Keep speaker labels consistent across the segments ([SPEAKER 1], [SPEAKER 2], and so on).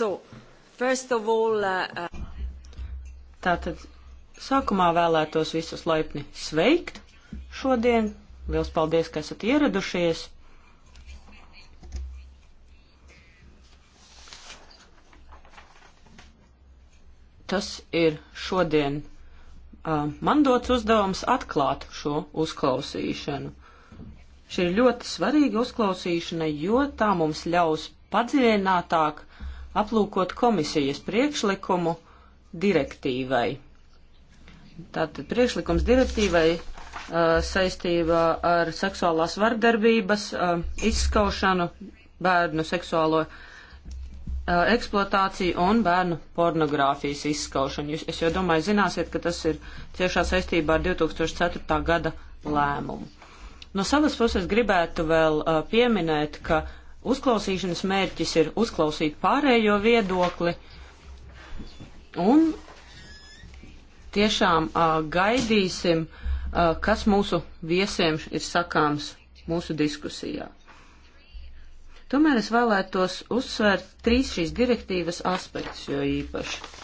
[SPEAKER 1] So, first of all, uh, uh,
[SPEAKER 2] Tātad sākumā vēlētos visus laipni sveikt šodien. Liels paldies, ka esat ieradušies. Tas ir šodien uh, man dots uzdevums atklāt šo uzklausīšanu. Šī ir ļoti svarīga uzklausīšana, jo tā mums ļaus padziļinātāk uh, aplūkot komisijas priekšlikumu direktīvai. Tātad priekšlikums direktīvai uh, saistībā ar seksuālās vardarbības uh, izskaušanu, bērnu seksuālo uh, eksploatāciju un bērnu pornogrāfijas izskaušanu. Jūs, es jau domāju, zināsiet, ka tas ir ciešā saistībā ar 2004. gada lēmumu. No savas puses gribētu vēl uh, pieminēt, ka uzklausīšanas mērķis ir uzklausīt pārējo viedokli un tiešām uh, gaidīsim, uh, kas mūsu viesiem ir sakāms mūsu diskusijā. Tomēr es vēlētos uzsvērt trīs šīs direktīvas aspektus jo īpaši.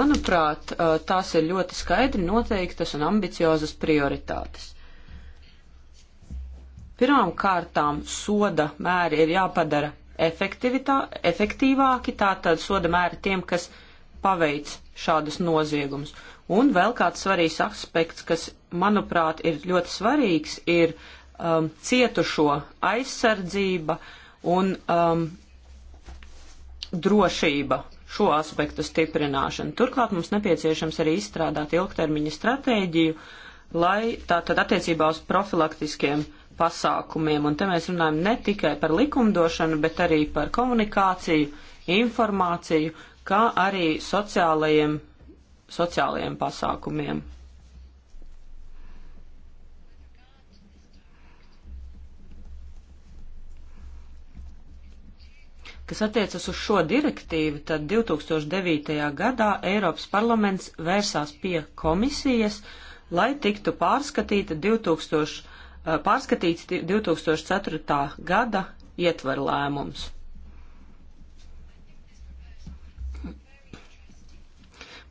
[SPEAKER 2] Manuprāt, tās ir ļoti skaidri noteiktas un ambiciozas prioritātes. Pirmām kārtām soda mēri ir jāpadara efektīvāki, tātad soda mēri tiem, kas paveic šādus noziegumus. Un vēl kāds svarīgs aspekts, kas, manuprāt, ir ļoti svarīgs, ir um, cietušo aizsardzība un um, drošība šo aspektu stiprināšana. Turklāt mums nepieciešams arī izstrādāt ilgtermiņa stratēģiju, lai tātad attiecībā uz profilaktiskiem uh, pasākumiem, un te mēs runājam ne tikai par likumdošanu, bet arī par komunikāciju, informāciju, kā arī sociālajiem, sociālajiem pasākumiem. Kas attiecas uz šo direktīvu, tad 2009. gadā Eiropas parlaments vērsās pie komisijas, lai tiktu pārskatīta 2000. Uh, pārskatīts 2004. gada ietver lēmums.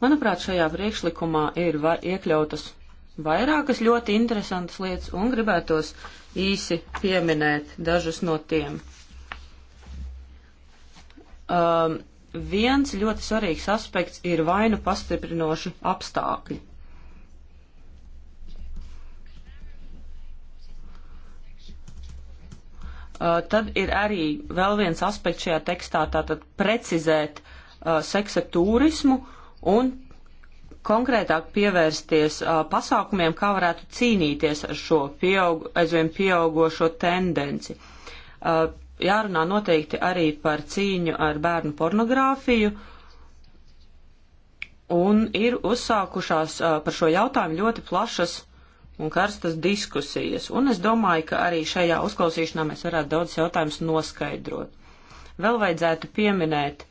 [SPEAKER 2] Manuprāt, šajā priekšlikumā ir va iekļautas vairākas ļoti interesantas lietas un gribētos īsi pieminēt dažas no tiem. Um, viens ļoti svarīgs aspekts ir vainu pastiprinoši apstākļi. Uh, tad ir arī vēl viens aspekts šajā tekstā, tātad precizēt uh, seksa turismu un konkrētāk pievērsties uh, pasākumiem, kā varētu cīnīties ar šo pieaug, aizvien pieaugošo tendenci. Uh, jārunā noteikti arī par cīņu ar bērnu pornogrāfiju, un ir uzsākušās uh, par šo jautājumu ļoti plašas un karstas diskusijas, un es domāju, ka arī šajā uzklausīšanā mēs varētu daudz jautājumus noskaidrot. Vēl vajadzētu pieminēt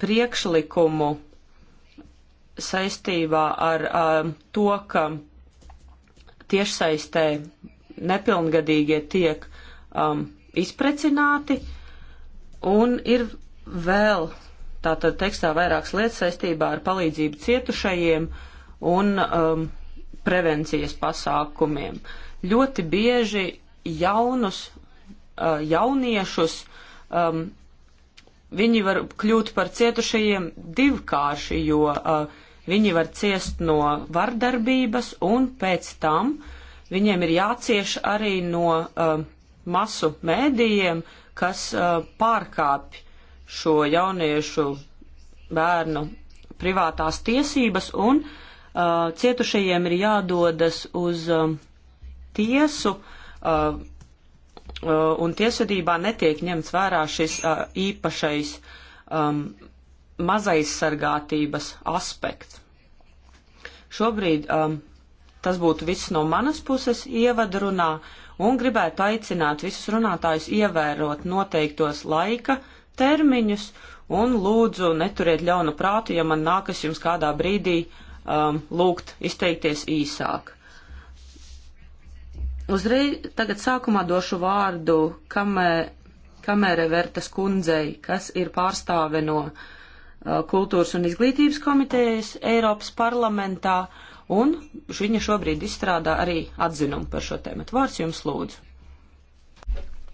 [SPEAKER 2] priekšlikumu saistībā ar um, to, ka tiešsaistē nepilngadīgie tiek um, izprecināti, un ir vēl tātad tekstā vairākas lietas saistībā ar palīdzību cietušajiem un um, prevencijas pasākumiem. Ļoti bieži jaunus, uh, jauniešus um, viņi var kļūt par cietušajiem divkārši, jo uh, viņi var ciest no vardarbības un pēc tam viņiem ir jācieš arī no uh, masu mēdījiem, kas uh, pārkāpj šo jauniešu bērnu privātās tiesības un uh, Uh, cietušajiem ir jādodas uz um, tiesu, uh, uh, un tiesvedībā netiek ņemts vērā šis īpašais um, mazaizsargātības aspekts. Šobrīd um, tas būtu viss no manas puses ievadrunā, un gribētu aicināt visus runātājus ievērot noteiktos laika termiņus, un lūdzu neturiet ļaunu prātu, ja man nākas jums kādā brīdī uh, um, lūgt izteikties īsāk. Uzreiz tagad sākumā došu vārdu kamē, kamēre Vertas kundzei, kas ir pārstāve no uh, Kultūras un izglītības komitejas Eiropas parlamentā, un viņa šobrīd izstrādā arī atzinumu par šo tēmu. Vārds jums lūdzu.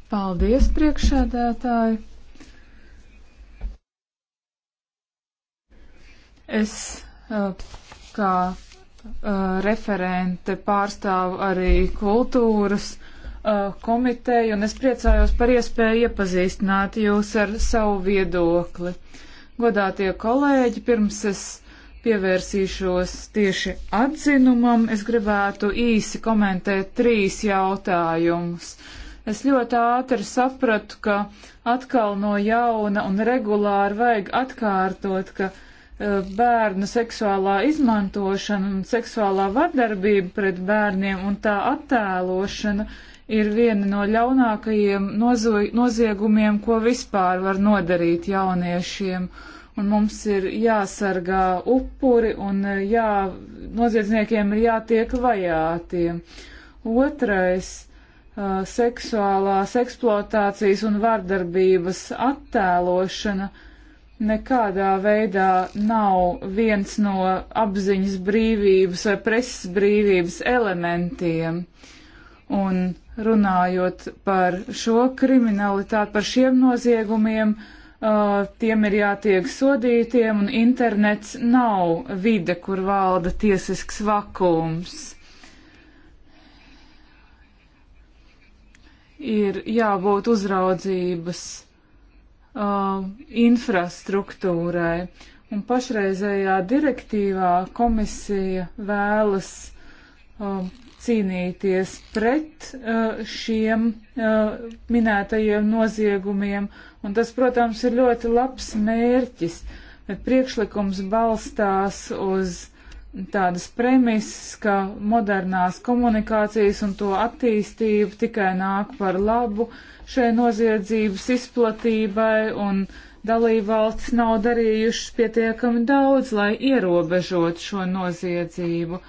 [SPEAKER 3] Paldies, priekšādētāji! Es uh, kā uh, referente pārstāv arī kultūras uh, komiteju, un es priecājos par iespēju iepazīstināt jūs ar savu viedokli. Godātie kolēģi, pirms es pievērsīšos tieši atzinumam, es gribētu īsi komentēt trīs jautājumus. Es ļoti ātri sapratu, ka atkal no jauna un regulāri vajag atkārtot, ka uh, bērnu seksuālā izmantošana un seksuālā vardarbība pret bērniem un tā attēlošana ir viena no ļaunākajiem noziegumiem, ko vispār var nodarīt jauniešiem. Un mums ir jāsargā upuri un eh, jā, noziedzniekiem ir jātiek vajātiem. Otrais eh, - seksuālās eksploatācijas un vardarbības attēlošana nekādā veidā nav viens no apziņas brīvības vai preses brīvības elementiem. Un runājot par šo kriminalitāti, par šiem noziegumiem, uh, tiem ir jātiek sodītiem, un internets nav vide, kur valda tiesisks vakums. Ir jābūt uzraudzības uh, infrastruktūrai. Un pašreizējā direktīvā komisija vēlas uh, cīnīties pret uh, šiem uh, minētajiem noziegumiem, un tas, protams, ir ļoti labs mērķis, bet priekšlikums balstās uz uh, tādas premises, ka modernās komunikācijas un to attīstība tikai nāk par labu šai noziedzības izplatībai un dalībvalstis nav darījušas pietiekami daudz, lai ierobežot šo noziedzību.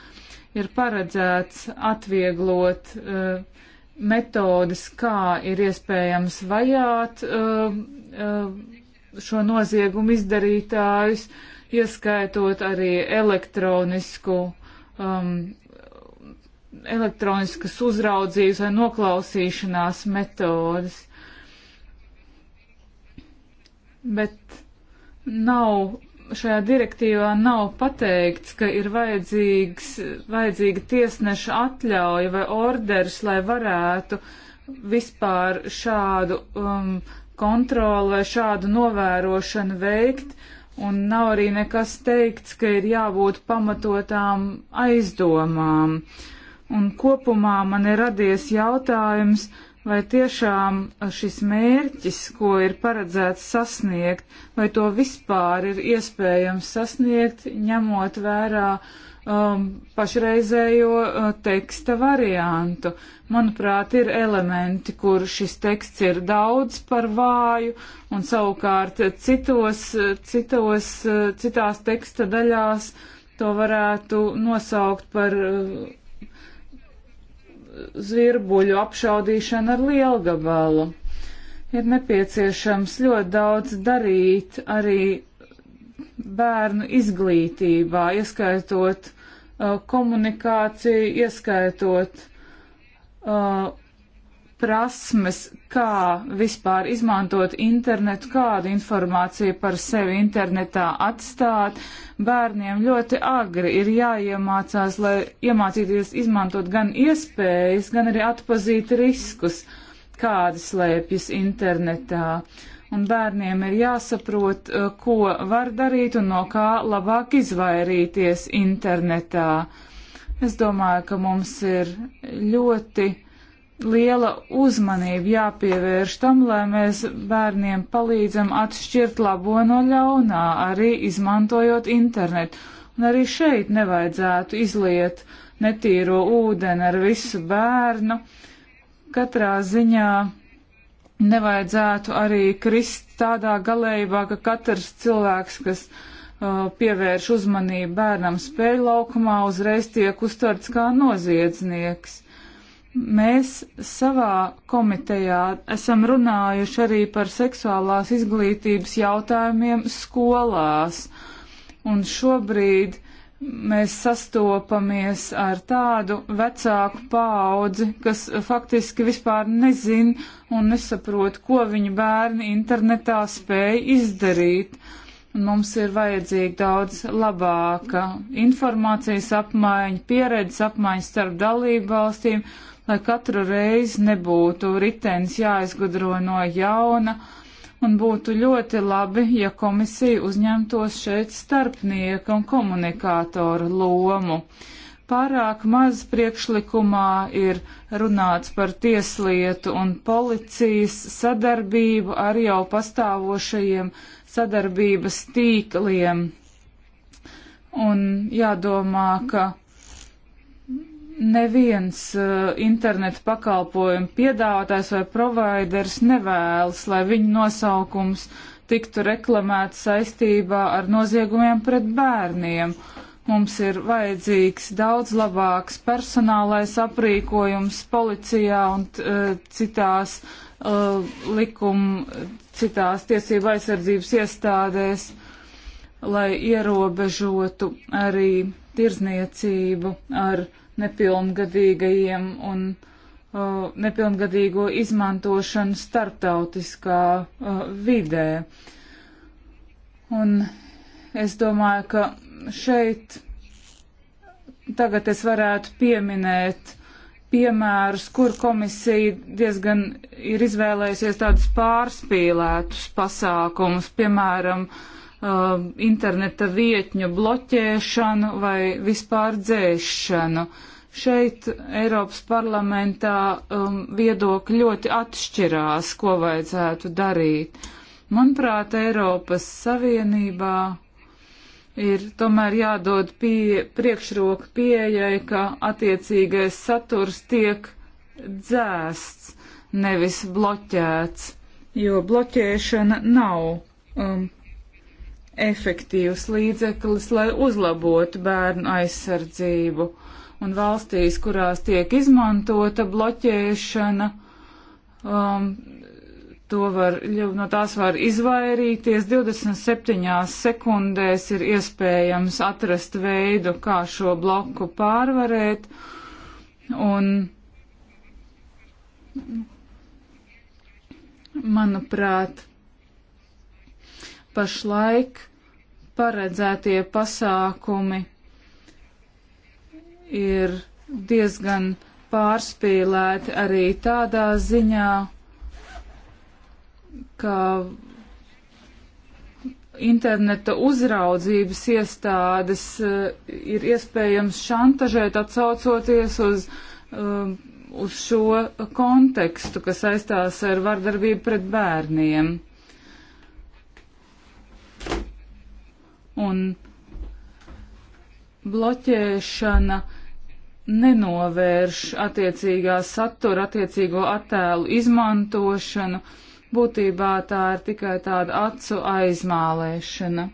[SPEAKER 3] Ir paredzēts atvieglot uh, metodas, kā ir iespējams vajāt uh, uh, šo noziegumu izdarītājus. Uh, ieskaitot arī elektronisku, um, elektroniskas uzraudzības vai noklausīšanās metodas. Bet nav, šajā direktīvā nav pateikts, ka ir vajadzīgs, vajadzīga tiesneša atļauja vai orders, lai varētu vispār šādu um, kontroli vai šādu novērošanu veikt. Uh, un nav arī nekas teikts, ka ir jābūt pamatotām aizdomām. Un kopumā man ir radies jautājums, vai tiešām šis mērķis, ko ir paredzēts sasniegt, vai to vispār ir iespējams sasniegt, ņemot vērā uh, um, pašreizējo uh, teksta variantu. Manuprāt, ir elementi, kur šis teksts ir daudz par vāju, un savukārt citos, citos, uh, citās teksta daļās to varētu nosaukt par uh, zvirbuļu apšaudīšanu ar lielgabalu. Ir nepieciešams ļoti daudz darīt arī bērnu izglītībā, ieskaitot Uh, komunikāciju, ieskaitot uh, prasmes, kā vispār izmantot internetu, kādu informāciju par sevi internetā atstāt. Bērniem ļoti agri ir jāiemācās, lai iemācīties izmantot gan iespējas, gan arī atpazīt riskus, kādi slēpjas internetā. Uh, un bērniem ir jāsaprot, eh, ko var darīt un no kā labāk izvairīties internetā. Es domāju, ka mums ir ļoti liela uzmanība jāpievērš tam, lai mēs bērniem palīdzam atšķirt labo no ļaunā, arī izmantojot internetu. Un arī šeit nevajadzētu izliet netīro ūdeni ar visu bērnu. Katrā ziņā nevajadzētu arī krist tādā galējībā, ka katrs cilvēks, kas uh, pievērš uzmanību bērnam spēļlaukumā, uzreiz tiek uztverts kā noziedznieks. Mēs savā komitejā esam runājuši arī par seksuālās izglītības jautājumiem skolās. Un šobrīd mēs sastopamies ar tādu vecāku paaudzi, kas faktiski vispār nezin un nesaprot, ko viņu bērni internetā spēja izdarīt. Un mums ir vajadzīga daudz labāka informācijas apmaiņa, pieredzes apmaiņa starp dalību valstīm, lai katru reizi nebūtu ritenis jāizgudro no jauna un būtu ļoti labi, ja komisija uzņemtos šeit starpnieka un komunikātoru lomu. Pārāk maz priekšlikumā ir runāts par tieslietu un policijas sadarbību ar jau pastāvošajiem sadarbības tīkliem. Un jādomā, ka neviens uh, eh, internetu pakalpojumu piedāvātājs vai providers nevēlas, lai viņu nosaukums tiktu reklamēts saistībā ar noziegumiem pret bērniem. Mums ir vajadzīgs daudz labāks personālais aprīkojums policijā un uh, citās uh, likuma, citās tiesību aizsardzības iestādēs, lai ierobežotu arī tirzniecību ar nepilngadīgajiem un uh, nepilngadīgo izmantošanu starptautiskā uh, vidē. Un es domāju, ka šeit tagad es varētu pieminēt piemērus, kur komisija diezgan ir izvēlējusies tādus pārspīlētus pasākumus, piemēram, uh, interneta vietņu bloķēšanu vai vispār dzēšanu. Uh, Šeit Eiropas parlamentā um, viedokļi ļoti atšķirās, ko vajadzētu darīt. Manuprāt, Eiropas Savienībā ir tomēr jādod pie, priekšroka pieejai, ka attiecīgais saturs tiek dzēsts, nevis bloķēts, jo bloķēšana nav um, efektīvs līdzeklis, lai uzlabotu bērnu aizsardzību un valstīs, kurās tiek izmantota bloķēšana, um, to var, no tās var izvairīties. 27 sekundēs ir iespējams atrast veidu, kā šo bloku pārvarēt. Un, manuprāt, pašlaik paredzētie pasākumi ir diezgan pārspīlēti arī tādā ziņā, ka interneta uzraudzības iestādes eh, ir iespējams šantažēt atsaucoties uz, um, uz šo kontekstu, kas aizstās ar vardarbību pret bērniem. Un bloķēšana uh, nenovērš attiecīgā satura, attiecīgo attēlu izmantošanu. Būtībā tā ir tikai tāda acu aizmālēšana.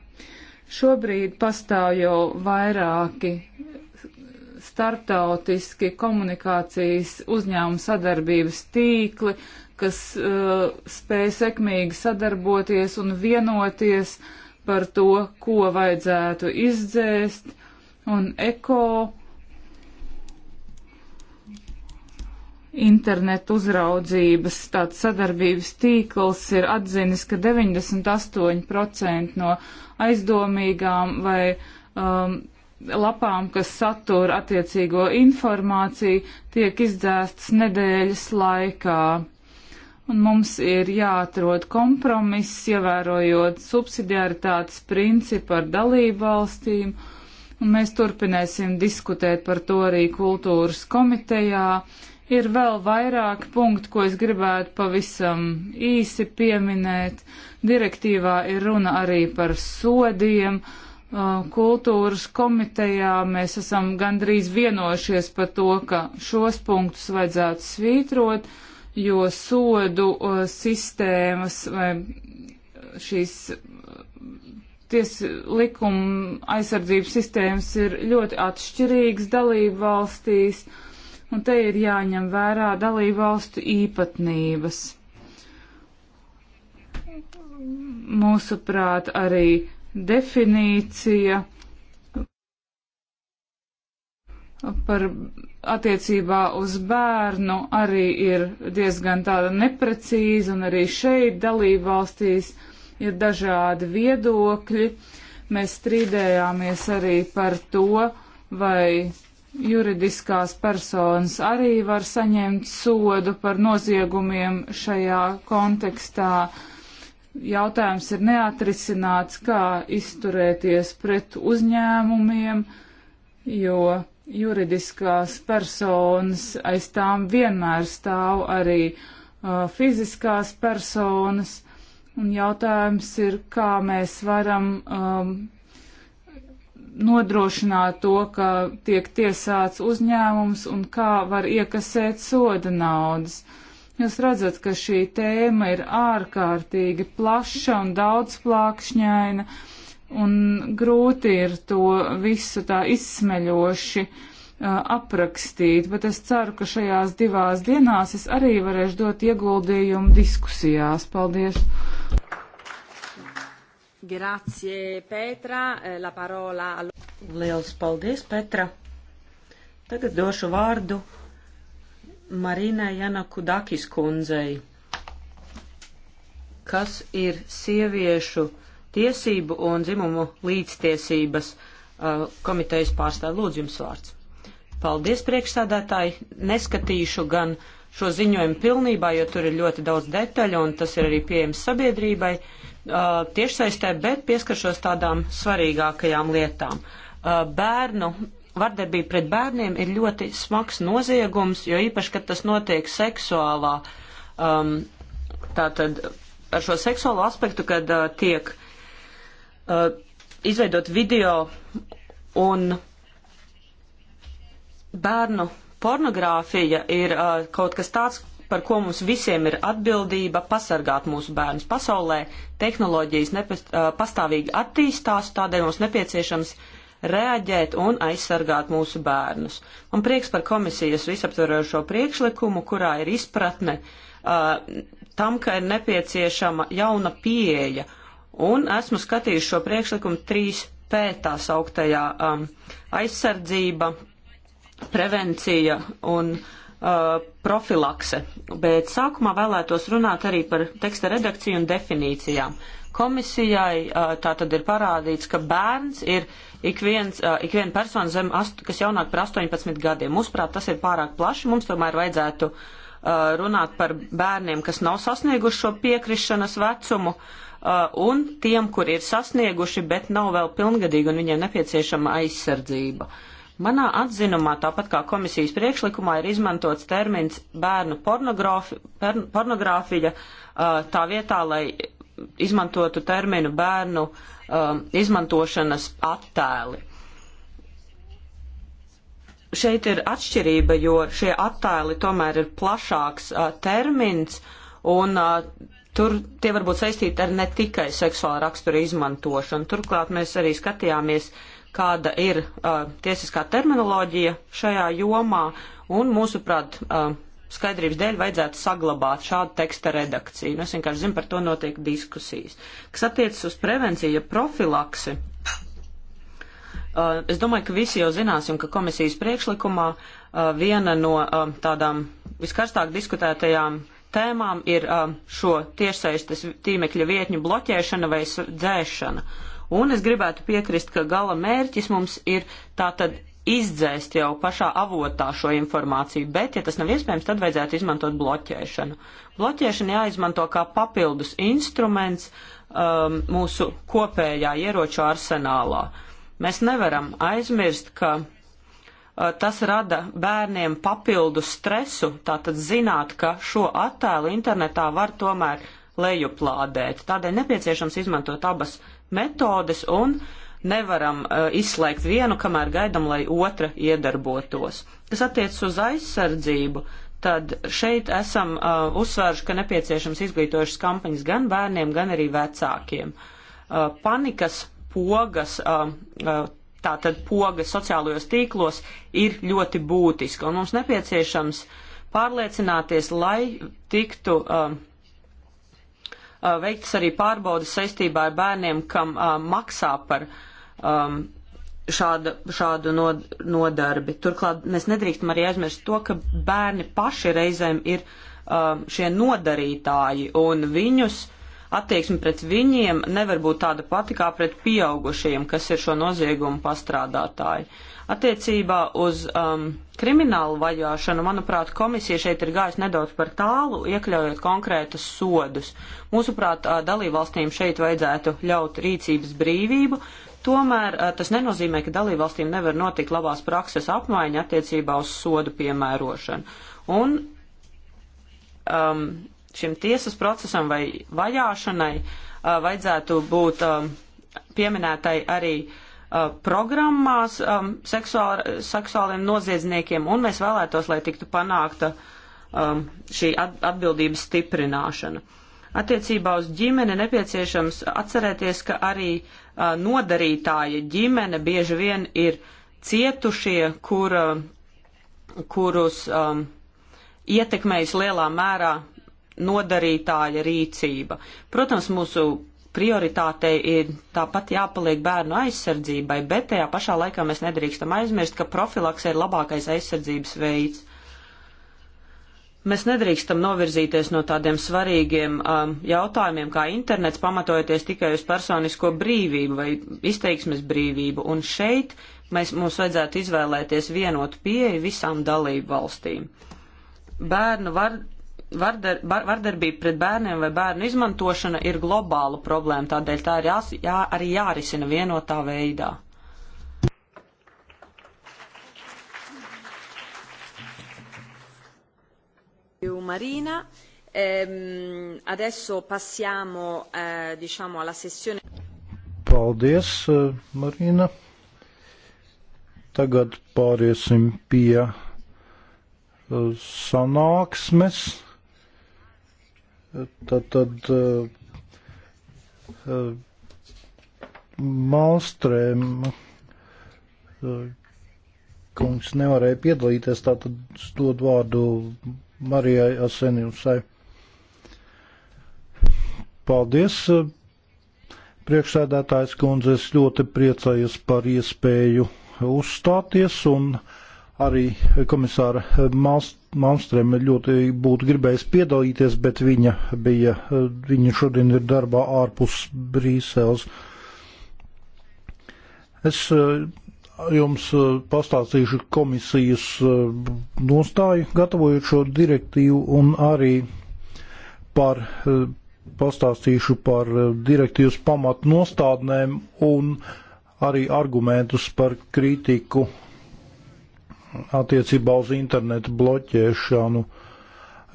[SPEAKER 3] Šobrīd pastāv jau vairāki startautiski komunikācijas uzņēmumu sadarbības tīkli, kas uh, spēj sekmīgi sadarboties un vienoties par to, ko vajadzētu izdzēst, un eko internetu uzraudzības tāds sadarbības tīkls ir atzinis, ka 98% no aizdomīgām vai um, lapām, kas satura attiecīgo informāciju, tiek izdzēstas nedēļas laikā. Un mums ir jāatrod kompromiss, ievērojot subsidiaritātes principu ar dalību valstīm, un mēs turpināsim diskutēt par to arī kultūras komitejā. Uh, Ir vēl vairāk punktu, ko es gribētu pavisam īsi pieminēt. Direktīvā ir runa arī par sodiem. Uh, kultūras komitejā mēs esam gandrīz vienojušies par to, ka šos punktus vajadzētu svītrot, jo sodu uh, sistēmas vai šīs uh, tiesu likuma aizsardzības sistēmas ir ļoti atšķirīgas dalību valstīs. Uh, un te ir jāņem vērā dalībvalstu īpatnības. Mūsuprāt, arī definīcija par attiecībā uz bērnu arī ir diezgan tāda neprecīza, un arī šeit dalībvalstīs ir dažādi viedokļi. Mēs strīdējāmies arī par to, vai juridiskās personas arī var saņemt sodu par noziegumiem šajā kontekstā. Jautājums ir neatrisināts, kā izturēties pret uzņēmumiem, jo juridiskās personas aiz tām vienmēr stāv arī uh, fiziskās personas. Un jautājums ir, kā mēs varam um, nodrošināt to, ka tiek tiesāts uzņēmums un kā var iekasēt soda naudas. Jūs redzat, ka šī tēma ir ārkārtīgi plaša un daudzplākšņaina, un grūti ir to visu tā izsmeļoši uh, aprakstīt, bet es ceru, ka šajās divās dienās es arī varēšu dot ieguldījumu diskusijās. Paldies!
[SPEAKER 1] Grazie, Petra. Eh, la parola...
[SPEAKER 2] Liels paldies, Petra. Tagad došu vārdu Marinai Janaku Dakis kundzei, kas ir sieviešu tiesību un dzimumu līdztiesības uh, komitejas pārstāv. Lūdzu, jums vārds. Paldies, priekšsādātāji. Neskatīšu gan šo ziņojumu pilnībā, jo tur ir ļoti daudz detaļu un tas ir arī pieejams sabiedrībai. Uh, tiešsaistē, bet pieskaršos tādām svarīgākajām lietām. Uh, bērnu vardarbība pret bērniem ir ļoti smags noziegums, jo īpaši, kad tas notiek seksuālā, um, tātad ar šo seksuālo aspektu, kad uh, tiek uh, izveidot video un bērnu pornogrāfija ir uh, kaut kas tāds, par ko mums visiem ir atbildība pasargāt mūsu bērnus pasaulē. Tehnoloģijas nepast, pastāvīgi attīstās, tādēļ mums nepieciešams reaģēt un aizsargāt mūsu bērnus. Man prieks par komisijas visaptverošo priekšlikumu, kurā ir izpratne uh, tam, ka ir nepieciešama jauna pieeja. Un esmu skatījis šo priekšlikumu 3P tā sauktajā um, aizsardzība, prevencija un uh, uh, profilakse, bet sākumā vēlētos runāt arī par teksta redakciju un definīcijām. Komisijai uh, tā tad ir parādīts, ka bērns ir ik viens, uh, ik viena persona, zem, ast, kas jaunāk par 18 gadiem. Mūsuprāt, tas ir pārāk plaši, mums tomēr vajadzētu uh, runāt par bērniem, kas nav sasnieguši šo piekrišanas vecumu. Uh, un tiem, kur ir sasnieguši, bet nav vēl pilngadīgi un viņiem nepieciešama aizsardzība. Uh, Manā atzinumā, tāpat kā komisijas priekšlikumā, ir izmantots termins bērnu pornogrāfija tā vietā, lai izmantotu terminu bērnu um, izmantošanas attēli. Šeit ir atšķirība, jo šie attēli tomēr ir plašāks uh, termins, un uh, tur tie var būt saistīti ar ne tikai seksuālu raksturu izmantošanu. Turklāt mēs arī skatījāmies uh, kāda ir uh, tiesiskā terminoloģija šajā jomā, un mūsuprāt, uh, skaidrības dēļ vajadzētu saglabāt šādu teksta redakciju. Nu, es vienkārši zinu, par to notiek diskusijas. Kas attiecas uz prevenciju, ja profilaksi, uh, es domāju, ka visi jau zināsim, ka komisijas priekšlikumā uh, viena no uh, tādām viskarstāk diskutētajām tēmām ir uh, šo tiešsaistes tīmekļa vietņu bloķēšana vai dzēšana. Uh, Un es gribētu piekrist, ka gala mērķis mums ir tātad izdzēst jau pašā avotā šo informāciju, bet, ja tas nav iespējams, tad vajadzētu izmantot bloķēšanu. Bloķēšana jāizmanto kā papildus instruments um, mūsu kopējā ieroču arsenālā. Mēs nevaram aizmirst, ka uh, tas rada bērniem papildu stresu, tātad zināt, ka šo attēlu internetā var tomēr lejuplādēt. Tādēļ nepieciešams izmantot abas metodes un nevaram uh, izslēgt vienu, kamēr gaidam, lai otra iedarbotos. Kas attiecas uz aizsardzību, tad šeit esam uh, uzsvēruši, ka nepieciešams izglītojušas kampaņas gan bērniem, gan arī vecākiem. Uh, panikas pogas, uh, uh, tātad pogas sociālajos tīklos ir ļoti būtiska, un mums nepieciešams pārliecināties, lai tiktu. Uh, Uh, veiktas arī pārbaudas saistībā ar bērniem, kam uh, maksā par um, šāda, šādu nod, nodarbi. Turklāt mēs nedrīkstam arī aizmirst to, ka bērni paši reizēm ir um, šie nodarītāji un viņus attieksme pret viņiem nevar būt tāda pati kā pret pieaugušajiem, kas ir šo noziegumu pastrādātāji. Uh, Attiecībā uz um, kriminālu vajāšanu, manuprāt, komisija šeit ir gājusi nedaudz par tālu, iekļaujot konkrētus sodus. Mūsuprāt, dalībvalstīm šeit vajadzētu ļaut rīcības brīvību, tomēr tas nenozīmē, ka dalībvalstīm nevar notikt labās prakses apmaiņa attiecībā uz sodu piemērošanu. Un um, šim tiesas procesam vai vajāšanai uh, vajadzētu būt um, pieminētai arī uh, uh, programmās um, seksuāl, seksuāliem noziedzniekiem, un mēs vēlētos, lai tiktu panākta um, šī at, atbildības stiprināšana. Attiecībā uz ģimeni nepieciešams atcerēties, ka arī uh, nodarītāja ģimene bieži vien ir cietušie, kur, uh, kurus um, ietekmējas lielā mērā nodarītāja rīcība. Protams, mūsu prioritātei ir tāpat jāpaliek bērnu aizsardzībai, bet tajā pašā laikā mēs nedrīkstam aizmirst, ka profilaks ir labākais aizsardzības veids. Mēs nedrīkstam novirzīties no tādiem svarīgiem um, jautājumiem, kā internets, pamatojoties tikai uz personisko brīvību vai izteiksmes brīvību. Un šeit mēs, mums vajadzētu izvēlēties vienotu pieeju visām dalību valstīm. Bērnu var, vardar, bar, vardarbība pret bērniem vai bērnu izmantošana ir globāla problēma, tādēļ tā ir jās, jā, arī jārisina vienotā veidā. Marina,
[SPEAKER 1] ehm, adesso passiamo eh, diciamo alla sessione.
[SPEAKER 4] Paldies, eh, Marina. Tagad pāriesim pie eh, sanāksmes. Tad, tad eh, eh, Malstrēm eh, kungs nevarēja piedalīties, tātad es dodu vārdu Marijai Asenjusai. Paldies, priekšsēdētājs kundze, es ļoti priecājos par iespēju uzstāties un uh, Arī komisāra Malmstrēm ļoti būtu gribējis piedalīties, bet viņa, bija, viņa šodien ir darbā ārpus Brīseles. Es eh, jums eh, pastāstīšu komisijas eh, nostāju, gatavojot šo direktīvu, un arī par, pastāstīšu par direktīvas pamatnostādnēm un arī argumentus par kritiku attiecībā uz internetu bloķēšanu.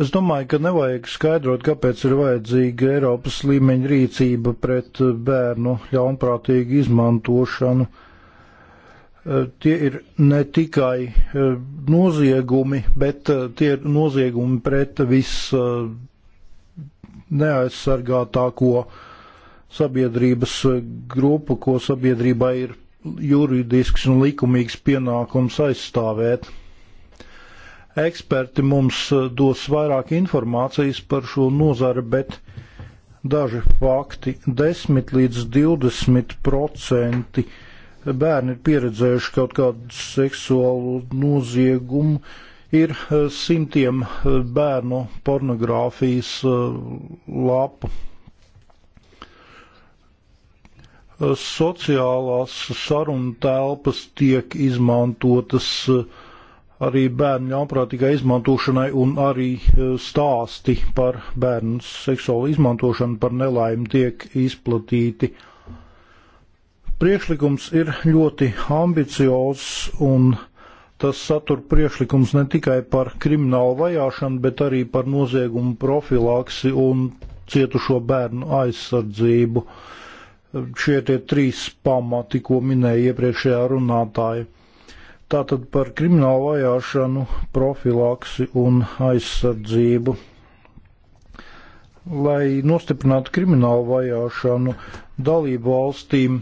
[SPEAKER 4] Es domāju, ka nevajag skaidrot, kāpēc ir vajadzīga Eiropas līmeņa rīcība pret bērnu ļaunprātīgu izmantošanu. Eh, tie ir ne tikai eh, noziegumi, bet eh, tie ir noziegumi pret vis neaizsargātāko sabiedrības grupu, ko sabiedrībā ir juridisks un likumīgs pienākums aizstāvēt. Eksperti mums e, dos vairāk informācijas par šo nozari, bet daži fakti - 10 līdz 20 procenti bērni ir pieredzējuši kaut kādu seksuālu noziegumu, ir e, simtiem e, bērnu pornogrāfijas lapu sociālās sarunu telpas tiek izmantotas eh, arī bērnu ļaunprātīgai izmantošanai un arī eh, stāsti par bērnu seksuālu izmantošanu par nelaimi tiek izplatīti. Priekšlikums ir ļoti ambiciozs un tas satur priekšlikums ne tikai par kriminālu vajāšanu, bet arī par noziegumu profilaksi un cietušo bērnu aizsardzību. Uh, Šie tie trīs pamati, ko minēja iepriekšējā runātāja. Tātad par kriminālu vajāšanu, profilaksi un aizsardzību. Lai nostiprinātu kriminālu vajāšanu, dalību valstīm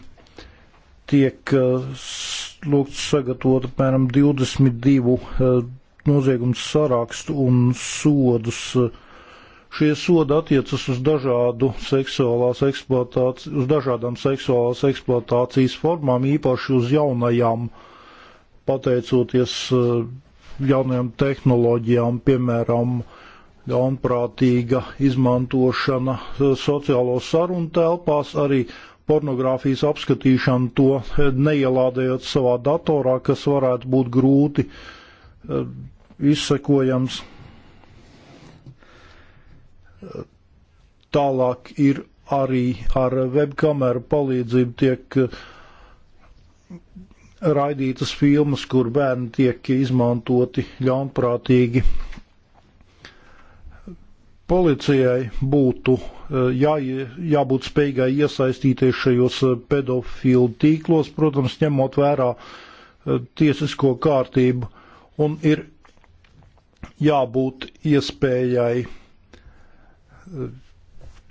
[SPEAKER 4] tiek eh, lūgts sagatavot apmēram 22 eh, noziegumu sarakstu un sodus uh, Šie sodi attiecas uz, dažādu seksuālās uz dažādām seksuālās eksploatācijas formām, īpaši uz jaunajām, pateicoties eh, jaunajām tehnoloģijām, piemēram, ļaunprātīga izmantošana eh, sociālo sarunu telpās, arī pornogrāfijas apskatīšanu, to eh, neielādējot savā datorā, kas varētu būt grūti izsekojams. Tālāk ir arī ar webkameru palīdzību tiek eh, raidītas filmas, kur bērni tiek izmantoti ļaunprātīgi. Policijai būtu eh, jā, jābūt spējīgai iesaistīties šajos eh, pedofilu tīklos, protams, ņemot vērā tiesisko kārtību, un ir jābūt iespējai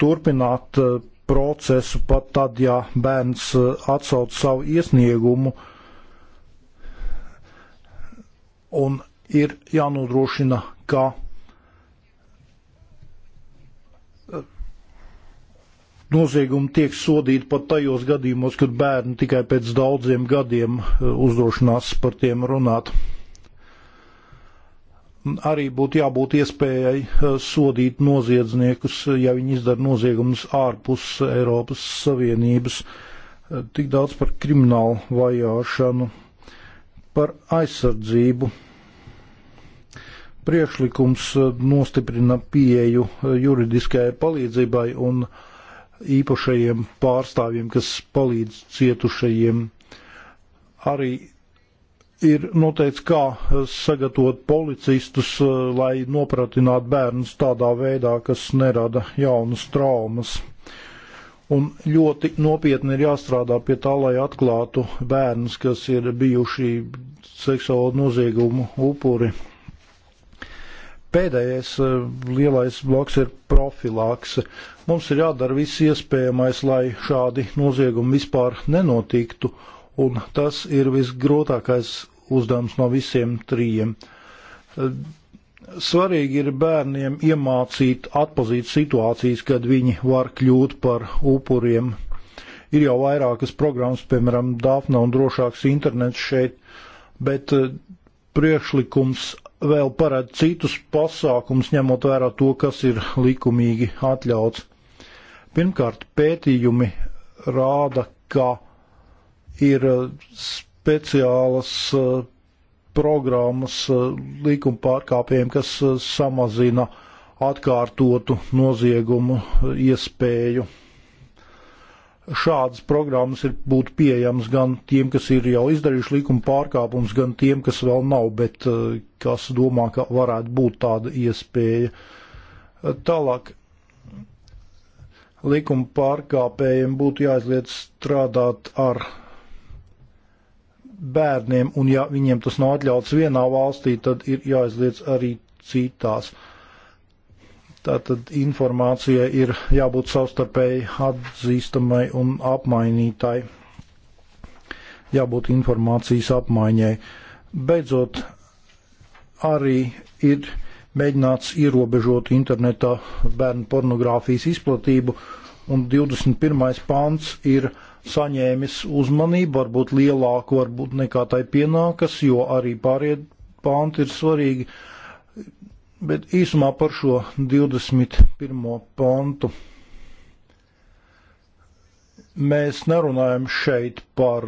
[SPEAKER 4] turpināt eh, procesu pat tad, ja bērns eh, atsauc savu iesniegumu. Un ir jānodrošina, ka eh, noziegumi tiek sodīti pat tajos gadījumos, kad bērni tikai pēc daudziem gadiem uzdrošinās par tiem runāt arī būtu jābūt iespējai eh, sodīt noziedzniekus, ja viņi izdara noziegumus ārpus Eiropas Savienības. Eh, Tik daudz par kriminālu vajāšanu, par aizsardzību. Priekšlikums eh, nostiprina pieeju juridiskajai palīdzībai un īpašajiem pārstāvjiem, kas palīdz cietušajiem. Arī ir noteikts, kā eh, sagatavot policistus, eh, lai nopratinātu bērnus tādā veidā, kas nerada jaunas traumas. Un ļoti nopietni ir jāstrādā pie tā, lai atklātu bērnus, kas ir bijuši seksuālo noziegumu upuri. Pēdējais eh, lielais bloks ir profilakse. Mums ir jādara viss iespējamais, lai šādi noziegumi vispār nenotiktu, uh, un tas ir visgrūtākais uzdevums no visiem trījiem. Svarīgi ir bērniem iemācīt atpazīt situācijas, kad viņi var kļūt par upuriem. Ir jau vairākas programmas, piemēram, Dāfna un drošāks internets šeit, bet eh, priekšlikums vēl parāda citus pasākums, ņemot vērā to, kas ir likumīgi atļauts. Pirmkārt, pētījumi rāda, ka ir uh, speciālas uh, programmas uh, līkuma pārkāpiem, kas samazina atkārtotu noziegumu iespēju. Šādas programmas ir būt pieejamas gan tiem, kas ir jau izdarījuši līkuma pārkāpums, gan tiem, kas vēl nav, bet kas domā, ka varētu būt tāda iespēja. Tālāk likuma pārkāpējiem būtu jāizliet strādāt ar bērniem, un ja viņiem tas nav atļauts vienā valstī, tad ir jāizliedz arī citās. Tātad informācija ir jābūt savstarpēji atzīstamai un apmainītai, jābūt informācijas apmaiņai. Beidzot, arī ir mēģināts ierobežot internetā bērnu pornogrāfijas izplatību, un 21. pants ir uh, saņēmis uzmanību, varbūt lielāku, varbūt nekā tai pienākas, jo arī pārējie pānti ir svarīgi. Bet īsumā par šo 21. pāntu. Mēs nerunājam šeit par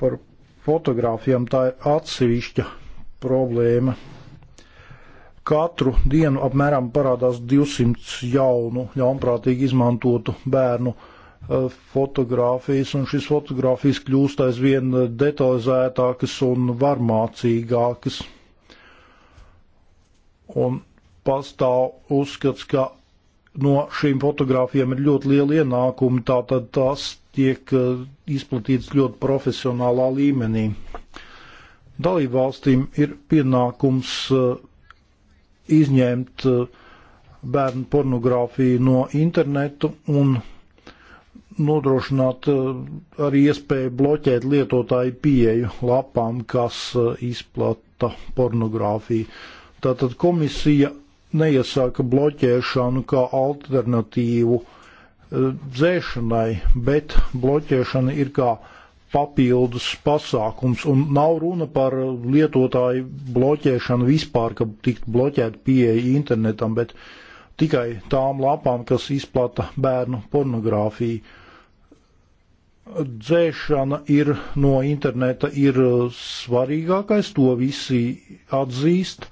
[SPEAKER 4] par fotogrāfijām tā ir atsevišķa problēma. Katru dienu apmēram parādās 200 jaunu, ļaunprātīgi izmantotu bērnu e, fotogrāfijas, un šīs fotogrāfijas kļūst aizvien detalizētākas un varmācīgākas. Un pastāv uzskats, ka no šīm fotogrāfijām ir ļoti liela ienākuma, tātad tās tiek e, izplatītas ļoti profesionālā līmenī. Dalībvalstīm ir pienākums uh, izņemt uh, bērnu pornogrāfiju no internetu un nodrošināt uh, arī iespēju bloķēt lietotāju pieeju lapām, kas uh, izplata pornogrāfiju. Tātad komisija neiesāka bloķēšanu kā alternatīvu dzēšanai, bet bloķēšana ir kā alternatīva papildus pasākums, un nav runa par lietotāju bloķēšanu vispār, ka tikt bloķēta pieeja internetam, bet tikai tām lapām, kas izplata bērnu pornogrāfiju. Dzēšana ir no interneta ir svarīgākais, to visi atzīst,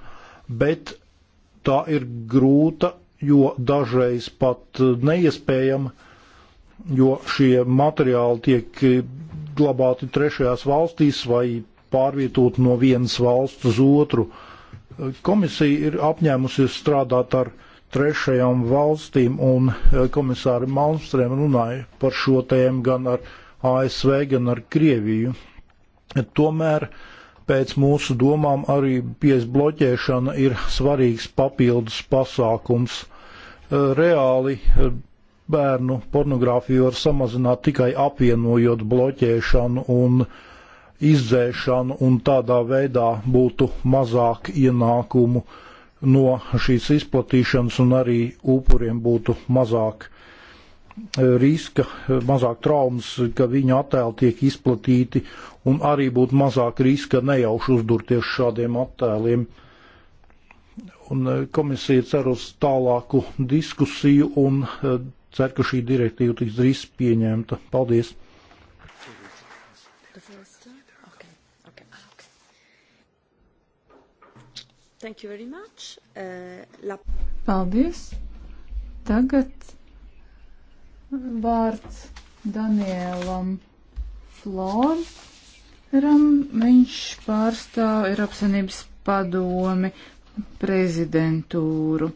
[SPEAKER 4] bet tā ir grūta, jo dažreiz pat neiespējama jo šie materiāli tiek uzglabāti trešajās valstīs vai pārvietoti no vienas valsts uz otru. Komisija ir apņēmusies strādāt ar trešajām valstīm, un eh, komisāri Malmstrēm runāja par šo tēmu gan ar ASV, gan ar Krieviju. Tomēr pēc mūsu domām arī piesbloķēšana ir svarīgs papildus pasākums. Eh, reāli eh, bērnu pornogrāfiju var samazināt tikai apvienojot bloķēšanu un izdzēšanu, un tādā veidā būtu mazāk ienākumu no šīs izplatīšanas, un arī upuriem būtu mazāk e, riska, e, mazāk traumas, ka viņu attēli tiek izplatīti, un arī būtu mazāk riska nejauši uzdurties šādiem attēliem un e, komisija cer uz tālāku diskusiju un ceru, ka šī direktīva tiks drīz pieņemta. Paldies! Okay.
[SPEAKER 1] Okay. Okay. Uh, la...
[SPEAKER 3] Paldies! Tagad vārds Danielam Floram. Viņš pārstāv Eiropas Savienības padomi prezidentūru.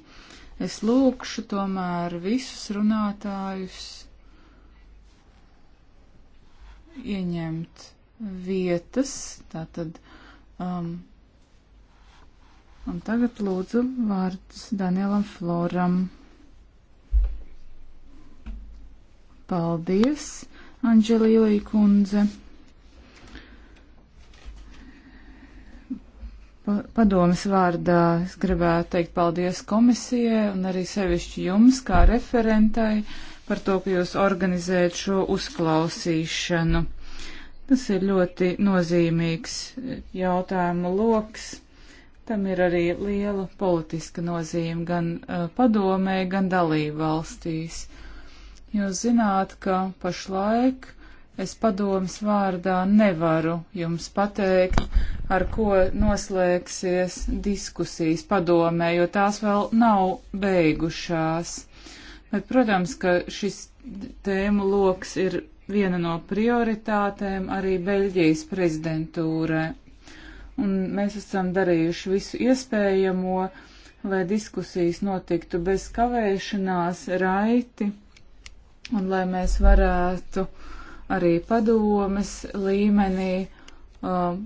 [SPEAKER 3] Es lūkšu tomēr visus runātājus ieņemt vietas, tātad. Um, Un tagad lūdzu vārds Danielam Floram. Paldies, Anģelīlī kundze. padomas vārdā es gribētu teikt paldies komisijai un arī sevišķi jums kā referentai par to, ka jūs organizējat šo uzklausīšanu. Tas ir ļoti nozīmīgs jautājumu loks. Tam ir arī liela politiska nozīme gan uh, padomē, gan dalību valstīs. Jūs zināt, ka pašlaik uh, es padomas vārdā nevaru jums pateikt, ar ko noslēgsies diskusijas padomē, jo tās vēl nav beigušās. Bet, protams, ka šis tēmu loks ir viena no prioritātēm arī Beļģijas prezidentūrē. Un mēs esam darījuši visu iespējamo, lai diskusijas notiktu bez kavēšanās, raiti, un lai mēs varētu uh, arī padomes līmenī um,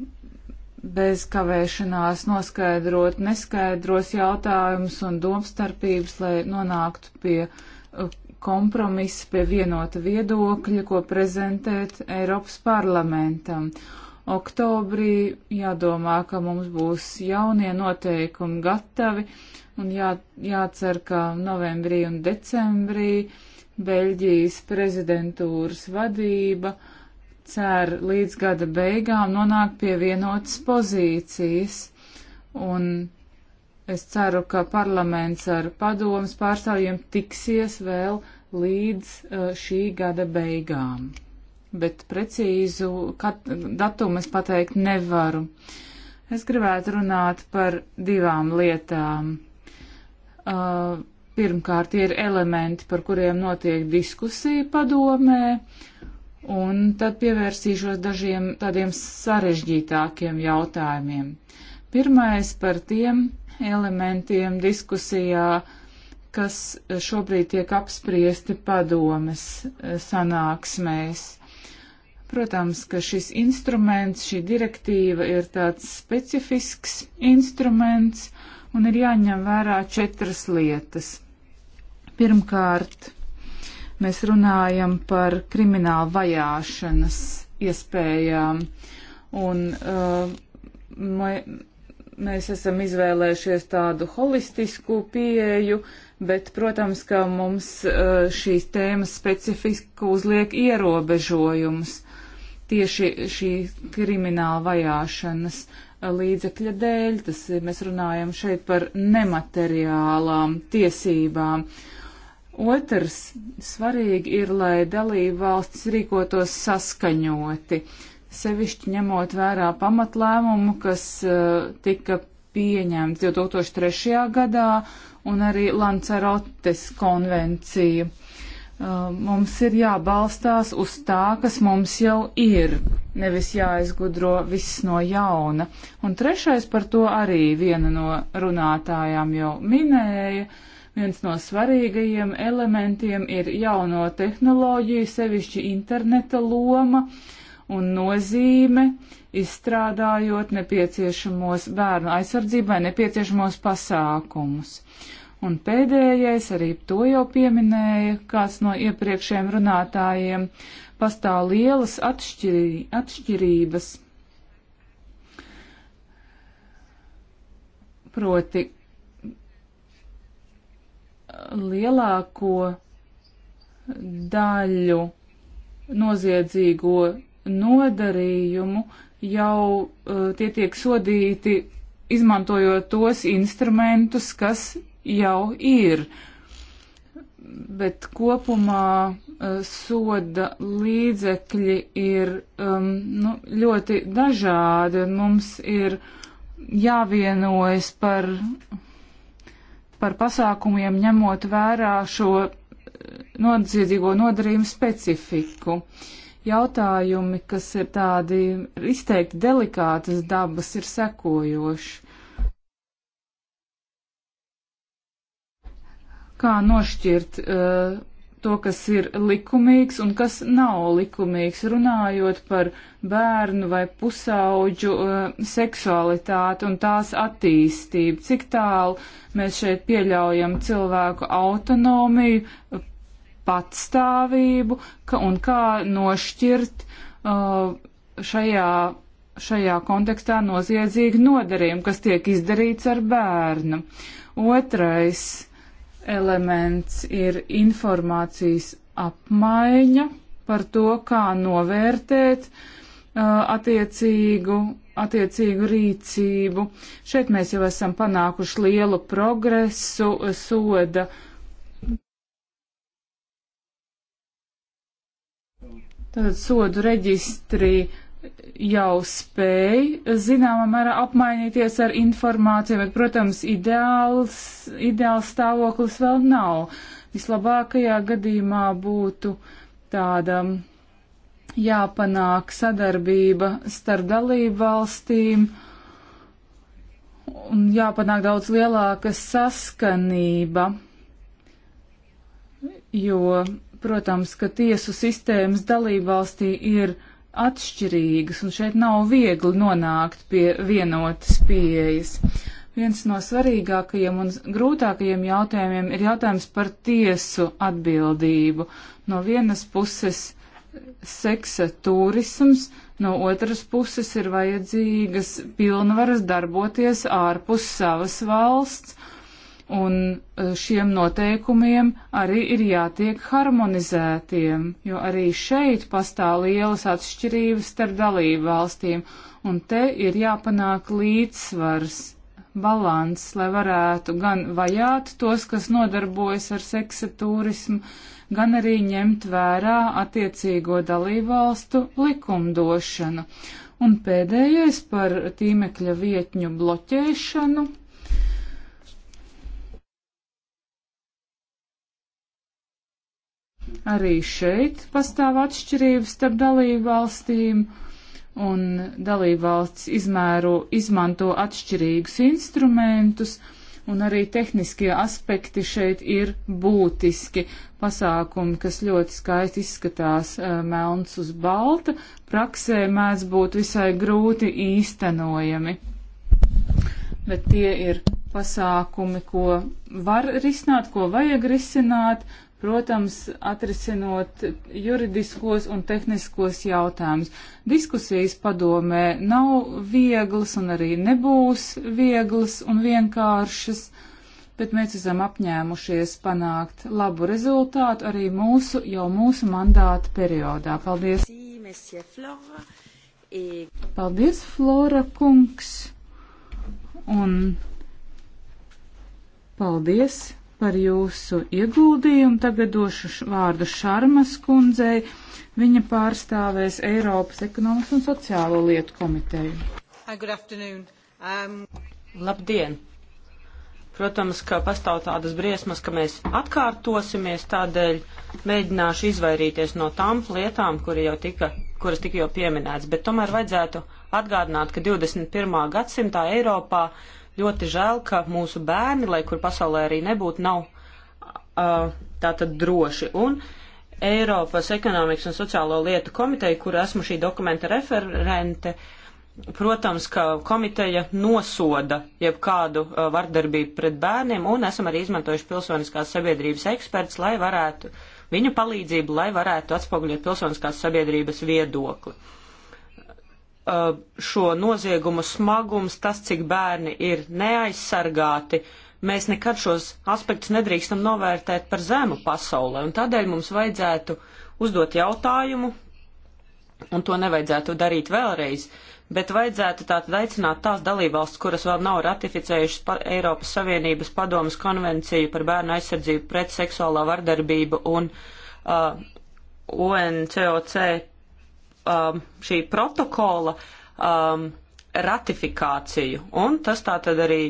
[SPEAKER 3] bez kavēšanās noskaidrot neskaidros jautājumus un domstarpības, lai nonāktu pie uh, kompromisa, pie vienota viedokļa, ko prezentēt Eiropas parlamentam. Oktobrī jādomā, ka mums būs jaunie noteikumi gatavi un jā, jācer, ka novembrī un decembrī uh, Beļģijas prezidentūras vadība cer līdz gada beigām nonākt pie vienotas pozīcijas. Un es ceru, ka parlaments ar padomas pārstāvjiem tiksies vēl līdz uh, šī gada beigām. Bet precīzu kat, datumu es pateikt nevaru. Es gribētu runāt par divām lietām. Uh, Pirmkārt, ir elementi, par kuriem notiek diskusija padomē, un tad pievērsīšos dažiem tādiem sarežģītākiem jautājumiem. Pirmais par tiem elementiem diskusijā, kas šobrīd tiek apspriesti padomes eh, sanāksmēs. Protams, ka šis instruments, šī direktīva ir tāds specifisks instruments un ir jāņem vērā četras lietas. Pirmkārt, mēs runājam par kriminālu vajāšanas iespējām, un uh, mēs esam izvēlējušies tādu holistisku pieeju, bet, protams, ka mums uh, šīs tēmas specifiski uzliek ierobežojumus tieši šī krimināla vajāšanas uh, līdzekļa dēļ. Tas mēs runājam šeit par nemateriālām tiesībām. Uh, Otrs svarīgi ir, lai dalība valstis rīkotos saskaņoti, sevišķi ņemot vērā pamatlēmumu, kas uh, tika pieņemts 2003. gadā un arī Lancerotes konvencija. Uh, e, mums ir jābalstās uz tā, kas mums jau ir, nevis jāizgudro viss no jauna. Un trešais par to arī viena no runātājām jau minēja. Uh, Viens no svarīgajiem elementiem ir jauno tehnoloģiju, sevišķi interneta loma un nozīme, izstrādājot nepieciešamos bērnu aizsardzībai nepieciešamos pasākumus. Un pēdējais, arī to jau pieminēja kāds no iepriekšējiem runātājiem, pastāv lielas atšķirī, atšķirības. Proti, lielāko daļu noziedzīgo nodarījumu jau uh, tie tiek sodīti, izmantojot tos instrumentus, kas jau ir. Bet kopumā uh, soda līdzekļi ir um, nu, ļoti dažādi, un mums ir jāvienojas par par pasākumiem ņemot vērā šo eh, nodziedzīgo nodarījumu specifiku. Jautājumi, kas ir tādi izteikti delikātas dabas, ir sekojoši. Kā nošķirt uh, to, kas ir likumīgs un kas nav likumīgs, runājot par bērnu vai pusauģu uh, seksualitāti un tās attīstību, cik tālu mēs šeit pieļaujam cilvēku autonomiju, patstāvību ka, un kā nošķirt uh, šajā, šajā kontekstā noziedzīgi nodarījumi, kas tiek izdarīts ar bērnu. Otrais elements ir informācijas apmaiņa par to, kā novērtēt uh, attiecīgu, attiecīgu rīcību. Šeit mēs jau esam panākuši lielu progresu uh, soda. Tātad sodu reģistrī jau spēj zināmā mērā apmainīties ar informāciju, bet, protams, ideāls, ideāls stāvoklis vēl nav. Vislabākajā gadījumā būtu tāda jāpanāk sadarbība starp dalību valstīm un jāpanāk daudz lielāka saskanība, jo, protams, ka tiesu sistēmas dalību valstī ir atšķirīgas, un šeit nav viegli nonākt pie vienotas pieejas. Viens no svarīgākajiem un grūtākajiem jautājumiem ir jautājums par tiesu atbildību. No vienas puses seksa turisms, no otras puses ir vajadzīgas pilnvaras darboties ārpus savas valsts un e, šiem noteikumiem arī ir jātiek harmonizētiem, jo arī šeit pastāv lielas atšķirības starp dalību valstīm, un te ir jāpanāk līdzsvars, balans, lai varētu gan vajāt tos, kas nodarbojas ar seksa turismu, gan arī ņemt vērā attiecīgo dalību valstu likumdošanu. Un pēdējais par tīmekļa vietņu bloķēšanu Arī šeit pastāv atšķirības starp dalību valstīm, un dalību valsts izmēro, izmanto atšķirīgus instrumentus, un arī tehniskie aspekti šeit ir būtiski. Pasākumi, kas ļoti skaisti izskatās eh, melns uz balta, praksē mēdz būt visai grūti īstenojami. Bet tie ir pasākumi, ko var risināt, ko vajag risināt, protams, atrisinot juridiskos un tehniskos jautājumus. Diskusijas padomē nav vieglas un arī nebūs vieglas un vienkāršas, bet mēs esam apņēmušies panākt labu rezultātu arī mūsu, jau mūsu mandāta periodā. Paldies! Paldies, Flora kungs! Un paldies! par jūsu ieguldījumu. Tagad došu vārdu Šarmas kundzei. Viņa pārstāvēs Eiropas ekonomikas un sociālo lietu komiteju.
[SPEAKER 2] Um... Labdien! Protams, ka pastāv tādas briesmas, ka mēs atkārtosimies, tādēļ mēģināšu izvairīties no tām lietām, kuri jau tika, kuras tika jau pieminēts, bet tomēr vajadzētu atgādināt, ka 21. gadsimtā Eiropā uh, Ļoti žēl, ka mūsu bērni, lai kur pasaulē arī nebūtu, nav uh, tātad droši. Un Eiropas ekonomikas un sociālo lietu komiteja, kur esmu šī dokumenta referente, protams, ka komiteja nosoda jebkādu uh, vardarbību pret bērniem, un esam arī izmantojuši pilsoniskās sabiedrības eksperts, lai varētu viņu palīdzību, lai varētu atspoguļot pilsoniskās sabiedrības viedokli. Uh, Uh, šo noziegumu smagums, tas, cik bērni ir neaizsargāti, mēs nekad šos aspektus nedrīkstam novērtēt par zemu pasaulē. Un tādēļ mums vajadzētu uzdot jautājumu, un to nevajadzētu darīt vēlreiz, bet vajadzētu tātad aicināt tās dalībvalstis, kuras vēl nav ratificējušas pa Eiropas Savienības padomas konvenciju par bērnu aizsardzību pret seksuālā vardarbību un uh, UNCOC um, šī protokola um, ratifikāciju. Un tas tātad arī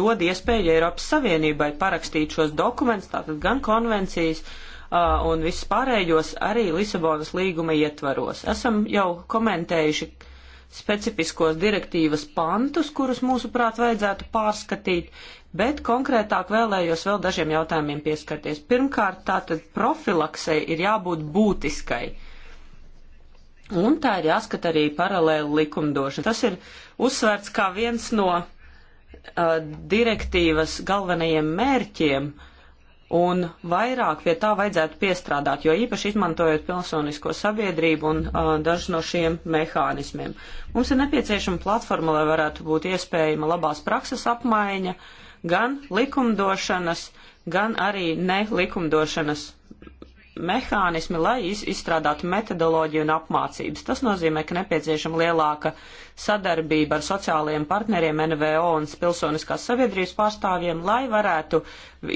[SPEAKER 2] dod iespēju Eiropas Savienībai parakstīt šos dokumentus, tātad gan konvencijas uh, un visus pārējos arī Lisabonas līguma ietvaros. Esam jau komentējuši specifiskos direktīvas pantus, kurus mūsuprāt vajadzētu pārskatīt, bet konkrētāk vēlējos vēl dažiem jautājumiem pieskarties. Pirmkārt, tātad profilaksei ir jābūt būtiskai. Un tā ir jāskat arī paralēli likumdošana. Tas ir uzsvērts kā viens no uh, direktīvas galvenajiem mērķiem, un vairāk pie tā vajadzētu piestrādāt, jo īpaši izmantojot pilsonisko sabiedrību un uh, dažus no šiem mehānismiem. Mums ir nepieciešama platforma, lai varētu būt iespējama labās prakses apmaiņa gan likumdošanas, gan arī nelikumdošanas mehānismi, lai izstrādātu metodoloģiju un apmācības. Tas nozīmē, ka nepieciešama lielāka sadarbība ar sociālajiem partneriem, NVO un pilsoniskās sabiedrības pārstāvjiem, lai varētu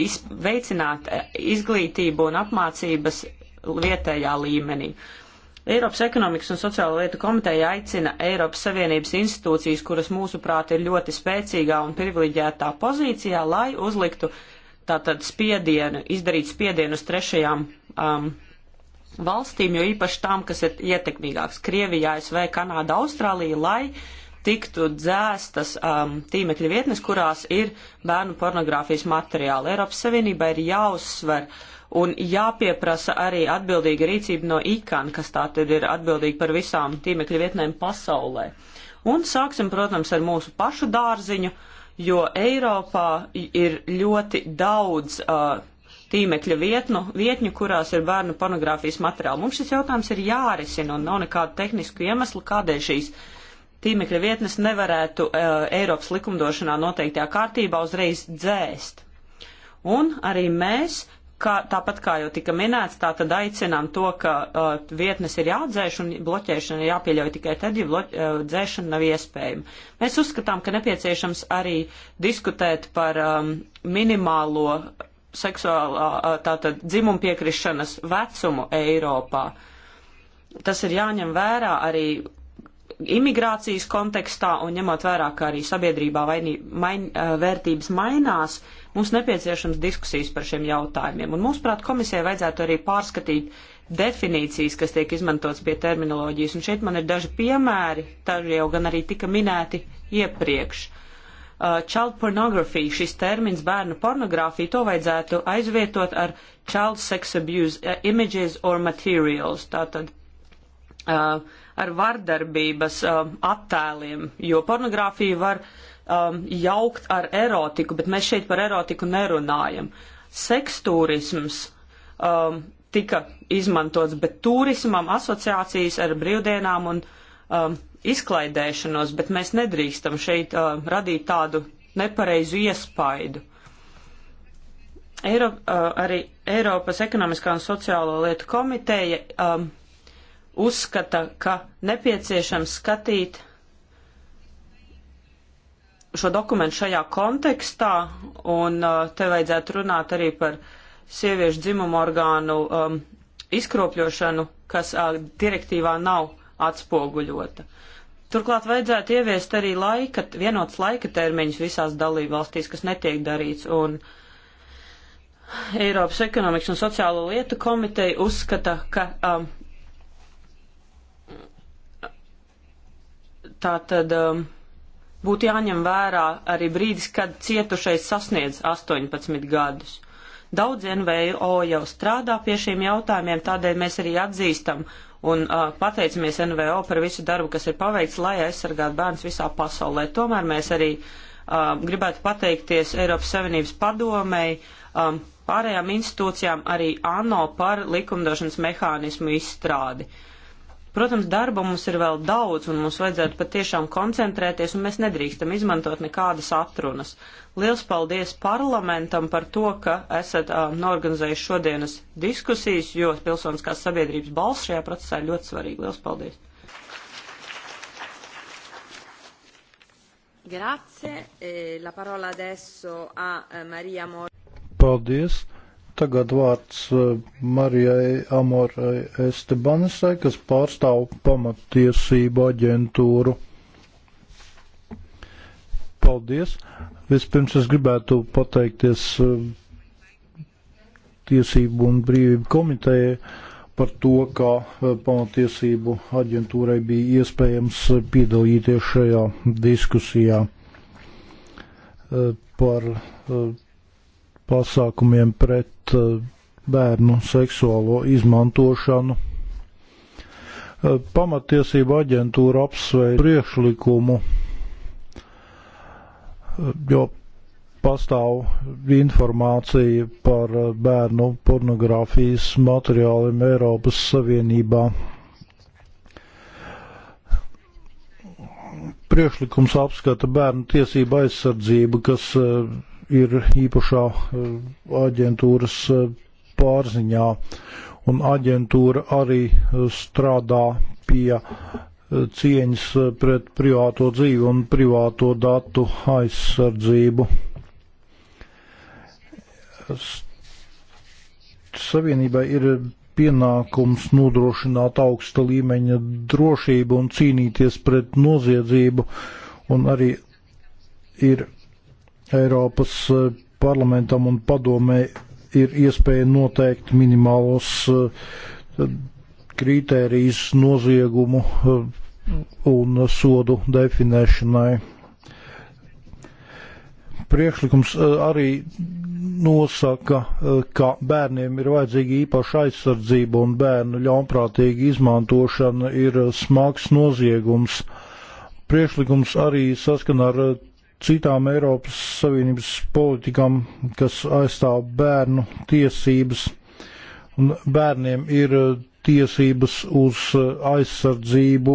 [SPEAKER 2] iz, veicināt e, izglītību un apmācības vietējā līmenī. Eiropas ekonomikas un sociālo lietu komiteja aicina Eiropas Savienības institūcijas, kuras mūsuprāt ir ļoti spēcīgā un privileģētā pozīcijā, lai uzliktu tātad spiedienu, izdarīt spiedienu uz trešajām um, valstīm, jo īpaši tām, kas ir ietekmīgākas - Krievijā, ASV, Kanāda, Austrālija, lai tiktu dzēstas um, tīmekļa vietnes, kurās ir bērnu pornogrāfijas materiāli. Eiropas Savienībai ir jāuzsver un jāpieprasa arī atbildīga rīcība no ICAN, kas tātad ir atbildīga par visām tīmekļa vietnēm pasaulē. Un sāksim, protams, ar mūsu pašu dārziņu, jo Eiropā ir ļoti daudz uh, tīmekļa vietnu, vietņu, kurās ir bērnu pornogrāfijas materiāli. Mums šis jautājums ir jārisina un nav nekādu tehnisku iemeslu, kādēļ šīs tīmekļa vietnes nevarētu uh, Eiropas likumdošanā noteiktajā kārtībā uzreiz dzēst. Un arī mēs, kā, tāpat kā jau tika minēts, tā tad aicinām to, ka uh, vietnes ir jāatdzēš un bloķēšana ir jāpieļauj tikai tad, ja bloķ, uh, e, dzēšana nav iespējama. Mēs uzskatām, ka nepieciešams arī diskutēt par um, minimālo seksuālā, tātad dzimuma piekrišanas vecumu Eiropā. Tas ir jāņem vērā arī imigrācijas kontekstā un ņemot vērā, ka arī sabiedrībā vainī, main, vērtības mainās, mums nepieciešams diskusijas par šiem jautājumiem. Un mūsuprāt, komisijai vajadzētu arī pārskatīt definīcijas, kas tiek izmantotas pie terminoloģijas. Un šeit man ir daži piemēri, daži jau gan arī tika minēti iepriekš. Uh, uh, child pornography, šis termins bērnu pornogrāfija, to vajadzētu aizvietot ar child sex abuse uh, images or materials, tātad uh, ar vardarbības uh, attēliem, jo pornogrāfija var um, jaukt ar erotiku, bet mēs šeit par erotiku nerunājam. Sekstūrisms um, tika izmantots, bet turismam asociācijas ar brīvdienām un uh, um, izklaidēšanos, bet mēs nedrīkstam šeit uh, radīt tādu nepareizu iespaidu. Eiro, uh, arī Eiropas ekonomiskā un sociālo lietu komiteja um, uzskata, ka nepieciešams skatīt šo dokumentu šajā kontekstā, un uh, te vajadzētu runāt arī par sieviešu dzimumu orgānu um, izkropļošanu, kas uh, direktīvā nav atspoguļota. Turklāt vajadzētu ieviest arī laika, vienots laika termiņus visās dalībvalstīs, kas netiek darīts, un Eiropas ekonomikas un sociālo lietu komiteja uzskata, ka um, tā tad um, būtu jāņem vērā arī brīdis, kad cietušais sasniedz 18 gadus. Daudz NVO jau strādā pie šiem jautājumiem, tādēļ mēs arī atzīstam un uh, pateicamies NVO par visu darbu, kas ir paveikts, lai aizsargātu bērnus visā pasaulē. Tomēr mēs arī uh, gribētu pateikties Eiropas Savienības padomei, um, pārējām institūcijām, arī ANO par likumdošanas mehānismu izstrādi. Uh, Protams, darba mums ir vēl daudz, un mums vajadzētu patiešām koncentrēties, un mēs nedrīkstam izmantot nekādas atrunas. Liels paldies parlamentam par to, ka esat um, norganizējuši šodienas diskusijas, jo pilsoniskās sabiedrības balss šajā procesā ir ļoti svarīga. Liels paldies!
[SPEAKER 1] Grazie. E, la parola adesso a eh, Maria Mor.
[SPEAKER 4] Paldies. Tagad vārds eh, Marijai Amorai Estebanisai, kas pārstāv pamatiesību aģentūru. Paldies! Vispirms es gribētu pateikties eh, Tiesību un brīvību komitejai par to, ka eh, pamatiesību aģentūrai bija iespējams piedalīties šajā diskusijā par pasākumiem pret eh, bērnu seksuālo izmantošanu. Eh, pamatiesība aģentūra apsveic priekšlikumu, eh, jo pastāv informācija par bērnu pornogrāfijas materiāliem Eiropas Savienībā. Priekšlikums apskata bērnu tiesību aizsardzību, kas ir īpašā eh, aģentūras eh, pārziņā, un aģentūra arī eh, strādā pie cieņas pret privāto dzīvi un privāto datu aizsardzību. Savienībai ir pienākums nodrošināt augsta līmeņa drošību un cīnīties pret noziedzību, un arī ir Eiropas eh, parlamentam un padomē ir iespēja noteikt minimālos eh, kritērijus noziegumu eh, un sodu definēšanai. Priekšlikums arī nosaka, ka bērniem ir vajadzīga īpaša aizsardzība un bērnu ļaunprātīga izmantošana ir smags noziegums. Priekšlikums arī saskan ar citām Eiropas Savienības politikām, kas aizstāv bērnu tiesības. Un bērniem ir eh, tiesības uz eh, aizsardzību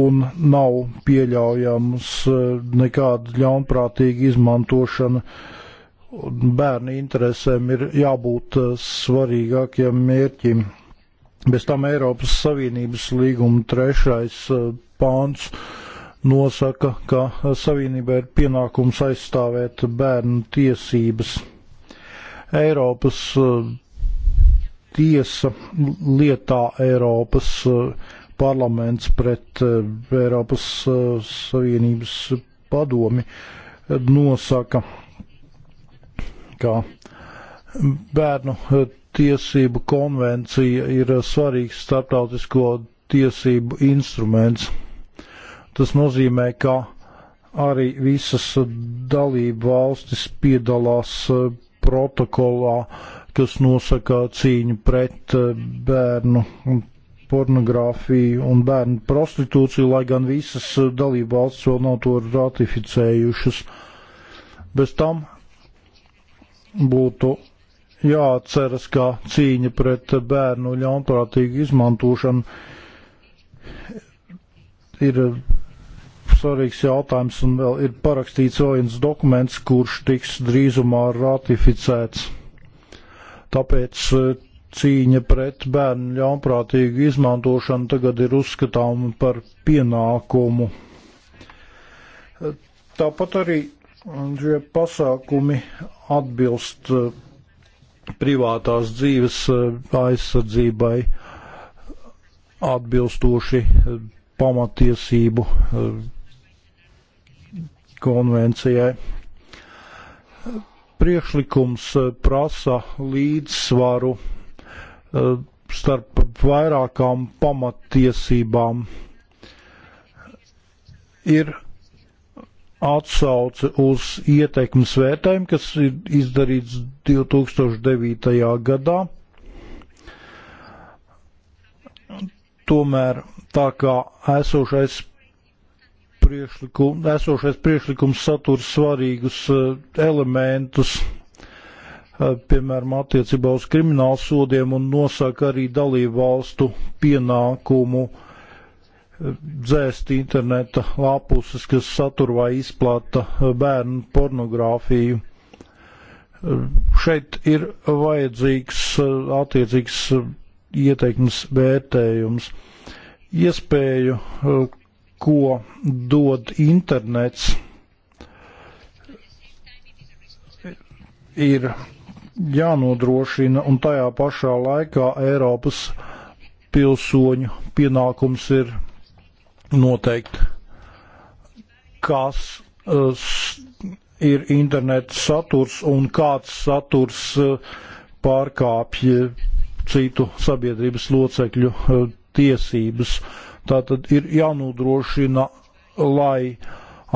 [SPEAKER 4] un nav pieļaujams eh, nekāda ļaunprātīga izmantošana. Bērnu interesēm ir jābūt svarīgākiem mērķim. Bez tam Eiropas Savienības līguma trešais pāns uh, nosaka, ka Savienībā ir pienākums aizstāvēt bērnu tiesības. Eiropas eh, tiesa lietā Eiropas eh, parlaments pret eh, Eiropas Savienības padomi nosaka, ka bērnu tiesību konvencija ir svarīgs starptautisko tiesību instruments. Tas nozīmē, ka arī visas dalību valstis piedalās eh, protokolā, kas nosaka cīņu pret eh, bērnu pornogrāfiju un bērnu prostitūciju, lai gan visas eh, dalību valsts vēl nav to ratificējušas. Bez tam būtu jāatceras, ka cīņa pret bērnu ļaunprātīgu izmantošanu ir svarīgs jautājums, un vēl ir parakstīts vēl viens dokuments, kurš tiks drīzumā ratificēts. Tāpēc eh, cīņa pret bērnu ļaunprātīgu izmantošanu tagad ir uzskatāma par pienākumu. Eh, tāpat arī šie pasākumi atbilst eh, privātās dzīves aizsardzībai atbilstoši pamatiesību konvencijai. Priekšlikums eh, prasa līdzsvaru eh, starp vairākām pamatiesībām. Ir atsauce uz ieteikums vērtējumu, kas ir izdarīts 2009. gadā. Tomēr tā kā esošais priekšlikum, esošais priekšlikums satur svarīgus eh, elementus, eh, piemēram, attiecībā uz kriminālu sodiem un nosaka arī dalību valstu pienākumu eh, dzēst interneta lapuses, kas satur vai izplata bērnu pornogrāfiju. Šeit ir vajadzīgs attiecīgs ieteikums vērtējums. Iespēju ko dod internets, ir jānodrošina, un tajā pašā laikā Eiropas pilsoņu pienākums ir noteikt, kas eh, ir interneta saturs un kāds saturs eh, pārkāpj citu sabiedrības locekļu eh, tiesības. Tātad ir jānodrošina, lai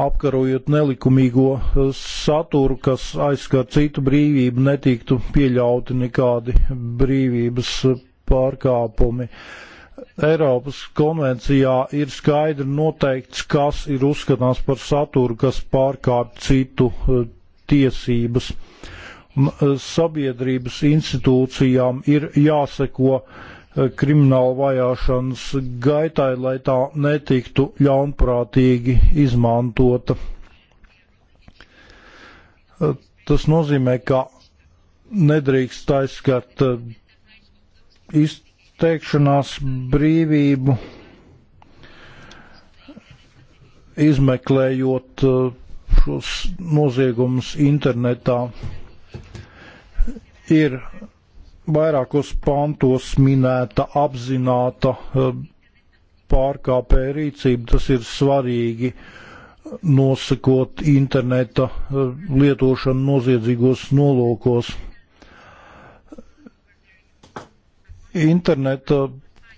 [SPEAKER 4] apkarojot nelikumīgo eh, saturu, kas aizskar citu brīvību, netiktu pieļauti nekādi brīvības eh, pārkāpumi. Eiropas konvencijā ir skaidri noteikts, kas ir uzskatāms par saturu, kas pārkāpj citu eh, tiesības. Sabiedrības institūcijām ir jāseko uh, Eh, krimināla vajāšanas gaitai, lai tā netiktu ļaunprātīgi izmantota. Eh, tas nozīmē, ka nedrīkst aizskart eh, izteikšanās brīvību, izmeklējot šos noziegumus internetā. Ir vairākos pantos minēta apzināta eh, pārkāpēja rīcība, tas ir svarīgi eh, nosakot interneta eh, lietošanu noziedzīgos nolūkos. Interneta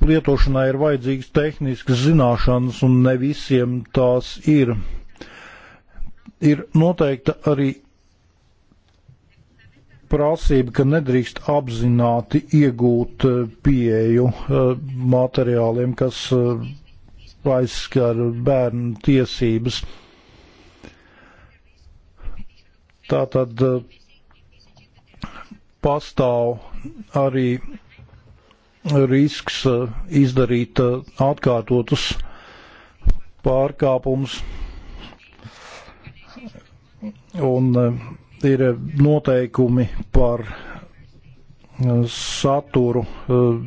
[SPEAKER 4] lietošanai ir vajadzīgas tehniskas zināšanas, un ne visiem tās ir. Ir noteikta arī prasība, ka nedrīkst apzināti iegūt eh, pieeju eh, materiāliem, kas eh, aizskar bērnu tiesības. Tātad pastāv arī risks izdarīt atkārtotus pārkāpumus. Un ir noteikumi par uh, saturu uh,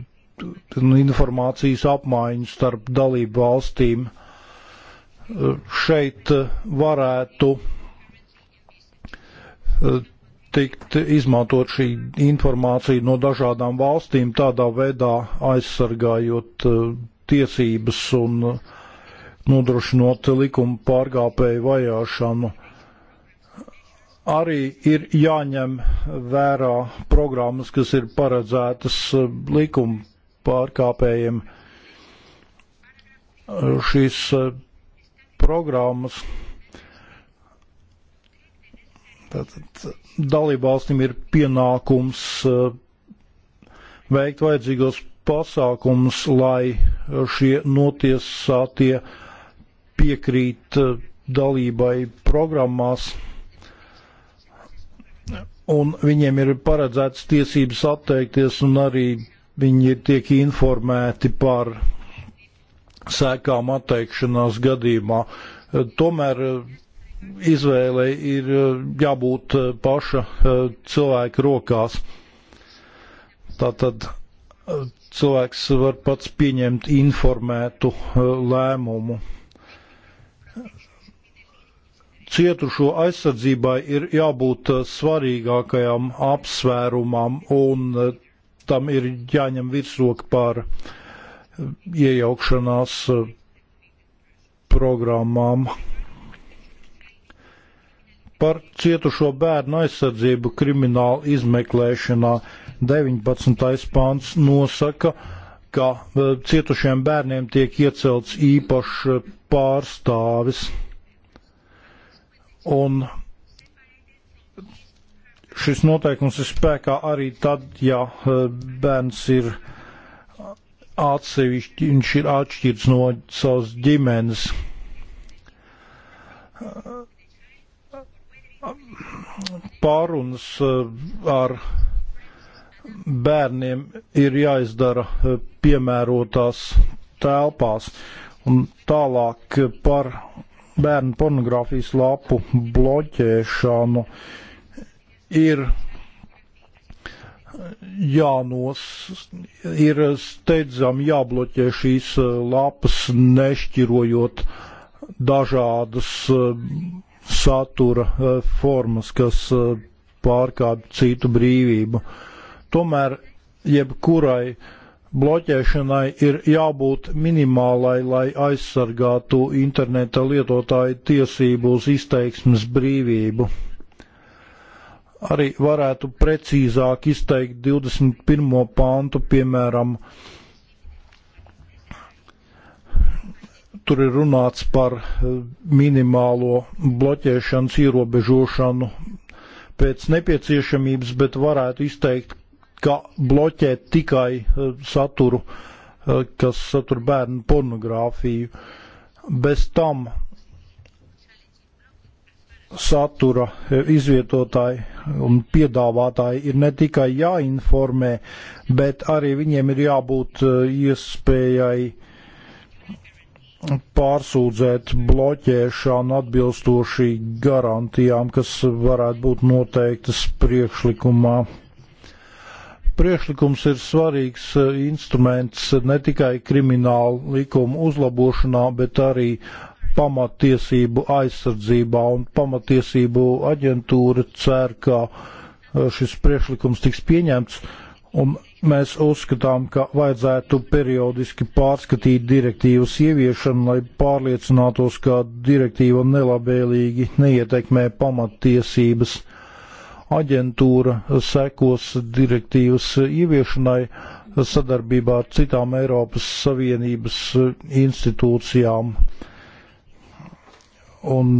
[SPEAKER 4] un informācijas apmaiņu starp dalību valstīm. Uh, šeit varētu tikt izmantot šī informācija no dažādām valstīm, tādā veidā aizsargājot tiesības un nodrošinot likuma pārkāpēju vajāšanu arī ir jāņem vērā programmas, kas ir paredzētas eh, likuma pārkāpējiem. Šīs eh, programmas tātad, dalībvalstīm ir pienākums eh, veikt vajadzīgos pasākumus, lai šie notiesātie piekrīt dalībai programmās un viņiem ir paredzēts tiesības atteikties, un arī viņi tiek informēti par sēkām atteikšanās gadījumā. Tomēr eh, izvēlei ir eh, jābūt eh, paša cilvēka rokās. Tātad cilvēks var pats pieņemt informētu lēmumu cietušo aizsardzībai ir jābūt eh, svarīgākajām apsvērumam un eh, tam ir jāņem virsroka par eh, iejaukšanās programmām. Par cietušo bērnu aizsardzību krimināla izmeklēšanā 19. pāns nosaka, ka cietušiem bērniem tiek iecelts īpašs pārstāvis. Un šis noteikums ir spēkā arī tad, ja e, bērns ir atsevišķi, viņš ir atšķirts no savas ģimenes. Pārunas e, ar bērniem ir jāizdara e, piemērotās telpās un tālāk par bērnu pornogrāfijas lapu bloķēšanu ir jānos, ir steidzami jābloķē šīs eh, lapas, nešķirojot dažādas eh, satura eh, formas, kas pārkāpj citu brīvību. Tomēr jebkurai uh, bloķēšanai ir jābūt minimālai, lai aizsargātu interneta lietotāju tiesību uz izteiksmes brīvību. Arī varētu precīzāk izteikt 21. pāntu, piemēram, tur ir runāts par eh, minimālo bloķēšanas ierobežošanu pēc nepieciešamības, bet varētu izteikt ka bloķē tikai eh, saturu, eh, kas satur bērnu pornogrāfiju. Bez tam satura eh, izvietotāji un piedāvātāji ir ne tikai jāinformē, bet arī viņiem ir jābūt iespējai pārsūdzēt bloķēšanu atbilstoši garantijām, kas varētu būt noteiktas priekšlikumā priekšlikums ir svarīgs eh, instruments ne tikai kriminālu likumu uzlabošanā, bet arī pamatiesību aizsardzībā, un pamatiesību aģentūra cer, ka eh, šis priekšlikums tiks pieņemts, un mēs uzskatām, ka vajadzētu periodiski pārskatīt direktīvas ieviešanu, lai pārliecinātos, ka direktīva nelabēlīgi neietekmē pamatiesības aģentūra sekos direktīvas ieviešanai sadarbībā ar citām Eiropas Savienības institūcijām. Un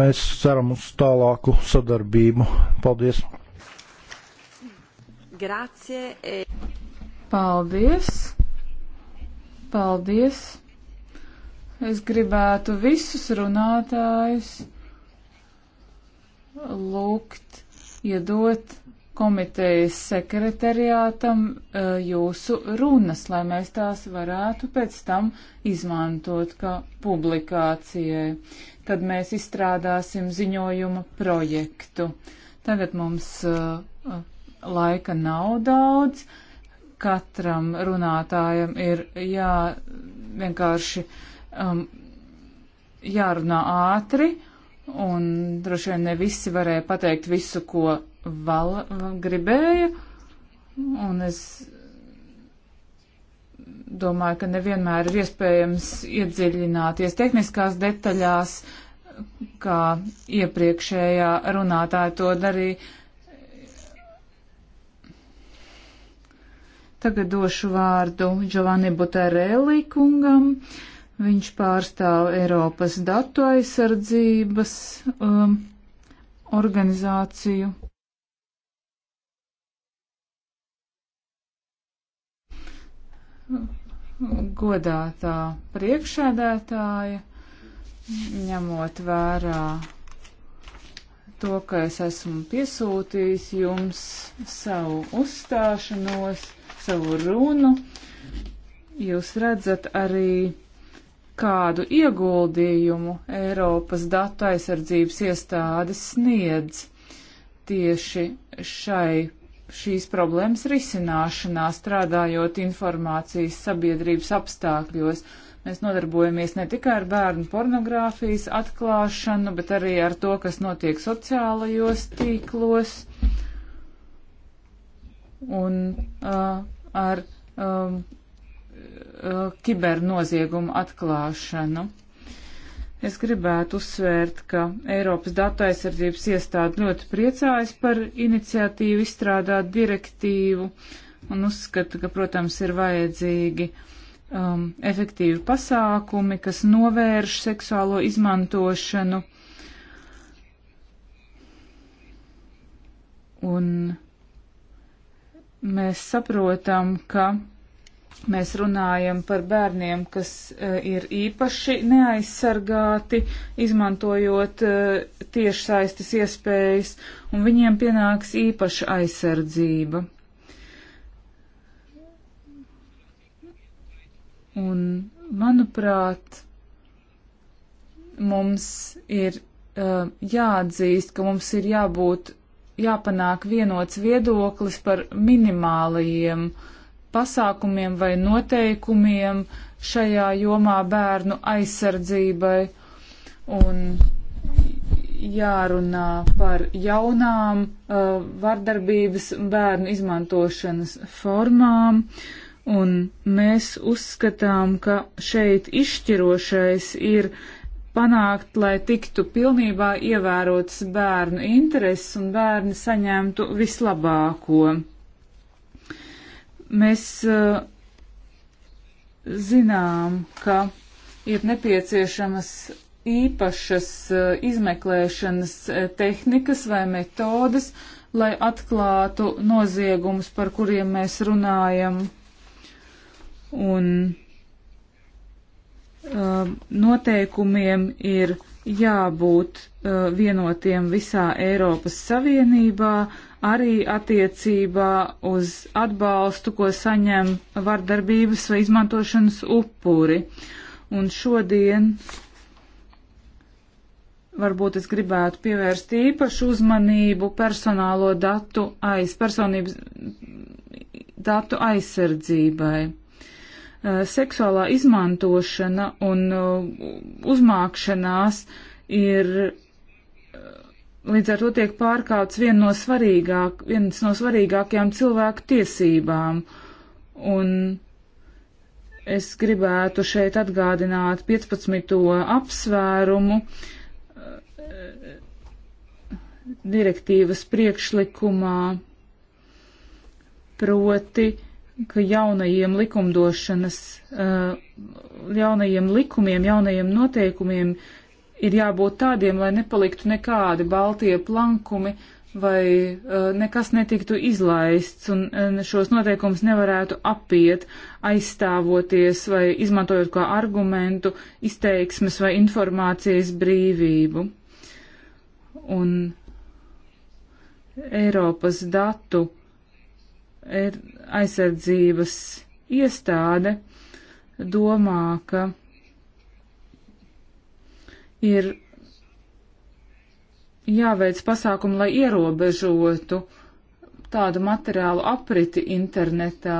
[SPEAKER 4] mēs ceram uz tālāku sadarbību. Paldies!
[SPEAKER 1] Grazie! E
[SPEAKER 3] Paldies! Paldies! Es gribētu visus runātājus lūgt iedot komitejas sekretariātam eh, jūsu runas, lai mēs tās varētu pēc tam izmantot kā publikācijai. Tad mēs izstrādāsim ziņojuma projektu. Tagad mums eh, laika nav daudz. Katram runātājam ir jā, vienkārši um, jārunā ātri un droši vien ne visi varēja pateikt visu, ko val, gribēja, un es domāju, ka nevienmēr ir iespējams iedziļināties tehniskās detaļās, kā iepriekšējā runātāja to darīja. Tagad došu vārdu Giovanni Butarelli kungam. Uh, Viņš pārstāv Eiropas datu aizsardzības um, organizāciju. Godātā priekšēdētāja, ņemot vērā to, ka es esmu piesūtījis jums savu uzstāšanos, savu runu, jūs redzat arī kādu ieguldījumu Eiropas datu aizsardzības iestādes sniedz tieši šai šīs problēmas risināšanā, strādājot informācijas sabiedrības apstākļos. Mēs nodarbojamies ne tikai ar bērnu pornogrāfijas atklāšanu, bet arī ar to, kas notiek sociālajos tīklos un uh, ar um, Uh, kibernoziegumu atklāšanu. Es gribētu uzsvērt, ka Eiropas datu aizsardzības iestāde ļoti priecājas par iniciatīvu izstrādāt direktīvu un uzskata, ka, protams, ir vajadzīgi um, efektīvi pasākumi, kas novērš seksuālo izmantošanu. Un mēs saprotam, ka Mēs runājam par bērniem, kas eh, ir īpaši neaizsargāti, izmantojot eh, tiešsaistes iespējas, un viņiem pienāks īpaša aizsardzība. Un, manuprāt, mums ir uh, jāatzīst, ka mums ir jābūt, jāpanāk vienots viedoklis par minimālajiem uh, pasākumiem vai noteikumiem šajā jomā bērnu aizsardzībai un jārunā par jaunām uh, vardarbības bērnu izmantošanas formām. Un mēs uzskatām, ka šeit izšķirošais ir panākt, lai tiktu pilnībā ievērotas bērnu intereses un bērni saņemtu vislabāko. Mēs uh, zinām, ka ir nepieciešamas īpašas uh, izmeklēšanas uh, tehnikas vai metodas, lai atklātu noziegumus, par kuriem mēs runājam. Un uh, noteikumiem ir jābūt uh, vienotiem visā Eiropas Savienībā, arī attiecībā uz atbalstu, ko saņem vardarbības vai izmantošanas upuri. Un šodien varbūt es gribētu pievērst īpašu uzmanību personālo datu aiz, personības datu aizsardzībai eh, seksuālā izmantošana un eh, uzmākšanās ir Līdz ar to tiek pārkāpts viena no, svarīgāk, viens no svarīgākajām cilvēku tiesībām. Un es gribētu šeit atgādināt 15. apsvērumu eh, direktīvas priekšlikumā, proti, ka jaunajiem likumdošanas, eh, jaunajiem likumiem, jaunajiem noteikumiem uh, ir jābūt tādiem, lai nepaliktu nekādi baltie plankumi vai uh, nekas netiktu izlaists un uh, šos noteikumus nevarētu apiet, aizstāvoties vai izmantojot kā argumentu izteiksmes vai informācijas brīvību. Un Eiropas datu er-, aizsardzības iestāde domā, ka ir jāveic pasākumi, lai ierobežotu tādu materiālu apriti internetā.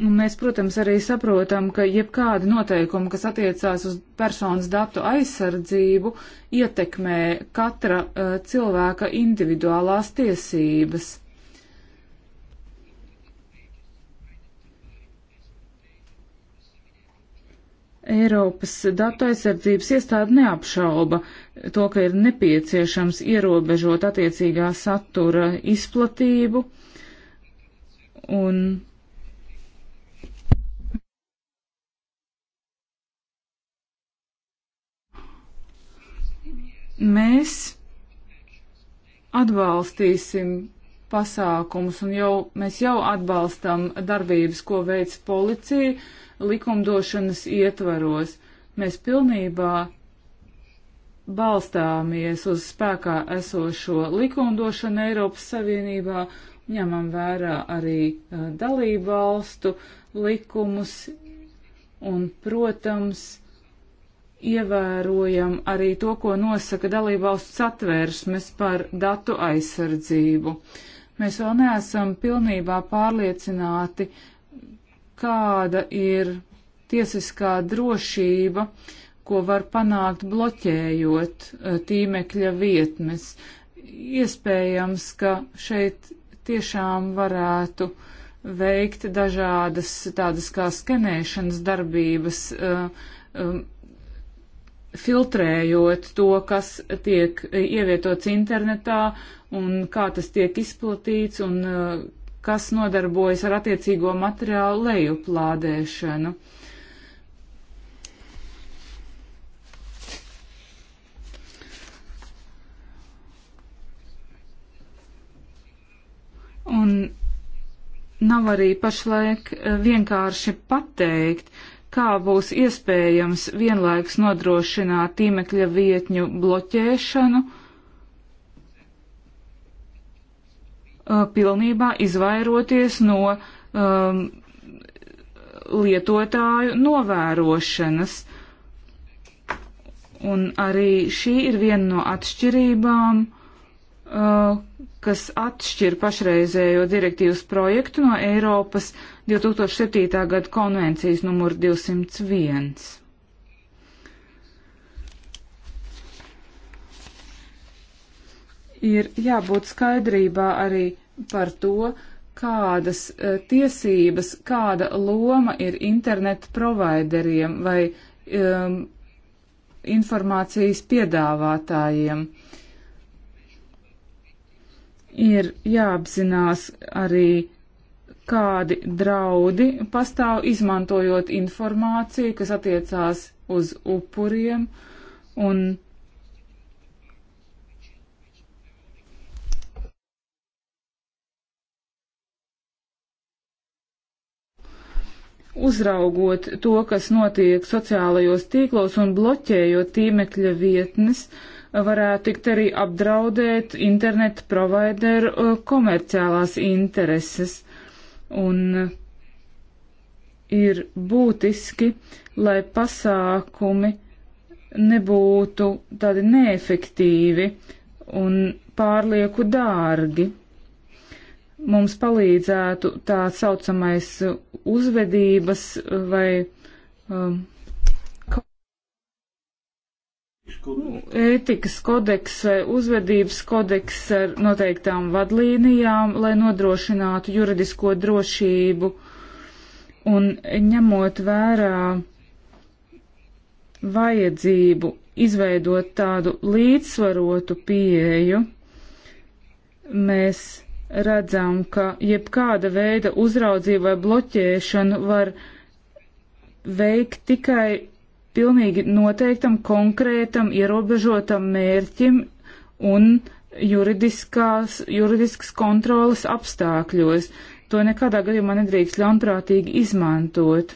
[SPEAKER 3] Un mēs, protams, arī saprotam, ka jebkādi noteikumi, kas attiecās uz personas datu aizsardzību, ietekmē katra uh, cilvēka individuālās tiesības. Eiropas datu aizsardzības iestāde neapšauba to, ka ir nepieciešams ierobežot attiecīgā satura izplatību un mēs atbalstīsim pasākumus un jau, mēs jau atbalstam darbības, ko veic policija, likumdošanas ietvaros. Mēs pilnībā balstāmies uz spēkā esošo likumdošanu Eiropas Savienībā, ņemam vērā arī dalību valstu likumus un, protams, ievērojam arī to, ko nosaka dalību valsts atvērsmes par datu aizsardzību. Mēs vēl neesam pilnībā pārliecināti, kāda ir tiesiskā drošība, ko var panākt bloķējot eh, tīmekļa vietnes. Iespējams, ka šeit tiešām varētu veikt dažādas tādas kā skenēšanas darbības, eh, um, filtrējot to, kas tiek eh, ievietots internetā un kā tas tiek izplatīts un kas nodarbojas ar attiecīgo materiālu lejuplādēšanu. Un nav arī pašlaik eh, vienkārši pateikt, kā būs iespējams vienlaiks nodrošināt tīmekļa vietņu bloķēšanu Uh, pilnībā izvairoties no um, lietotāju novērošanas. Un arī šī ir viena no atšķirībām, uh, kas atšķir pašreizējo direktīvas projektu no Eiropas 2007. gada konvencijas numur 201. ir jābūt skaidrībā arī par to, kādas eh, tiesības, kāda loma ir internetu provideriem vai um, informācijas piedāvātājiem. Ir jāapzinās arī, kādi draudi pastāv izmantojot informāciju, kas attiecās uz upuriem un uzraugot to, kas notiek sociālajos tīklos un bloķējot tīmekļa vietnes, varētu tikt arī apdraudēt internetu provideru uh, komerciālās intereses. Un uh, ir būtiski, lai pasākumi nebūtu tādi neefektīvi un pārlieku dārgi mums palīdzētu tā saucamais uzvedības vai um, nu, ētikas kodeks vai uzvedības kodeks ar noteiktām vadlīnijām, lai nodrošinātu juridisko drošību un ņemot vērā vajadzību izveidot tādu līdzsvarotu pieeju, mēs redzam, ka jebkāda veida uzraudzība vai bloķēšana var veikt tikai pilnīgi noteiktam, konkrētam, ierobežotam mērķim un juridiskas kontrolas apstākļos. To nekādā gadījumā nedrīkst ļaunprātīgi izmantot.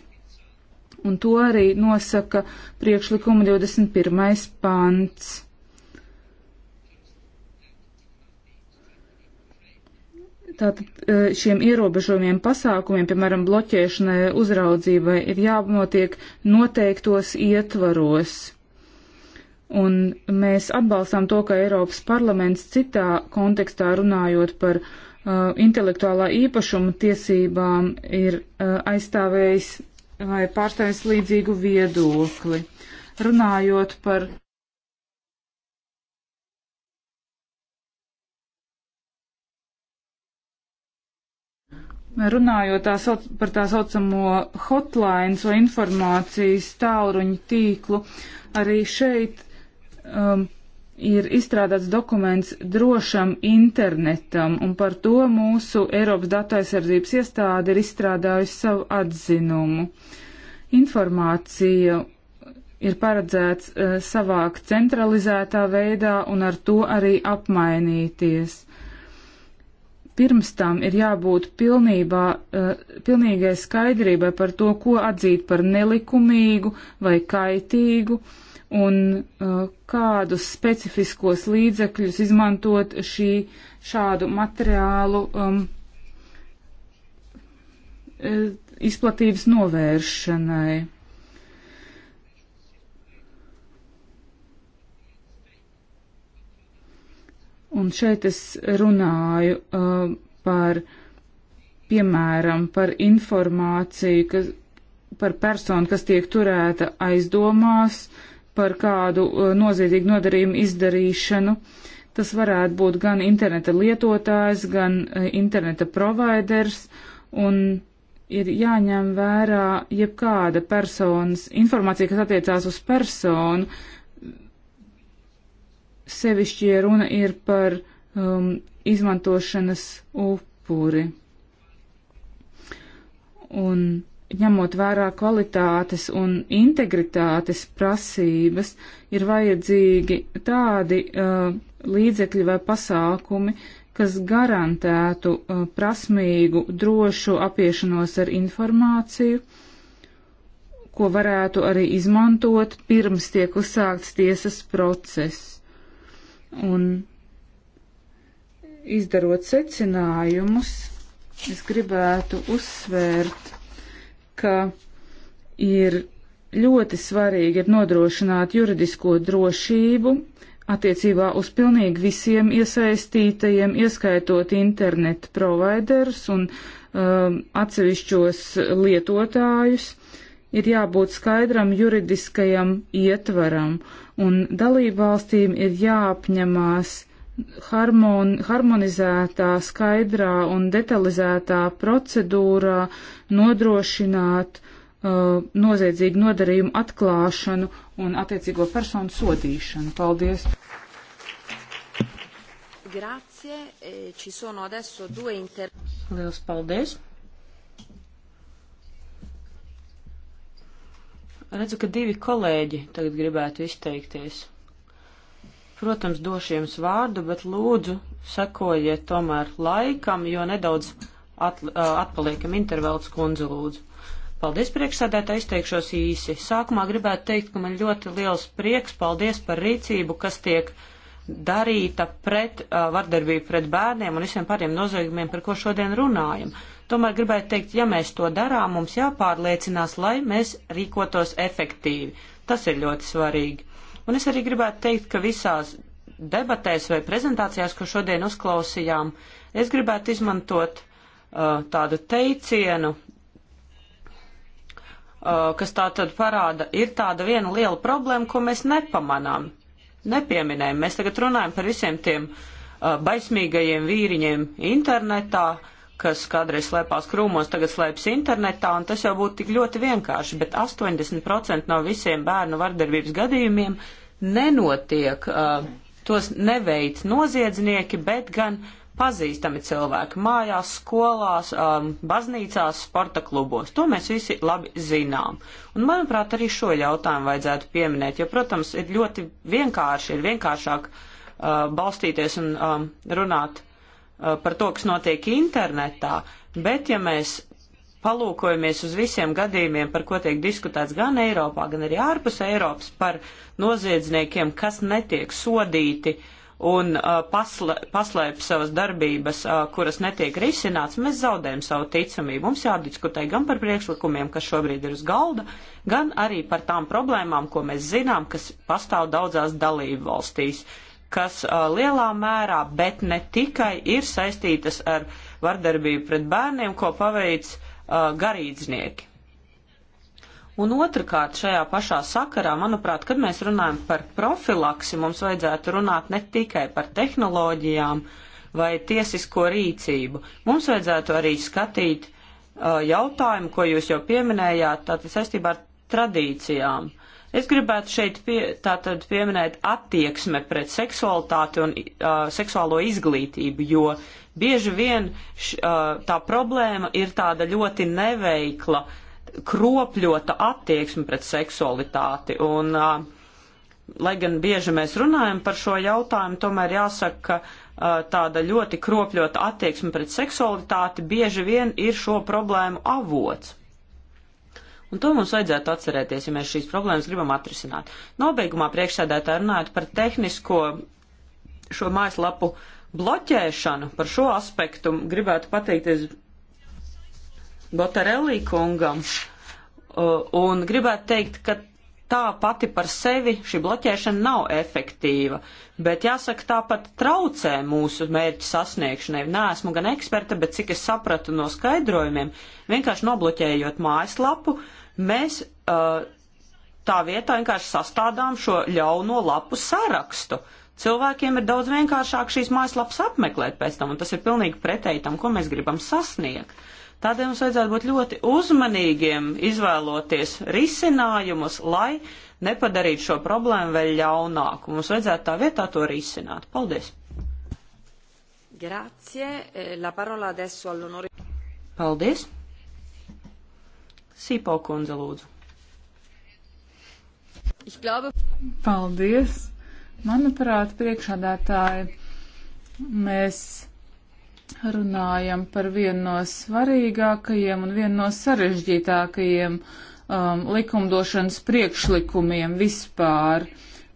[SPEAKER 3] Un to arī nosaka priekšlikuma 21. pants. Tātad e, šiem ierobežojumiem pasākumiem, piemēram, bloķēšanai, uzraudzībai, ir jānotiek noteiktos ietvaros. Un mēs atbalstām to, ka Eiropas parlaments citā kontekstā runājot par uh, intelektuālā īpašuma tiesībām ir uh, aizstāvējis vai pārstāvējis līdzīgu viedokli. Runājot par Runājot tā sauc, par tā saucamo hotlines vai informācijas tālruņu tīklu, arī šeit um, ir izstrādāts dokuments drošam internetam, un par to mūsu Eiropas datu aizsardzības iestāde ir izstrādājusi savu atzinumu. Informācija ir paredzēts uh, savākt centralizētā veidā un ar to arī apmainīties pirms tam ir jābūt pilnībā, eh, pilnīgai skaidrībai par to, ko atzīt par nelikumīgu vai kaitīgu un eh, kādus specifiskos līdzekļus izmantot šī, šādu materiālu um, eh, izplatības novēršanai. Un šeit es runāju uh, par, piemēram, par informāciju, kas, par personu, kas tiek turēta aizdomās par kādu uh, noziedzīgu nodarījumu izdarīšanu. Tas varētu būt gan interneta lietotājs, gan uh, interneta providers, un ir jāņem vērā jebkāda personas informācija, kas attiecās uz personu, uh, sevišķi, ja runa ir par um, izmantošanas upuri. Un ņemot vērā kvalitātes un integritātes prasības, ir vajadzīgi tādi uh, līdzekļi vai pasākumi, kas garantētu uh, prasmīgu, drošu apiešanos ar informāciju, ko varētu arī izmantot pirms tiek uzsākts tiesas process. Un izdarot secinājumus, es gribētu uzsvērt, ka ir ļoti svarīgi ir nodrošināt juridisko drošību attiecībā uz pilnīgi visiem iesaistītajiem, ieskaitot internetu providerus un um, atsevišķos lietotājus, ir jābūt skaidram juridiskajam ietvaram. Uh, un dalībvalstīm ir jāapņemās harmon, harmonizētā, skaidrā un detalizētā procedūrā nodrošināt uh, noziedzīgu nodarījumu atklāšanu un attiecīgo personu sodīšanu. Paldies!
[SPEAKER 1] Grazie, eh, ci sono adesso due inter...
[SPEAKER 2] Liels paldies! Redzu, ka divi kolēģi tagad gribētu izteikties. Protams, došu jums vārdu, bet lūdzu sekojiet tomēr laikam, jo nedaudz atl atpaliekam intervēlts kundze lūdzu. Paldies priekšsēdētā, izteikšos īsi. Sākumā gribētu teikt, ka man ļoti liels prieks, paldies par rīcību, kas tiek darīta pret uh, vardarbību pret bērniem un visiem pāriem noziegumiem, par ko šodien runājam. Uh, Tomēr gribētu teikt, ja mēs to darām, mums jāpārliecinās, lai mēs rīkotos efektīvi. Tas ir ļoti svarīgi. Un es arī gribētu teikt, ka visās debatēs vai prezentācijās, ko šodien uzklausījām, es gribētu izmantot uh, tādu teicienu, uh, kas tā tad parāda, ir tāda viena liela problēma, ko mēs nepamanām, nepieminējam. Mēs tagad runājam par visiem tiem uh, baismīgajiem vīriņiem internetā, uh, kas kādreiz slēpās krūmos, tagad slēpjas internetā, un tas jau būtu tik ļoti vienkārši, bet 80% no visiem bērnu vardarbības gadījumiem nenotiek, uh, tos neveic noziedznieki, bet gan pazīstami cilvēki mājās, skolās, um, baznīcās, sporta klubos. To mēs visi labi zinām. Un, manuprāt, arī šo jautājumu vajadzētu pieminēt, jo, protams, ir ļoti vienkārši, ir vienkāršāk uh, balstīties un um, runāt Uh, par to, kas notiek internetā, bet ja mēs palūkojamies uz visiem gadījumiem, par ko tiek diskutēts gan Eiropā, gan arī ārpus Eiropas par noziedzniekiem, kas netiek sodīti un uh, paslē, paslēp savas darbības, uh, kuras netiek risināts, mēs zaudējam savu ticamību. Mums jādiskutē gan par priekšlikumiem, kas šobrīd ir uz galda, gan arī par tām problēmām, ko mēs zinām, kas pastāv daudzās dalību valstīs. Uh, kas uh, lielā mērā, bet ne tikai, ir saistītas ar vardarbību pret bērniem, ko paveic uh, garīdznieki. Un otrkārt, šajā pašā sakarā, manuprāt, kad mēs runājam par profilaksi, mums vajadzētu runāt ne tikai par tehnoloģijām vai tiesisko rīcību. Mums vajadzētu arī skatīt uh, jautājumu, ko jūs jau pieminējāt, tātad saistībā ar tradīcijām. Uh, Es gribētu šeit pie, tātad pieminēt attieksme pret seksualitāti un uh, seksuālo izglītību, jo bieži vien š, uh, tā problēma ir tāda ļoti neveikla, kropļota attieksme pret seksualitāti. Un, uh, lai gan bieži mēs runājam par šo jautājumu, tomēr jāsaka, ka tāda ļoti kropļota attieksme pret seksualitāti bieži vien ir šo problēmu avots. Un to mums vajadzētu atcerēties, ja mēs šīs problēmas gribam atrisināt. Nobeigumā priekšsēdētāji runājot par tehnisko šo mājaslapu bloķēšanu, par šo aspektu gribētu pateikties Botarelī kungam uh, un gribētu teikt, ka tā pati par sevi šī bloķēšana nav efektīva, bet jāsaka, tāpat traucē mūsu mērķu sasniegšanai. Nē, esmu gan eksperta, bet cik es sapratu no skaidrojumiem, vienkārši nobloķējot mājaslapu, uh, Mēs uh, tā vietā vienkārši sastādām šo ļauno lapu sarakstu. Cilvēkiem ir daudz vienkāršāk šīs mājaslapas apmeklēt pēc tam, un tas ir pilnīgi pretēji tam, ko mēs gribam sasniegt. Tādēļ mums vajadzētu būt ļoti uzmanīgiem, izvēloties risinājumus, lai nepadarītu šo problēmu vēl ļaunāku. Mums vajadzētu tā vietā to risināt. Paldies!
[SPEAKER 1] Grazie. Eh, la parola adesso
[SPEAKER 2] all'onore. Paldies. Sīpo kundze lūdzu. Paldies! Manuprāt,
[SPEAKER 3] priekšādātāji, mēs runājam par vienu no svarīgākajiem un vienu no sarežģītākajiem um, likumdošanas priekšlikumiem vispār.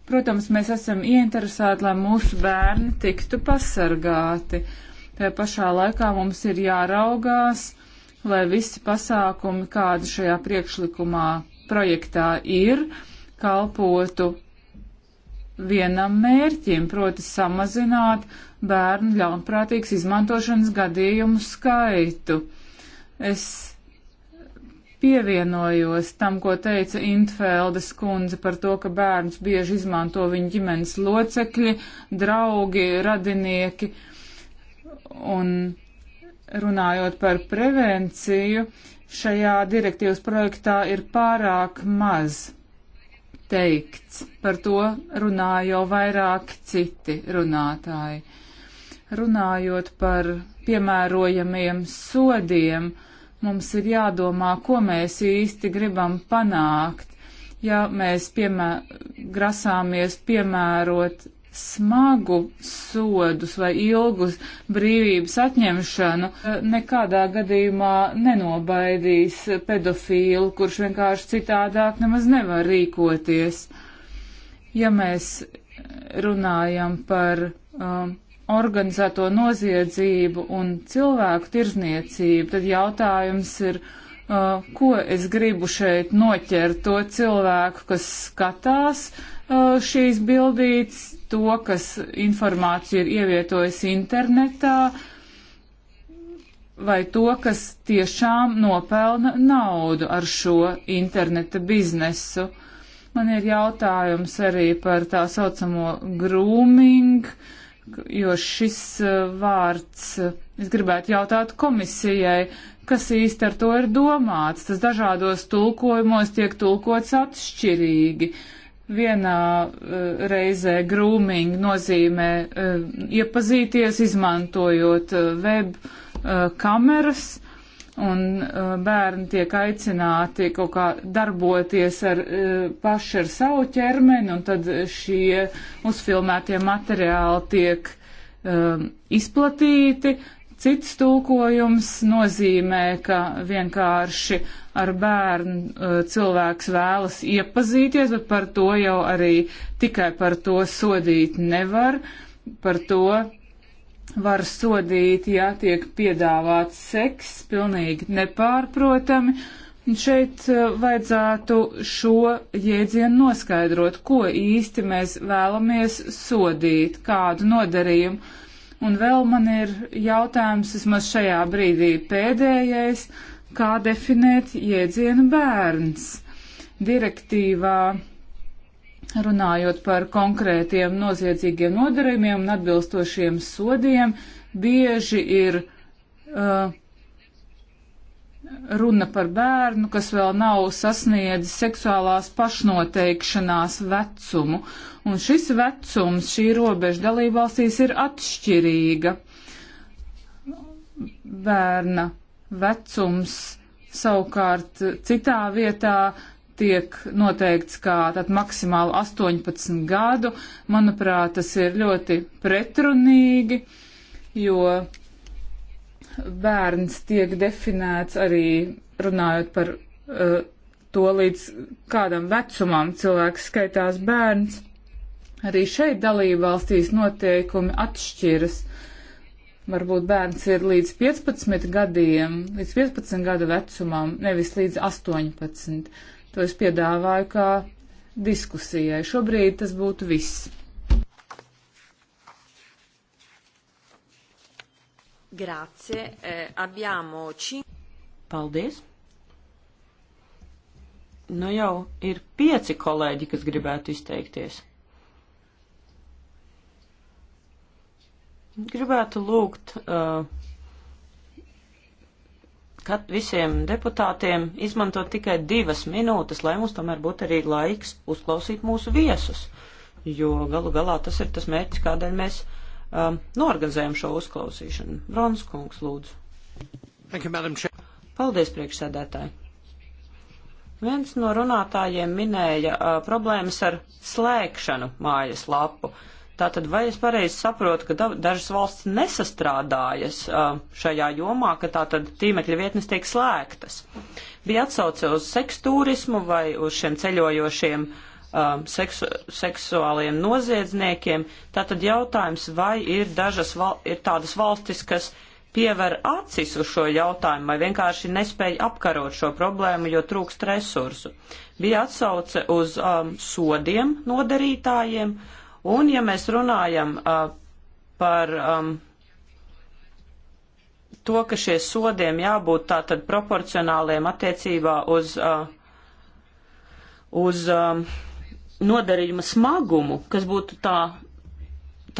[SPEAKER 3] Protams, mēs esam ieinteresēti, lai mūsu bērni tiktu pasargāti. Tajā pašā laikā mums ir jāraugās, lai visi pasākumi, kādi šajā priekšlikumā projektā ir, kalpotu vienam mērķim, proti samazināt bērnu ļaunprātīgas izmantošanas gadījumu skaitu. Es pievienojos tam, ko teica Intfeldes kundze par to, ka bērns bieži izmanto viņa ģimenes locekļi, draugi, radinieki. Un runājot par prevenciju, šajā direktīvas projektā ir pārāk maz teikts. Par to runā jau vairāk citi runātāji. Runājot par piemērojamiem sodiem, mums ir jādomā, ko mēs īsti gribam panākt, ja mēs piemē, grasāmies piemērot smagu sodus vai ilgus brīvības atņemšanu eh, nekādā gadījumā nenobaidīs pedofīlu, kurš vienkārši citādāk nemaz nevar rīkoties. Ja mēs runājam par um, organizēto noziedzību un cilvēku tirzniecību, tad jautājums ir, uh, ko es gribu šeit noķert to cilvēku, kas skatās, uh, Uh, šīs bildītes, to, kas informāciju ir ievietojis internetā, vai to, kas tiešām nopelna naudu ar šo interneta biznesu. Man ir jautājums arī par tā saucamo grooming, jo šis uh, vārds, uh, es gribētu jautāt komisijai, kas īsti ar to ir domāts. Tas dažādos tulkojumos tiek tulkots atšķirīgi. Uh, Vienā uh, reizē grooming nozīmē uh, iepazīties, izmantojot uh, web uh, kameras, un uh, bērni tiek aicināti kaut kā darboties ar, uh, paši ar savu ķermeni, un tad šie uzfilmētie materiāli tiek uh, izplatīti. Cits tulkojums nozīmē, ka vienkārši ar bērnu uh, cilvēks vēlas iepazīties, bet par to jau arī tikai par to sodīt nevar. Par to var sodīt, ja tiek piedāvāts seks, pilnīgi nepārprotami. Un šeit uh, vajadzētu šo jēdzienu noskaidrot, ko īsti mēs vēlamies sodīt, kādu nodarījumu. Un vēl man ir jautājums, vismaz šajā brīdī pēdējais, kā definēt jēdzienu bērns. Direktīvā runājot par konkrētiem noziedzīgiem nodarījumiem un atbilstošiem sodiem, bieži ir uh, runa par bērnu, kas vēl nav sasniedzis seksuālās pašnoteikšanās vecumu. Un šis vecums, šī robeža dalībvalstīs ir atšķirīga. Bērna vecums savukārt citā vietā tiek noteikts kā tad maksimāli 18 gadu. Manuprāt, tas ir ļoti pretrunīgi, jo bērns tiek definēts arī runājot par uh, to, līdz kādam vecumam cilvēks skaitās bērns. Arī šeit dalība valstīs noteikumi atšķiras varbūt bērns ir līdz 15 gadiem, līdz 15 gadu vecumam, nevis līdz 18. To es piedāvāju kā diskusijai. Šobrīd tas būtu viss.
[SPEAKER 1] Grazie. Eh, abbiamo cin...
[SPEAKER 2] Paldies. Nu jau ir pieci kolēģi, kas gribētu izteikties. Gribētu lūgt uh, kad visiem deputātiem izmantot tikai divas minūtes, lai mums tomēr būtu arī laiks uzklausīt mūsu viesus, jo galu galā tas ir tas mērķis, kādēļ mēs um, norganizējam šo uzklausīšanu. Brons kungs, lūdzu. You, Paldies, priekšsēdētāji. Viens no runātājiem minēja uh, problēmas ar slēgšanu mājas lapu. Uh, Tātad vai es pareizi saprotu, ka dažas valsts nesastrādājas šajā jomā, ka tātad tīmekļa vietnes tiek slēgtas? Bija atsauce uz seksturismu vai uz šiem ceļojošiem seksu, seksuāliem noziedzniekiem. Tātad jautājums, vai ir, dažas, val, ir tādas valstis, kas piever acis uz šo jautājumu vai vienkārši nespēja apkarot šo problēmu, jo trūkst resursu. Bija atsauce uz um, sodiem nodarītājiem. Uh, Un ja mēs runājam uh, par um, to, ka šie sodiem jābūt tātad proporcionāliem attiecībā uz, uh, uz um, nodarījuma smagumu, kas būtu tā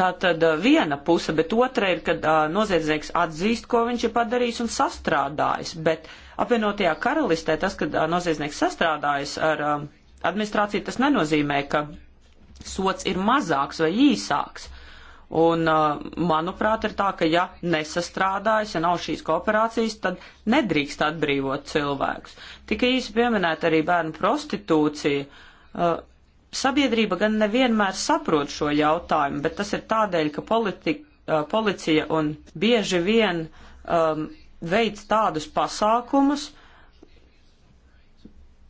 [SPEAKER 2] tā tad viena puse, bet otra ir, kad uh, noziedznieks atzīst, ko viņš ir padarījis un sastrādājis. Bet apvienotajā karalistē tas, kad uh, noziedznieks sastrādājas ar uh, administrāciju, tas nenozīmē, ka sots ir mazāks vai īsāks. Un, uh, manuprāt, ir tā, ka ja nesastrādājas, ja nav šīs kooperācijas, tad nedrīkst atbrīvot cilvēkus. Tika īsi pieminēta arī bērnu prostitūcija. Uh, sabiedrība gan nevienmēr saprot šo jautājumu, bet tas ir tādēļ, ka politika, uh, policija un bieži vien um, veids tādus pasākumus,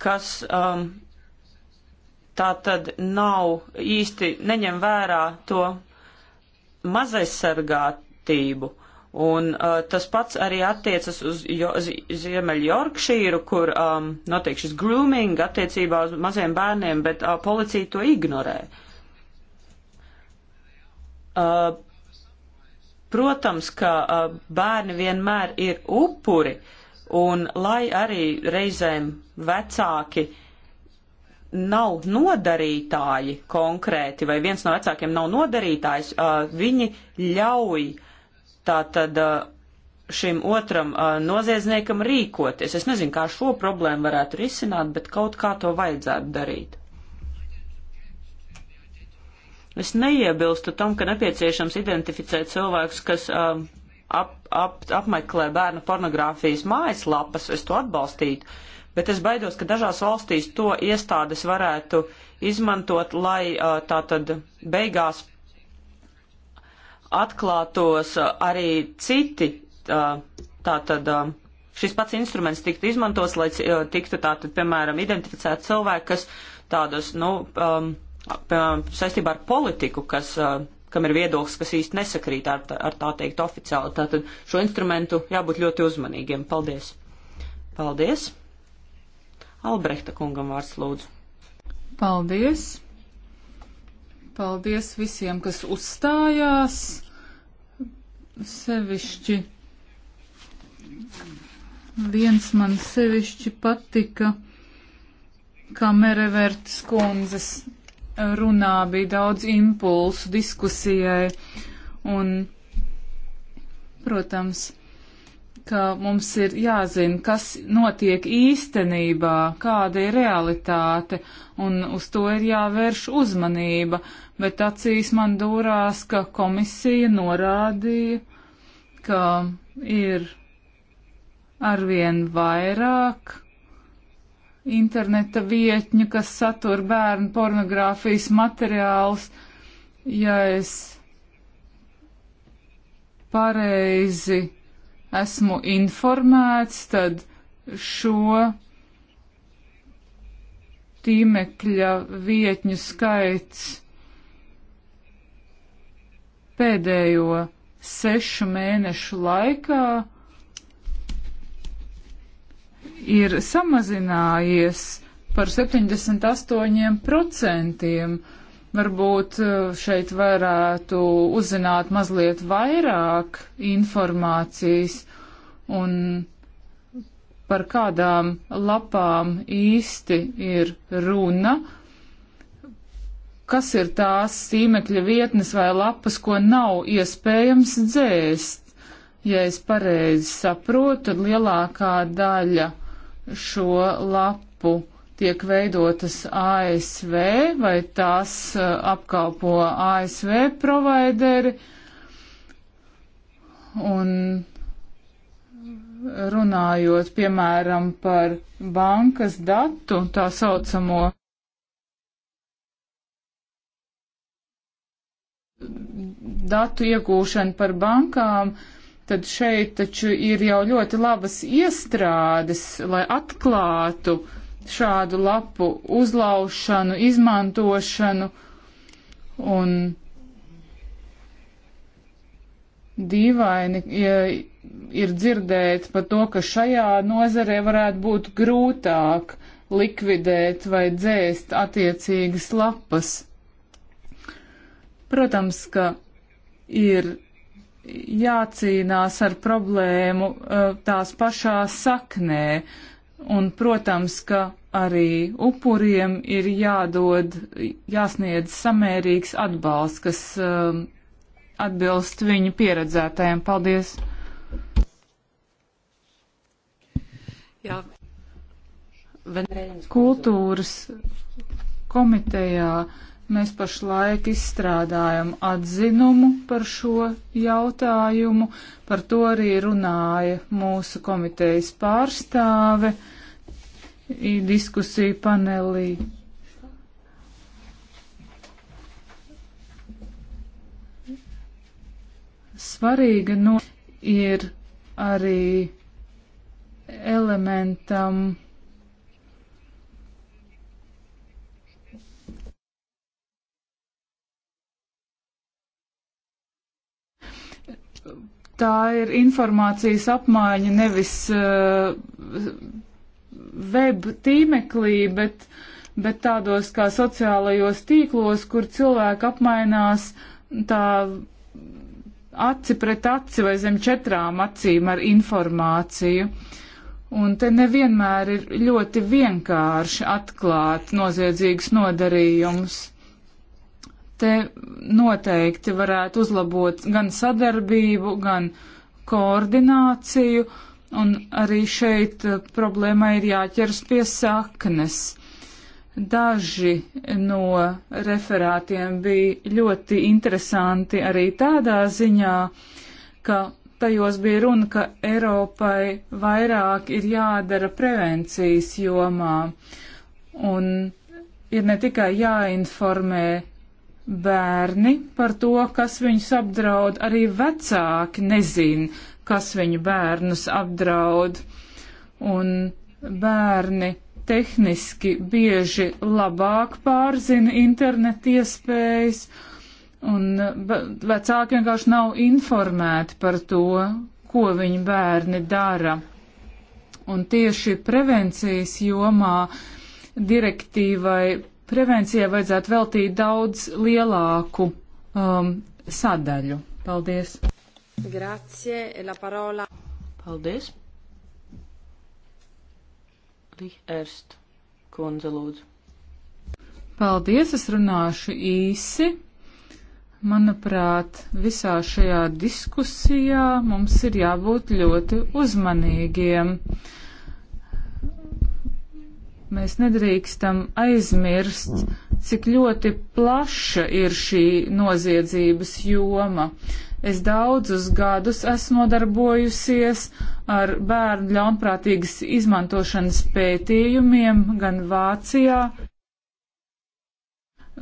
[SPEAKER 2] kas um, tā tad nav īsti neņem vērā to mazaizsargātību. Un uh, tas pats arī attiecas uz jo, Ziemeļu Jorkšīru, kur um, notiek šis grooming attiecībā uz maziem bērniem, bet uh, policija to ignorē. Uh, protams, ka uh, bērni vienmēr ir upuri, un lai arī reizēm vecāki uh, nav nodarītāji konkrēti, vai viens no vecākiem nav nodarītājs, viņi ļauj tātad šim otram noziedzniekam rīkoties. Es nezinu, kā šo problēmu varētu risināt, bet kaut kā to vajadzētu darīt. Es neiebilstu tam, ka nepieciešams identificēt cilvēkus, kas ap, ap, apmeklē bērnu pornogrāfijas mājaslapas. Es to atbalstītu bet es baidos, ka dažās valstīs to iestādes varētu izmantot, lai tātad beigās atklātos arī citi tātad šis pats instruments tiktu izmantots, lai tiktu tātad, piemēram, identificēt cilvēki, kas tādas, nu, um, piemēram, saistībā ar politiku, kas, uh, kam ir viedoklis, kas īsti nesakrīt ar, ar tā teikt oficiāli. Tātad šo instrumentu jābūt ļoti uzmanīgiem. Paldies! Paldies! Albrehta kungam vārds lūdzu.
[SPEAKER 3] Paldies! Paldies visiem, kas uzstājās, sevišķi viens man sevišķi patika, kā Merevertas kundzes runā bija daudz impulsu diskusijai un, protams, ka mums ir jāzina, kas notiek īstenībā, kāda ir realitāte, un uz to ir jāvērš uzmanība, bet acīs man dūrās, ka komisija norādīja, ka ir arvien vairāk interneta vietņu, kas satur bērnu pornogrāfijas materiālus, ja es pareizi esmu informēts, tad šo tīmekļa vietņu skaits pēdējo sešu mēnešu laikā ir samazinājies par 78%. Varbūt eh, šeit varētu uzzināt mazliet vairāk informācijas un par kādām lapām īsti ir runa, kas ir tās tīmekļa vietnes vai lapas, ko nav iespējams dzēst. Ja es pareizi saprotu, tad lielākā daļa šo lapu tiek veidotas ASV vai tās apkalpo ASV provideri. Un runājot, piemēram, par bankas datu, tā saucamo datu iegūšanu par bankām, tad šeit taču ir jau ļoti labas iestrādes, lai atklātu uh, šādu lapu uzlaušanu, izmantošanu un dīvaini ja ir dzirdēt par to, ka šajā nozarē varētu būt grūtāk likvidēt vai dzēst attiecīgas lapas. Protams, ka ir jācīnās ar problēmu eh, tās pašā saknē, un, protams, ka arī upuriem ir jādod, jāsniedz samērīgs atbalsts, kas um, atbilst viņu pieredzētajiem. Paldies! Jā. Kultūras komitejā mēs pašlaik izstrādājam atzinumu par šo jautājumu, par to arī runāja mūsu komitejas pārstāve. Uh, i diskusiju panelī. Svarīga no ir arī elementam Tā ir informācijas apmaiņa, nevis uh, web tīmeklī, bet, bet tādos kā sociālajos tīklos, kur cilvēki apmainās tā aci pret aci vai zem četrām acīm ar informāciju. Un te nevienmēr ir ļoti vienkārši atklāt noziedzīgus nodarījumus. Te noteikti varētu uzlabot gan sadarbību, gan koordināciju, uh, Un arī šeit eh, problēma ir jāķers pie saknes. Daži no referātiem bija ļoti interesanti arī tādā ziņā, ka tajos bija runa, ka Eiropai vairāk ir jādara prevencijas jomā un ir ne tikai jāinformē bērni par to, kas viņus apdraud, arī vecāki nezin, kas viņu bērnus apdraud. Un bērni tehniski bieži labāk pārzina internetu iespējas, un vecāki vienkārši nav informēti par to, ko viņu bērni dara. Un tieši prevencijas jomā direktīvai prevencijai vajadzētu veltīt daudz lielāku um, sadaļu. Paldies!
[SPEAKER 1] Grazie, e la parola. Paldies.
[SPEAKER 2] Erst, kundze, lūdzu.
[SPEAKER 3] Paldies, es runāšu īsi. Manuprāt, visā šajā diskusijā mums ir jābūt ļoti uzmanīgiem. Uh, Mēs nedrīkstam aizmirst, mm. cik ļoti plaša ir šī noziedzības joma. Es daudzus gadus esmu nodarbojusies ar bērnu ļaunprātīgas izmantošanas pētījumiem gan Vācijā,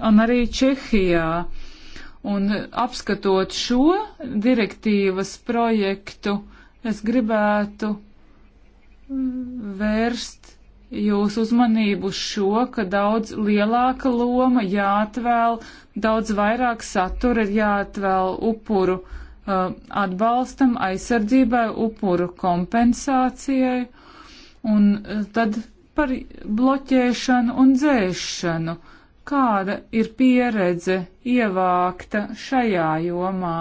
[SPEAKER 3] gan arī Čehijā. Un apskatot šo direktīvas projektu, es gribētu vērst jūsu uzmanību šo, ka daudz lielāka loma jāatvēl, daudz vairāk satura ir jāatvēl upuru uh, atbalstam, aizsardzībai, upuru kompensācijai un uh, tad par bloķēšanu un dzēšanu. Kāda ir pieredze ievākta šajā jomā?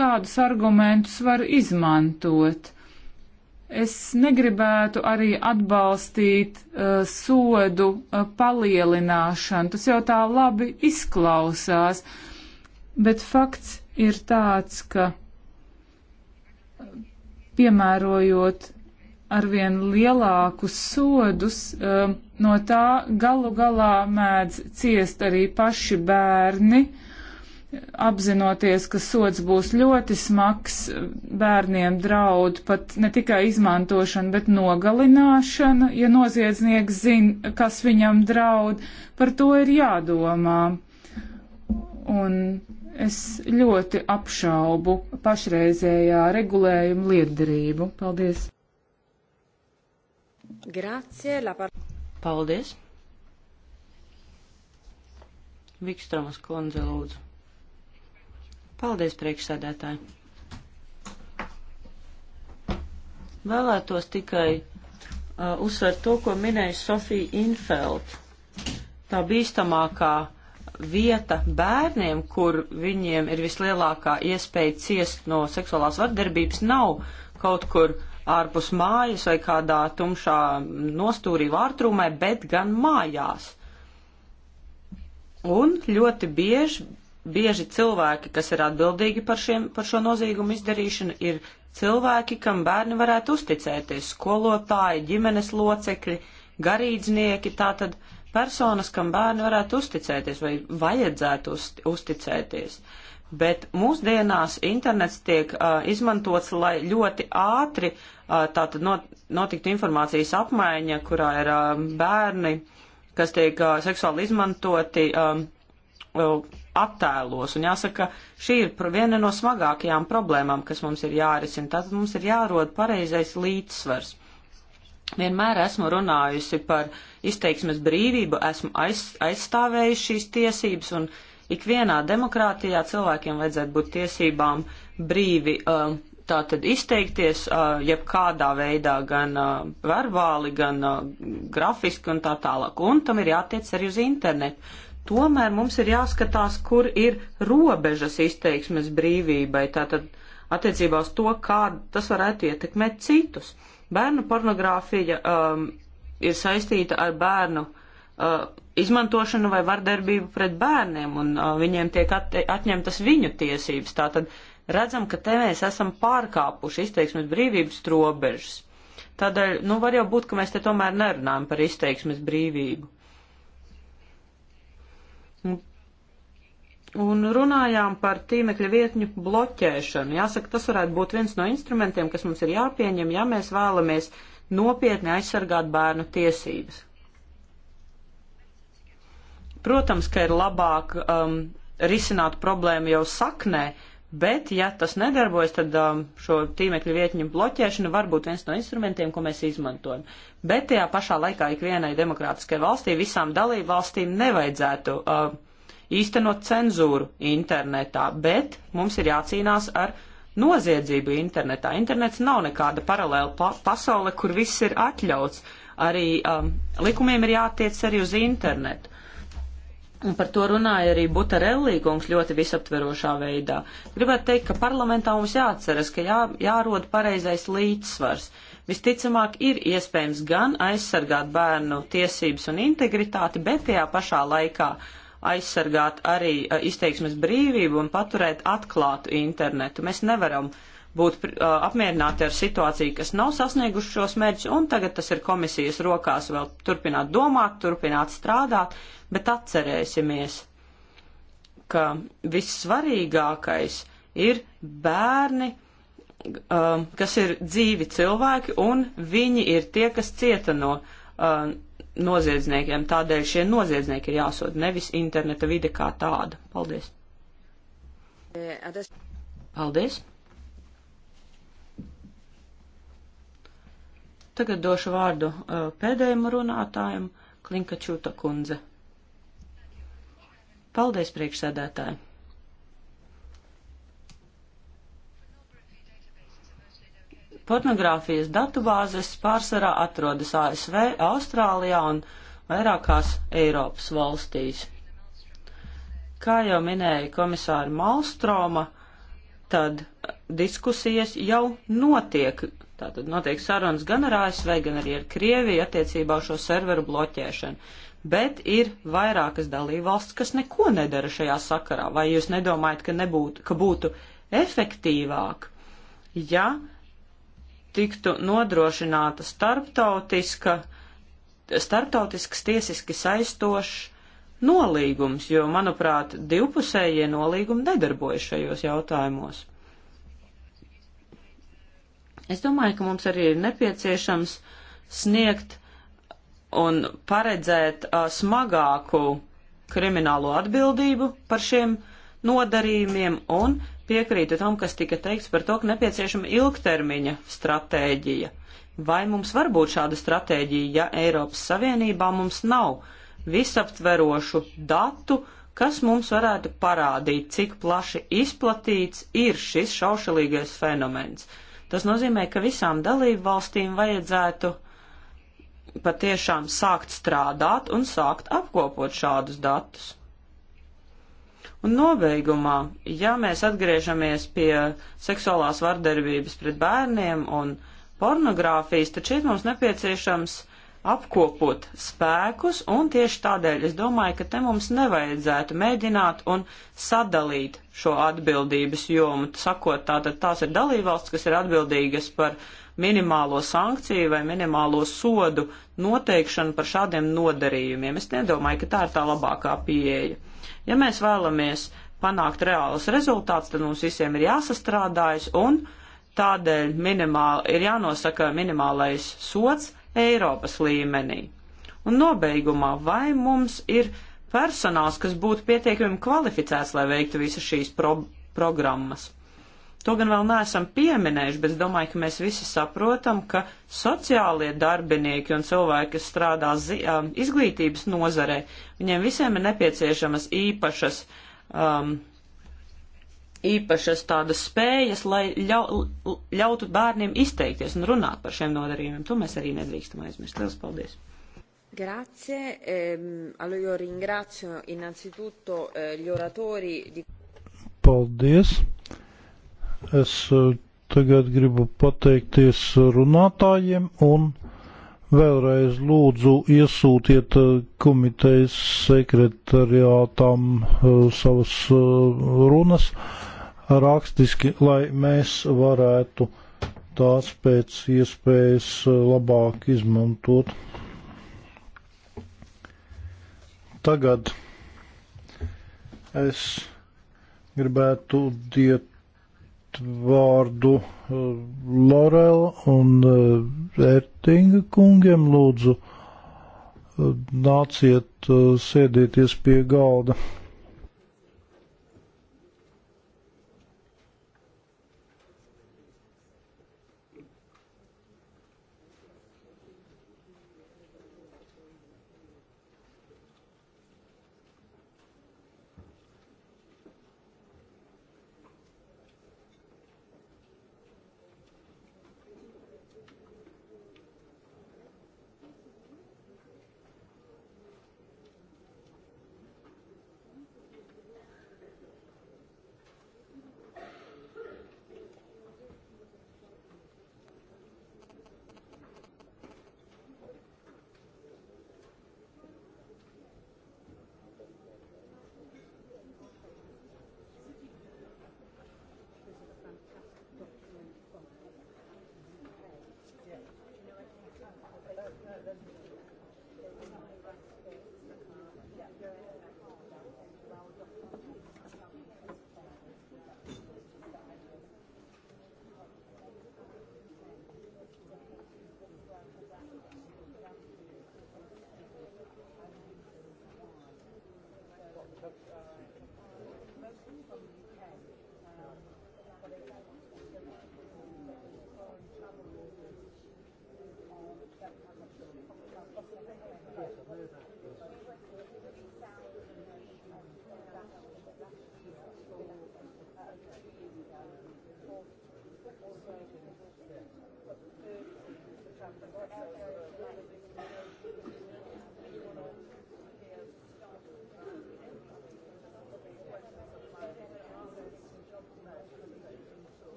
[SPEAKER 3] Kādus argumentus var izmantot? Es negribētu arī atbalstīt uh, sodu uh, palielināšanu. Tas jau tā labi izklausās, bet fakts ir tāds, ka piemērojot arvien lielākus sodus, uh, no tā galu galā mēdz ciest arī paši bērni. Uh, apzinoties, ka sots būs ļoti smags, bērniem draud pat ne tikai izmantošana, bet nogalināšana, ja noziedznieks zina, kas viņam draud, par to ir jādomā. Un es ļoti apšaubu pašreizējā regulējuma lietderību. Paldies!
[SPEAKER 2] Grazie, par... Paldies! Vikstramas kundze lūdzu. Paldies, priekšsēdētāji. Vēlētos tikai uh, uzsvērt to, ko minēja Sofija Infeld. Tā bīstamākā vieta bērniem, kur viņiem ir vislielākā iespēja ciest no seksuālās vardarbības, nav kaut kur ārpus mājas vai kādā tumšā nostūrī vārtrūmē, bet gan mājās. Un ļoti bieži bieži cilvēki, kas ir atbildīgi par, šiem, par šo noziegumu izdarīšanu, ir cilvēki, kam bērni varētu uzticēties - skolotāji, ģimenes locekļi, garīdznieki, tātad personas, kam bērni varētu uzticēties vai vajadzētu uzticēties. Bet mūsdienās internets tiek uh, izmantots, lai ļoti ātri uh, tātad not, notiktu informācijas apmaiņa, kurā ir uh, bērni, kas tiek uh, seksuāli izmantoti. Um, uh, attēlos. Un jāsaka, šī ir viena no smagākajām problēmām, kas mums ir jārisina. Tad mums ir jārod pareizais līdzsvars. Vienmēr esmu runājusi par izteiksmes brīvību, esmu aiz, aizstāvējusi šīs tiesības, un ikvienā demokrātijā cilvēkiem vajadzētu būt tiesībām brīvi uh, tātad izteikties uh, jebkādā veidā, gan uh, verbāli, gan uh, grafiski un tā tālāk. Un tam ir jātiec arī uz internetu. Tomēr mums ir jāskatās, kur ir robežas izteiksmes brīvībai, tātad attiecībā uz to, kā tas varētu ietekmēt citus. Bērnu pornogrāfija um, ir saistīta ar bērnu uh, izmantošanu vai vardarbību pret bērniem, un uh, viņiem tiek at atņemtas viņu tiesības. Tātad redzam, ka te mēs esam pārkāpuši izteiksmes brīvības robežas. Tādēļ, nu, var jau būt, ka mēs te tomēr nerunājam par izteiksmes brīvību. Un runājām par tīmekļa vietņu bloķēšanu. Jāsaka, tas varētu būt viens no instrumentiem, kas mums ir jāpieņem, ja mēs vēlamies nopietni aizsargāt bērnu tiesības. Protams, ka ir labāk um, risināt problēmu jau saknē, Bet, ja tas nedarbojas, tad um, šo tīmekļa vietņu bloķēšana var būt viens no instrumentiem, ko mēs izmantojam. Bet tajā pašā laikā ikvienai demokrātiskai valstī, visām dalību valstīm nevajadzētu uh, īstenot cenzūru internetā, bet mums ir jācīnās ar noziedzību internetā. Internets nav nekāda paralēla pa pasaule, kur viss ir atļauts. Arī um, likumiem ir jātiec arī uz internetu. Un par to runāja arī Butarelli kungs ļoti visaptverošā veidā. Gribētu teikt, ka parlamentā mums jāatceras, ka jā, jārod pareizais līdzsvars. Visticamāk, ir iespējams gan aizsargāt bērnu tiesības un integritāti, bet tajā pašā laikā aizsargāt arī izteiksmes brīvību un paturēt atklātu internetu. Mēs nevaram uh, būt apmierināti ar situāciju, kas nav sasnieguši šos mērķus, un tagad tas ir komisijas rokās vēl turpināt domāt, turpināt strādāt, bet atcerēsimies, ka vissvarīgākais ir bērni, kas ir dzīvi cilvēki, un viņi ir tie, kas cieta no noziedzniekiem. Tādēļ šie noziedznieki ir jāsod, nevis interneta vide kā tāda. Paldies! Paldies! Tagad došu vārdu uh, pēdējiem runātājiem - Klinka Čūta kundze. Paldies, priekšsēdētāji! Pornogrāfijas datubāzes pārsvarā atrodas ASV, Austrālijā un vairākās Eiropas valstīs. Kā jau minēja komisāra Malstroma, tad diskusijas jau notiek Tātad notiek sarunas gan ar ASV, gan arī ar Krieviju attiecībā uz šo serveru bloķēšanu. Bet ir vairākas dalībvalstis, kas neko nedara šajā sakarā. Vai jūs nedomājat, ka, nebūtu, ka būtu efektīvāk, ja tiktu nodrošināta starptautiska, starptautisks tiesiski saistošs nolīgums, jo, manuprāt, divpusējie nolīgumi nedarbojas šajos jautājumos. Es domāju, ka mums arī ir nepieciešams sniegt un paredzēt uh, smagāku kriminālo atbildību par šiem nodarījumiem un piekrītu tam, kas tika teikts par to, ka nepieciešama ilgtermiņa stratēģija. Vai mums var būt šāda stratēģija, ja Eiropas Savienībā mums nav visaptverošu datu, kas mums varētu parādīt, cik plaši izplatīts ir šis šaušalīgais fenomens? Uh, Tas nozīmē, ka visām dalību valstīm vajadzētu patiešām sākt strādāt un sākt apkopot šādus datus. Un nobeigumā, ja mēs atgriežamies pie seksuālās vardarbības pret bērniem un pornogrāfijas, tad šeit mums nepieciešams uh, apkopot spēkus, un tieši tādēļ es domāju, ka te mums nevajadzētu mēģināt un sadalīt šo atbildības jomu, sakot tātad tās ir dalībvalsts, kas ir atbildīgas par minimālo sankciju vai minimālo sodu noteikšanu par šādiem nodarījumiem. Es nedomāju, ka tā ir tā labākā pieeja. Ja mēs vēlamies panākt reālus rezultātus, tad mums visiem ir jāsastrādājas un tādēļ minimāli, ir jānosaka minimālais sots, Eiropas līmenī. Un nobeigumā, vai mums ir personāls, kas būtu pietiekami kvalificēts, lai veiktu visas šīs pro programmas? To gan vēl neesam pieminējuši, bet es domāju, ka mēs visi saprotam, ka sociālie darbinieki un cilvēki, kas strādā zi, um, izglītības nozarē, viņiem visiem ir nepieciešamas īpašas um, īpašas tādas spējas, lai ļau, ļautu bērniem izteikties un runāt par šiem nodarījumiem. To mēs arī nedrīkstam aizmirst. Lielas paldies!
[SPEAKER 1] Grazie, ehm, allora io ringrazio innanzitutto eh, gli oratori di...
[SPEAKER 4] Paldies! Es eh, tagad gribu pateikties runātājiem un vēlreiz lūdzu iesūtiet eh, komitejas sekretariātam eh, savas runas rakstiski, lai mēs varētu tās pēc iespējas labāk izmantot. Tagad es gribētu diet vārdu uh, Lorela un uh, Ertinga kungiem lūdzu uh, nāciet sēdieties pie galda.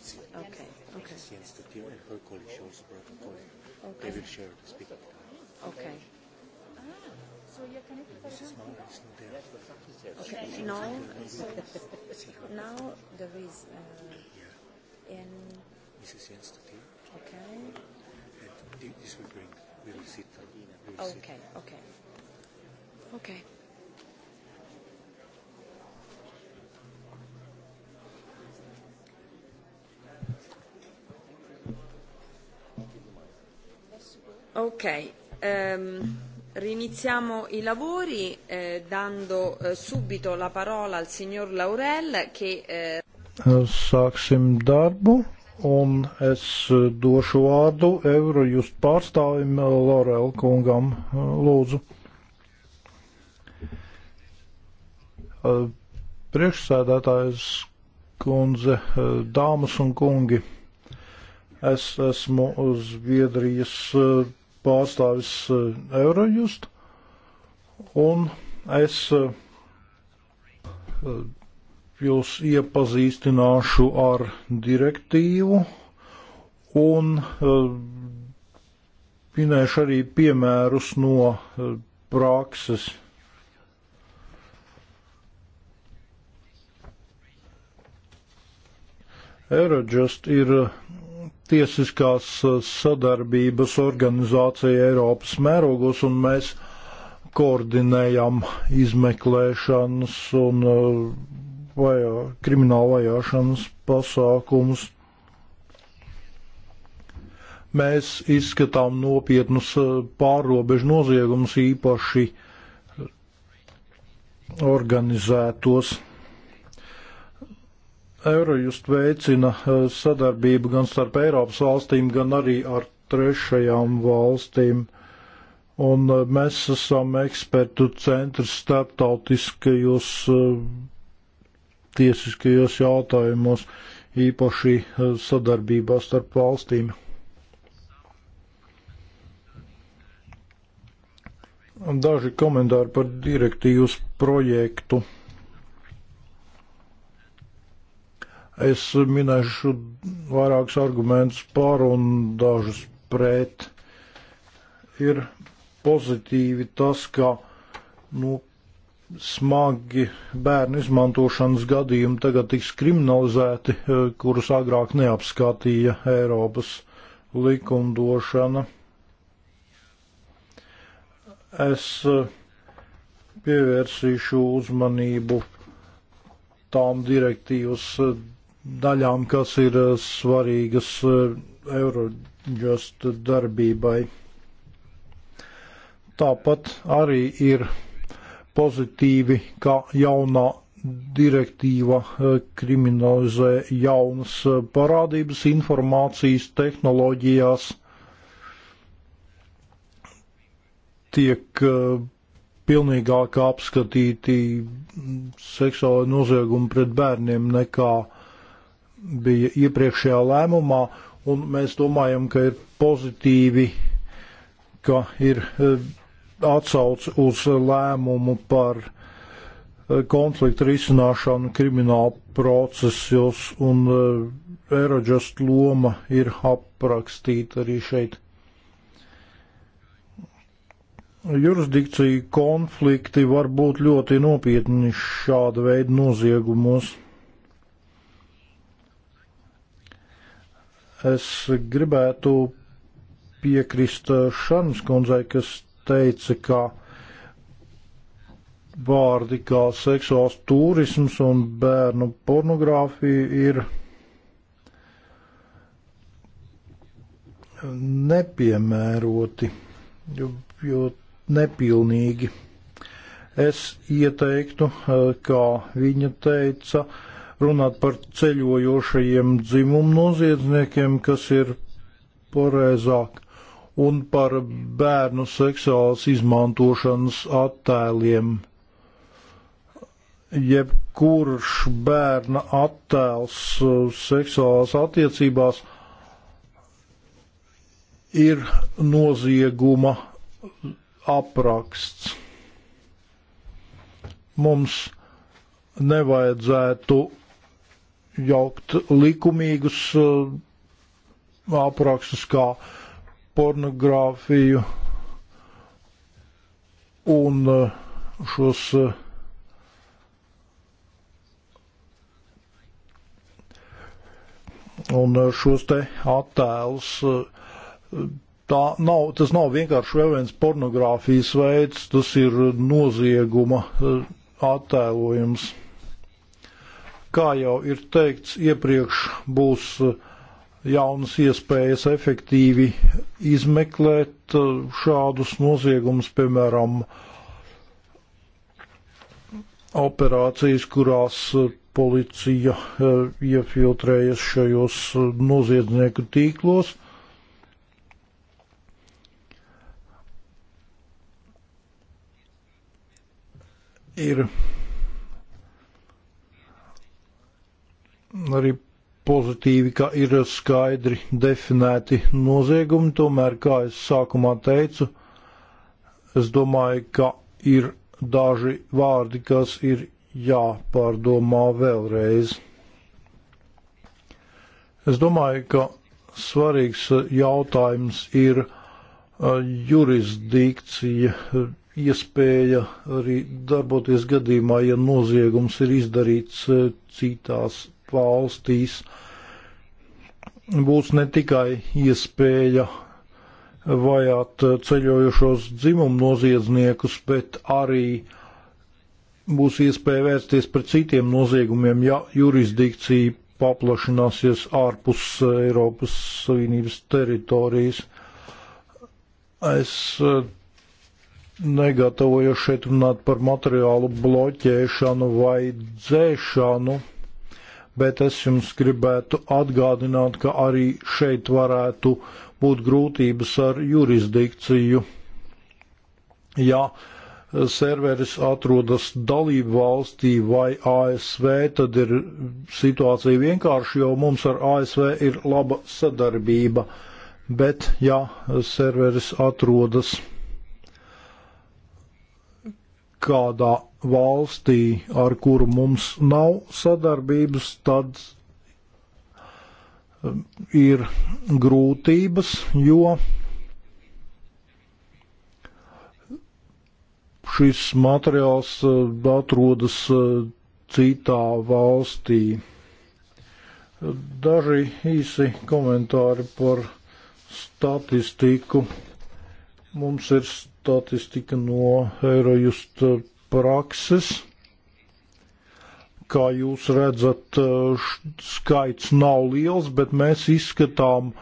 [SPEAKER 4] Okay, okay. It's Jens Duttier and her colleague, Charles Brother. Okay. They will share the speaking time. Okay.
[SPEAKER 3] Ah, so you're connected by Mrs. Mauer is
[SPEAKER 4] not there. Okay, no.
[SPEAKER 1] now there is. Uh, yeah. In.
[SPEAKER 4] Mrs. Jens Duttier. Okay. And this will bring, we will sit. We will okay, sit.
[SPEAKER 1] okay. Okay. Ok, um, riniziamo i lavori eh, dando eh, subito la parola al signor Laurel che... Eh...
[SPEAKER 4] eh sāksim darbu un es eh, došu vārdu Eurojust pārstāvim eh, Laurel kungam. Lūdzu. Priekšsēdētājs kundze, dāmas un kungi, es esmu Zviedrijas pārstāvis eh, Eurojust, un es eh, jūs iepazīstināšu ar direktīvu un eh, minēšu arī piemērus no prakses. Eurojust ir tiesiskās eh, sadarbības organizācija Eiropas mērogos, un mēs koordinējam izmeklēšanas un eh, vajā, krimināla vajāšanas pasākumus. Mēs izskatām nopietnus eh, pārrobežu noziegumus, īpaši organizētos Eurojust veicina eh, sadarbību gan starp Eiropas valstīm, gan arī ar trešajām valstīm. Un eh, mēs esam ekspertu centrs starptautiskajos eh, tiesiskajos jautājumos, īpaši sadarbībā starp valstīm. Daži komentāri par direktīvas projektu. Es minēšu vairākus argumentus par un dažus pret. Ir pozitīvi tas, ka nu, smagi bērnu izmantošanas gadījumi tagad tiks kriminalizēti, e, kurus agrāk neapskatīja Eiropas likumdošana. Es e, pievērsīšu uzmanību tām direktīvas e, daļām, kas ir eh, svarīgas eh, Eurojust darbībai. Tāpat arī ir pozitīvi, ka jaunā direktīva eh, kriminalizē jaunas parādības informācijas tehnoloģijās. Tiek pilnīgāk apskatīti seksuāli noziegumi pret bērniem nekā uh, bija iepriekšējā lēmumā, un mēs domājam, ka ir pozitīvi, ka ir eh, atsauc uz lēmumu par eh, konfliktu risināšanu krimināla procesos, un Eirodžast eh, loma ir aprakstīta arī šeit. Jurisdikcija konflikti var būt ļoti nopietni šāda veida noziegumos. Es gribētu piekrist Šanas kundzei, kas teica, ka vārdi kā seksuāls turisms un bērnu pornogrāfija ir nepiemēroti, jo, jo nepilnīgi. Es ieteiktu, eh, kā viņa teica, uh, runāt par ceļojošajiem dzimumu noziedzniekiem, kas ir pareizāk, un par bērnu seksuālas izmantošanas attēliem. Jebkurš bērna attēls uh, seksuālās attiecībās ir nozieguma apraksts. Mums nevajadzētu jaukt likumīgus eh, aprakstus kā pornogrāfiju un eh, šos eh, un šos te attēlus. Tā nav, tas nav vienkārši vēl viens pornogrāfijas veids, tas ir nozieguma attēlojums. Kā jau ir teikts iepriekš, būs eh, jaunas iespējas efektīvi izmeklēt eh, šādus noziegumus, piemēram, operācijas, kurās eh, policija iefiltrējas šajos noziedznieku tīklos. Ir arī pozitīvi, ka ir skaidri definēti noziegumi, tomēr, kā es sākumā teicu, es domāju, ka ir daži vārdi, kas ir jāpārdomā vēlreiz. Es domāju, ka svarīgs jautājums ir eh, jurisdikcija, iespēja arī darboties gadījumā, ja noziegums ir izdarīts eh, citās valstīs būs ne tikai iespēja vajāt ceļojušos dzimumu noziedzniekus, bet arī būs iespēja vērsties pret citiem noziegumiem, ja jurisdikcija paplašināsies ārpus Eiropas Savienības teritorijas. Es eh, negatavoju šeit runāt par materiālu bloķēšanu vai dzēšanu bet es jums gribētu atgādināt, ka arī šeit varētu būt grūtības ar jurisdikciju. Ja serveris atrodas dalību valstī vai ASV, tad ir situācija vienkārši, jo mums ar ASV ir laba sadarbība. Bet, ja serveris atrodas kādā valstī, ar kuru mums nav sadarbības, tad um, ir grūtības, jo šis materiāls uh, atrodas uh, citā valstī. Daži īsi komentāri par statistiku. Mums ir statistika no Eurojust uh, prakses. Kā jūs redzat, eh, skaits nav liels, bet mēs izskatām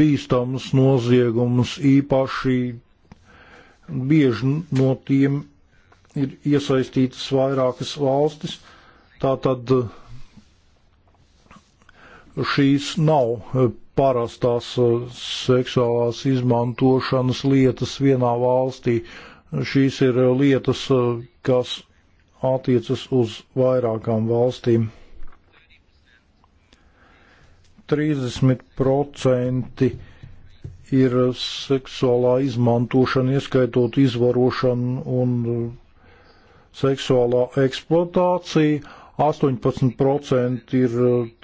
[SPEAKER 4] bīstamus noziegumus īpaši bieži no tiem ir iesaistītas vairākas valstis. Tātad eh, šīs nav eh, parastās seksuālās izmantošanas lietas vienā valstī. Šīs ir lietas, kas attiecas uz vairākām valstīm. 30% ir seksuālā izmantošana, ieskaitot izvarošanu un seksuālā eksploatācija. 18% ir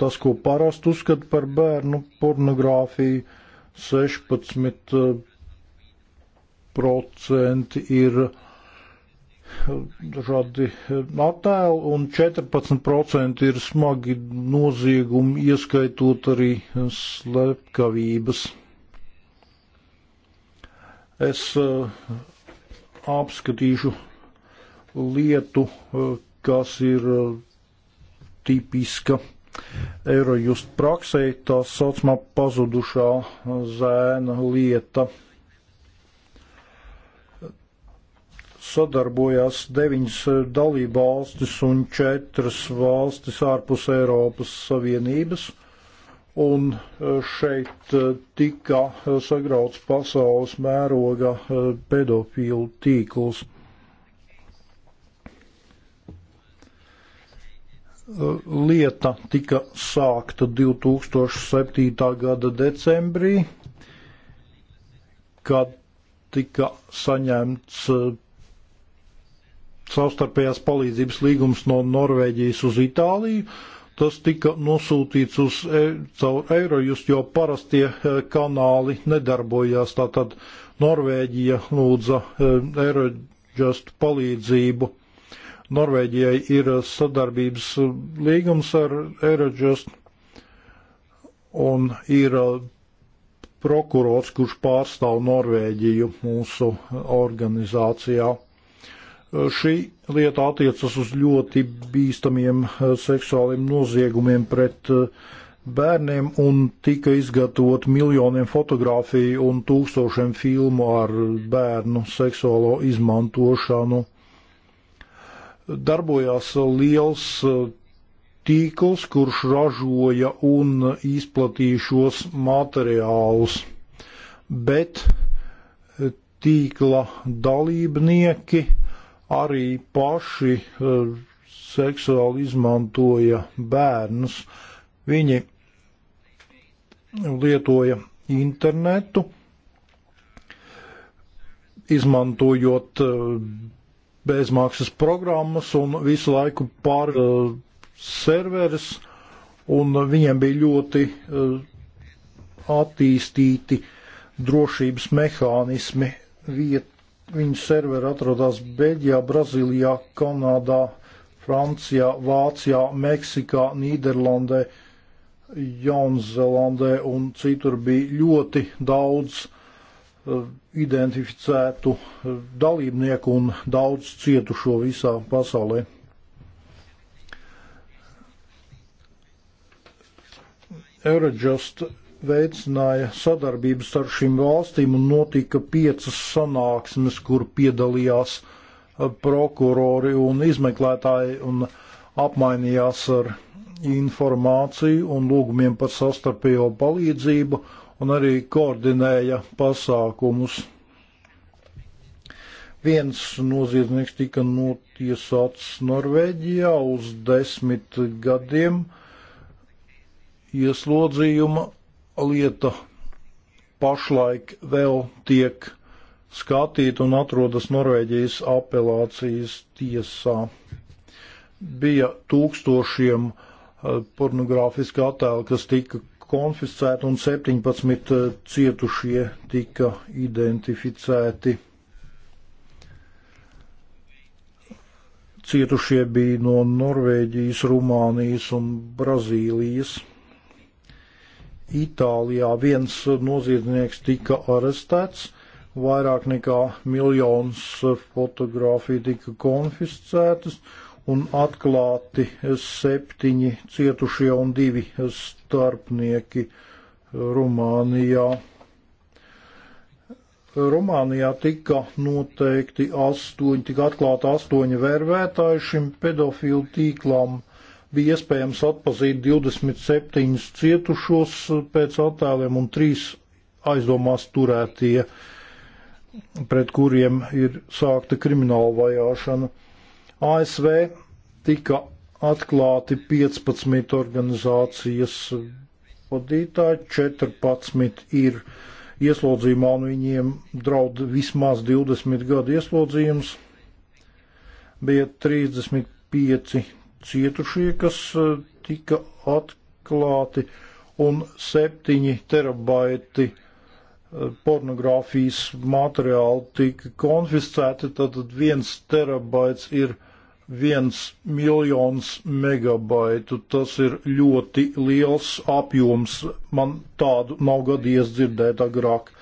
[SPEAKER 4] tas, ko parasti uzskata par bērnu pornogrāfiju, 16% ir dažādi attēli, un 14% ir smagi noziegumi, ieskaitot arī slepkavības. Es eh, apskatīšu lietu, eh, kas ir eh, tipiska Eirojust praksē, tā saucamā pazudušā zēna lieta. sadarbojās deviņas eh, dalība valstis un četras valstis ārpus Eiropas Savienības. Un eh, šeit eh, tika sagrauts pasaules mēroga pedofīlu tīkls. Lieta tika sākta 2007. gada decembrī, kad tika saņemts savstarpējās palīdzības līgums no Norvēģijas uz Itāliju. Tas tika nosūtīts uz, e, caur Eirojust, jo parastie e, kanāli nedarbojās. Tātad Norvēģija lūdza Eirojust palīdzību. Norvēģijai ir e, sadarbības līgums ar Eirojust un ir prokurors, kurš pārstāv Norvēģiju mūsu organizācijā. Eh, šī lieta attiecas uz ļoti bīstamiem eh, seksuāliem noziegumiem pret eh, bērniem un tika izgatavot miljoniem fotografiju un tūkstošiem filmu ar bērnu seksuālo izmantošanu. Darbojās liels tīkls, kurš ražoja un izplatīja šos materiālus, bet tīkla dalībnieki uh, arī paši eh, seksuāli izmantoja bērnus. Viņi lietoja internetu, izmantojot eh, bezmaksas programmas un visu laiku pār eh, serveris, un viņiem bija ļoti attīstīti drošības mehānismi viet, Viņa serveri atrodas Beļģijā, Brazīlijā, Kanādā, Francijā, Vācijā, Meksikā, Nīderlandē, Jaunzēlandē un citur bija ļoti daudz eh, identificētu eh, dalībnieku un daudz cietušo visā pasaulē. Eurojust veicināja sadarbības ar šīm valstīm un notika piecas sanāksmes, kur piedalījās uh, prokurori un izmeklētāji un apmainījās ar informāciju un lūgumiem par sastarpējo palīdzību un arī koordinēja pasākumus. Viens noziedznieks tika notiesāts Norvēģijā uz desmit gadiem ieslodzījuma lieta pašlaik vēl tiek skatīta un atrodas Norvēģijas apelācijas tiesā. Bija tūkstošiem eh, pornogrāfiska attēla, kas tika konfiscēta un 17 eh, cietušie tika identificēti. Cietušie bija no Norvēģijas, Rumānijas un Brazīlijas. Itālijā viens noziedznieks tika arestēts, vairāk nekā miljons fotografiju tika konfiscētas un atklāti septiņi cietušie un divi starpnieki Rumānijā. Rumānijā tika noteikti astoņi, tika atklāti astoņi vērvētāji šim pedofilu tīklam bija iespējams atpazīt 27 cietušos pēc attēliem un 3 aizdomās turētie, pret kuriem ir sākta krimināla vajāšana. ASV tika atklāti 15 organizācijas vadītāji, 14 ir ieslodzījumā un viņiem draud vismaz 20 gadu ieslodzījums. Bija 35 cietušie, kas e, tika atklāti, un 7 terabaiti e, pornogrāfijas materiāli tika konfiscēti, tad viens terabaits ir viens miljons megabaitu. Tas ir ļoti liels apjoms. Man tādu nav gadījies dzirdēt agrāk.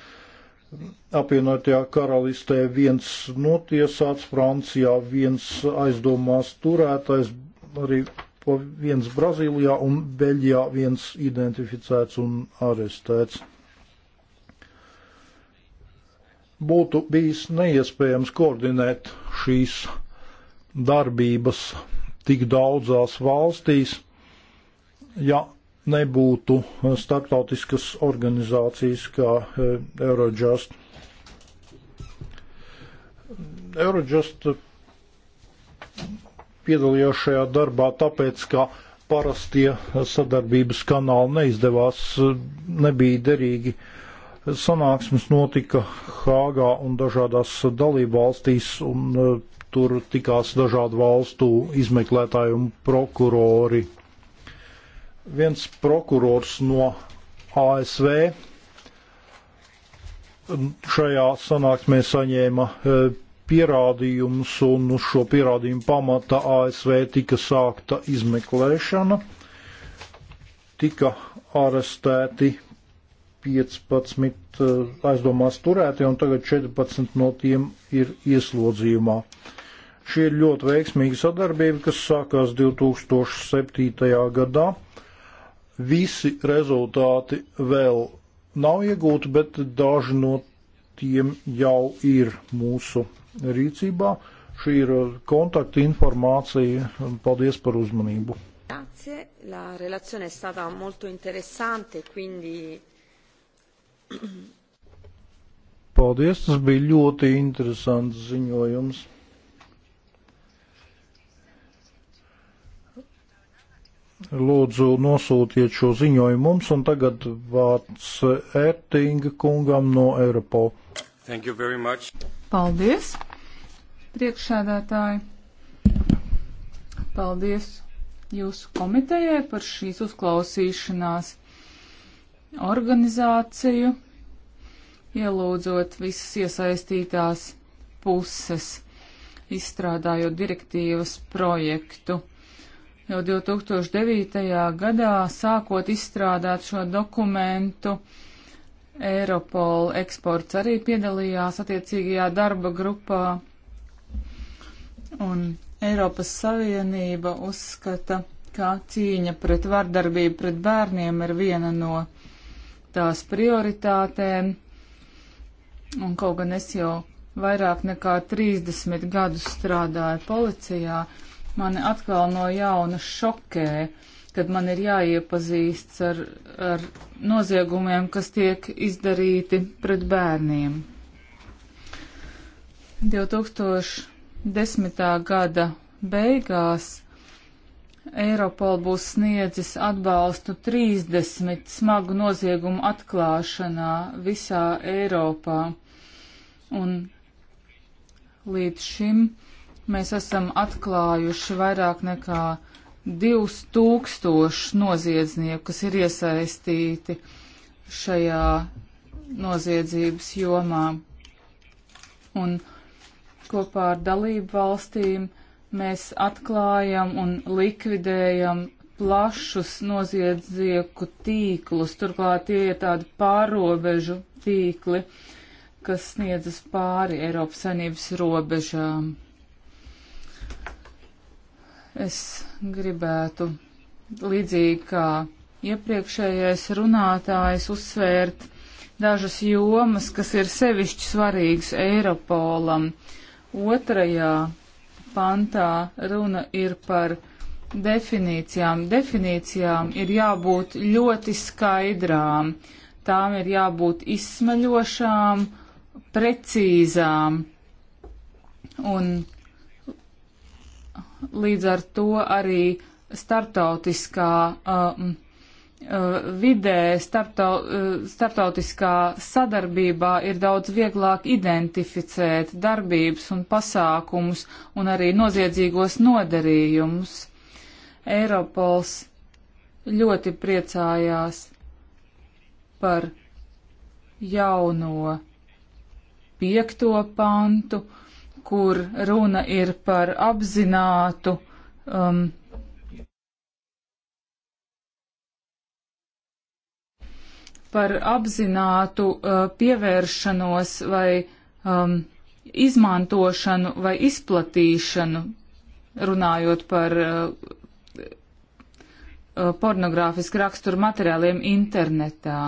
[SPEAKER 4] Apvienotajā karalistē viens notiesāts, Francijā viens aizdomās turētais, arī po viens Brazīlijā un Beļģijā viens identificēts un arestēts. Būtu bijis neiespējams koordinēt šīs darbības tik daudzās valstīs, ja nebūtu starptautiskas organizācijas kā eh, Eurojust. Eurojust piedalījos šajā darbā, tāpēc, ka parastie sadarbības kanāli neizdevās, nebija derīgi. Sanāksmes notika Hāgā un dažādās dalībvalstīs, un e, tur tikās dažādu valstu izmeklētāji un prokurori. Viens prokurors no ASV šajā sanāksmē saņēma e, pierādījumus, un uz šo pierādījumu pamata ASV tika sākta izmeklēšana. Tika arestēti 15 eh, aizdomās turēti, un tagad 14 no tiem ir ieslodzījumā. Šī ir ļoti veiksmīga sadarbība, kas sākās 2007. gadā. Visi rezultāti vēl nav iegūti, bet daži no tiem jau ir mūsu rīcībā. Šī ir uh, kontakta informācija. Paldies par uzmanību.
[SPEAKER 1] Grazie, la relazione è stata molto interessante, quindi.
[SPEAKER 4] Paldies, tas bija ļoti interesants ziņojums. Lūdzu, nosūtiet šo ziņojumu mums, un tagad vārds Ertinga kungam no Eiropo.
[SPEAKER 2] Thank you very much.
[SPEAKER 3] Paldies, priekšsēdētāji. Paldies jūsu komitejai par šīs uzklausīšanās organizāciju, ielūdzot visas iesaistītās puses, izstrādājot direktīvas projektu. Jau 2009. gadā sākot izstrādāt šo dokumentu, Eiropol eksports arī piedalījās attiecīgajā darba grupā. Un Eiropas Savienība uzskata, ka cīņa pret vardarbību pret bērniem ir viena no tās prioritātēm. Un kaut gan es jau vairāk nekā 30 gadus strādāju policijā, mani atkal no jauna šokē tad man ir jāiepazīsts ar, ar noziegumiem, kas tiek izdarīti pret bērniem. 2010. gada beigās Eiropol būs sniedzis atbalstu 30 smagu noziegumu atklāšanā visā Eiropā. Un līdz šim mēs esam atklājuši vairāk nekā 2000 noziedznieku, kas ir iesaistīti šajā noziedzības jomā. Un kopā ar dalību valstīm mēs atklājam un likvidējam plašus noziedznieku tīklus. Turklāt tie ir tādi pārobežu tīkli, kas sniedzas pāri Eiropas saimnības robežām. Es gribētu līdzīgi kā iepriekšējais runātājs uzsvērt dažas jomas, kas ir sevišķi svarīgas Eiropolam. Otrajā pantā runa ir par definīcijām. Definīcijām ir jābūt ļoti skaidrām, tām ir jābūt izsmeļošām, precīzām. Un līdz ar to arī starptautiskā um, uh, vidē, starptau, uh, starptautiskā sadarbībā ir daudz vieglāk identificēt darbības un pasākumus un arī noziedzīgos nodarījumus. Eiropols ļoti priecājās par jauno piekto pantu, kur runa ir par apzinātu um, par apzinātu uh, pievēršanos vai um, izmantošanu vai izplatīšanu, runājot par uh, uh pornogrāfisku raksturu materiāliem internetā.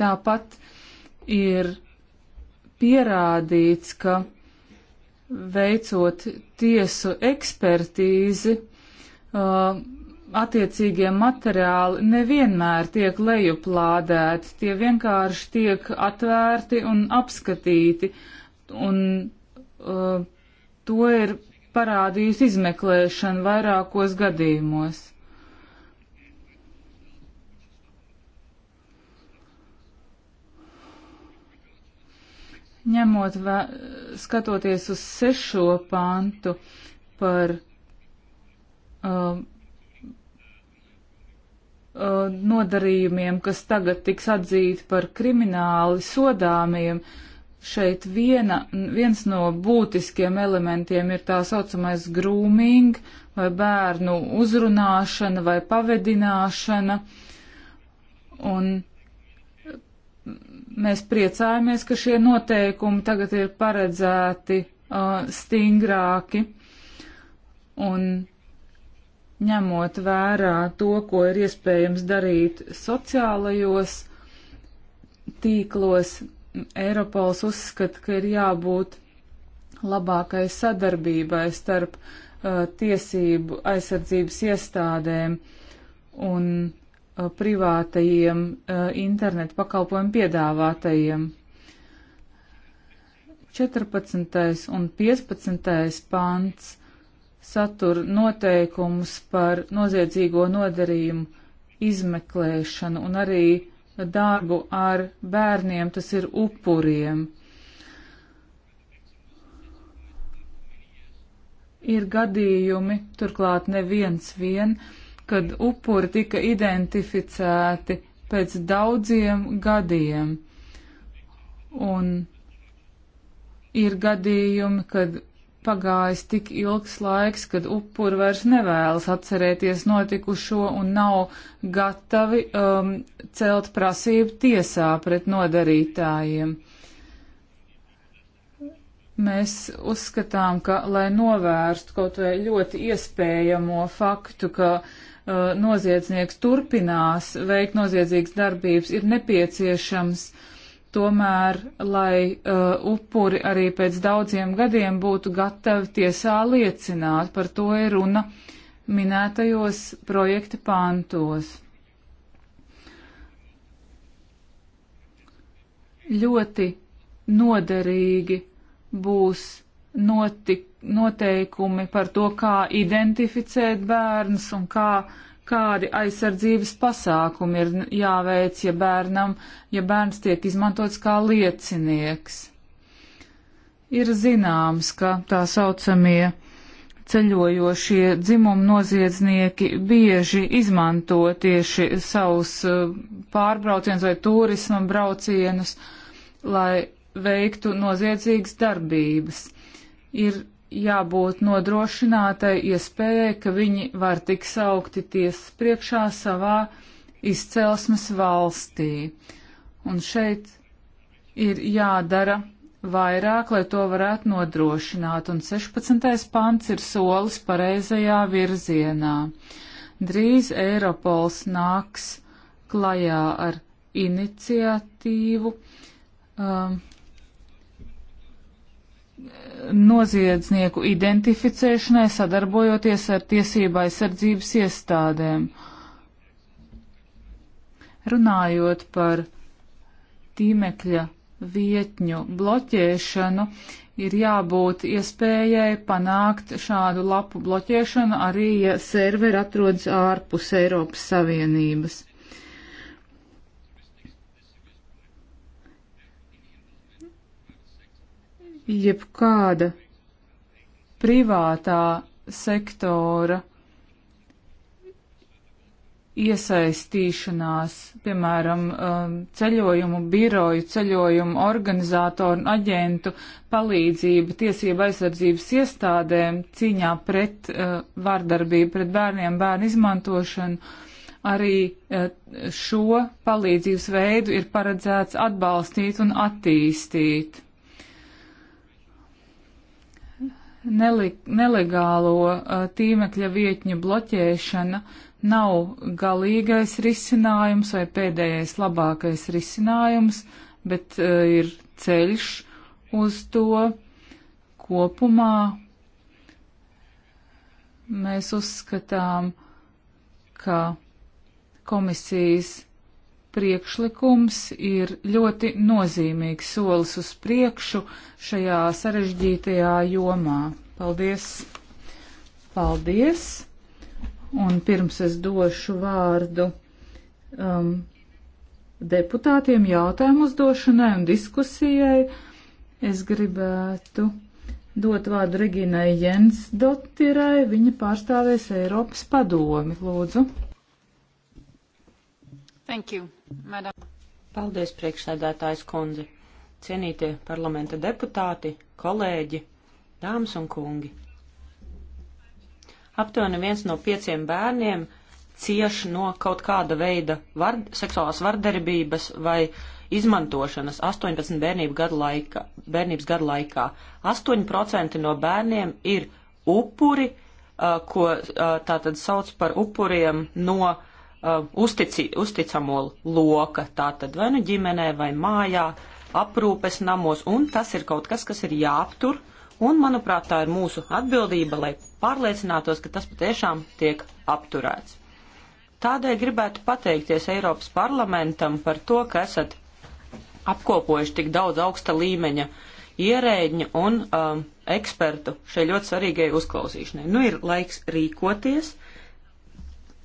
[SPEAKER 3] Tāpat ir pierādīts, ka veicot tiesu ekspertīzi, uh, attiecīgie materiāli nevienmēr tiek lejuplādēti, tie vienkārši tiek atvērti un apskatīti, un uh, to ir parādījusi izmeklēšana vairākos gadījumos. ņemot vē, skatoties uz sešo pantu par um, uh, nodarījumiem, kas tagad tiks atzīti par krimināli sodāmiem, šeit viena, viens no būtiskiem elementiem ir tā saucamais grooming vai bērnu uzrunāšana vai pavedināšana. Un mēs priecājamies, ka šie noteikumi tagad ir paredzēti uh, stingrāki un ņemot vērā to, ko ir iespējams darīt sociālajos tīklos, Eiropols uzskata, ka ir jābūt labākai sadarbībai starp uh, tiesību aizsardzības iestādēm un Uh, privātajiem uh, internetu pakalpojumu piedāvātajiem. 14. un 15. pants satur noteikumus par noziedzīgo nodarījumu izmeklēšanu un arī darbu ar bērniem, tas ir upuriem. Ir gadījumi, turklāt neviens vien, vien kad upuri tika identificēti pēc daudziem gadiem. Un ir gadījumi, kad pagājis tik ilgs laiks, kad upuri vairs nevēlas atcerēties notikušo un nav gatavi um, celt prasību tiesā pret nodarītājiem. Mēs uzskatām, ka, lai novērstu kaut vai ļoti iespējamo faktu, ka uh, Uh, noziedznieks turpinās veikt noziedzīgas darbības, ir nepieciešams tomēr, lai uh, upuri arī pēc daudziem gadiem būtu gatavi tiesā liecināt. Par to ir runa minētajos projekta pantos. Ļoti noderīgi būs notik noteikumi par to, kā identificēt bērns un kā, kādi aizsardzības pasākumi ir jāveic, ja, bērnam, ja bērns tiek izmantots kā liecinieks. Ir zināms, ka tā saucamie ceļojošie dzimumu noziedznieki bieži izmanto tieši savus eh, pārbraucienus vai turisma braucienus, lai veiktu noziedzīgas darbības. Ir jābūt nodrošinātai iespējai, ka viņi var tik saukti tiesas priekšā savā izcelsmes valstī. Un šeit ir jādara vairāk, lai to varētu nodrošināt, un 16. pants ir solis pareizajā virzienā. Drīz Eiropols nāks klajā ar iniciatīvu. Um, noziedznieku identificēšanai, sadarbojoties ar tiesībai sardzības iestādēm. Runājot par tīmekļa vietņu bloķēšanu, ir jābūt iespējai panākt šādu lapu bloķēšanu arī, ja serveri atrodas ārpus Eiropas Savienības. jebkāda privātā sektora iesaistīšanās, piemēram, um, ceļojumu biroju, ceļojumu organizātoru un aģentu palīdzība tiesība aizsardzības iestādēm cīņā pret uh, vārdarbību, pret bērniem, bērnu izmantošanu. Arī uh, šo palīdzības veidu ir paredzēts atbalstīt un attīstīt. nelegālo tīmekļa vietņu bloķēšana nav galīgais risinājums vai pēdējais labākais risinājums, bet uh, ir ceļš uz to kopumā. Mēs uzskatām, ka komisijas priekšlikums ir ļoti nozīmīgs solis uz priekšu šajā sarežģītajā jomā. Paldies! Paldies! Un pirms es došu vārdu um, deputātiem jautājumu uzdošanai un diskusijai, es gribētu dot vārdu Reginai Jens Dottirai. Viņa pārstāvēs Eiropas padomi. Lūdzu.
[SPEAKER 2] Thank you. Madam. Paldies, priekšsēdētājs kundze, cienītie parlamenta deputāti, kolēģi, dāmas un kungi. Aptuveni viens no pieciem bērniem cieš no kaut kāda veida var, seksuālās vardarbības vai izmantošanas 18 bērnību gadu laika, bērnības gadu laikā. 8% no bērniem ir upuri, uh, ko uh, tātad sauc par upuriem no uh, uh, uztici, uzticamo loka, tātad vai nu ģimenē, vai mājā, aprūpes namos, un tas ir kaut kas, kas ir jāaptur, un, manuprāt, tā ir mūsu atbildība, lai pārliecinātos, ka tas patiešām tiek apturēts. Tādēļ gribētu pateikties Eiropas parlamentam par to, ka esat apkopojuši tik daudz augsta līmeņa ierēģiņa un um, ekspertu šai ļoti svarīgai uzklausīšanai. Nu ir laiks rīkoties. Uh,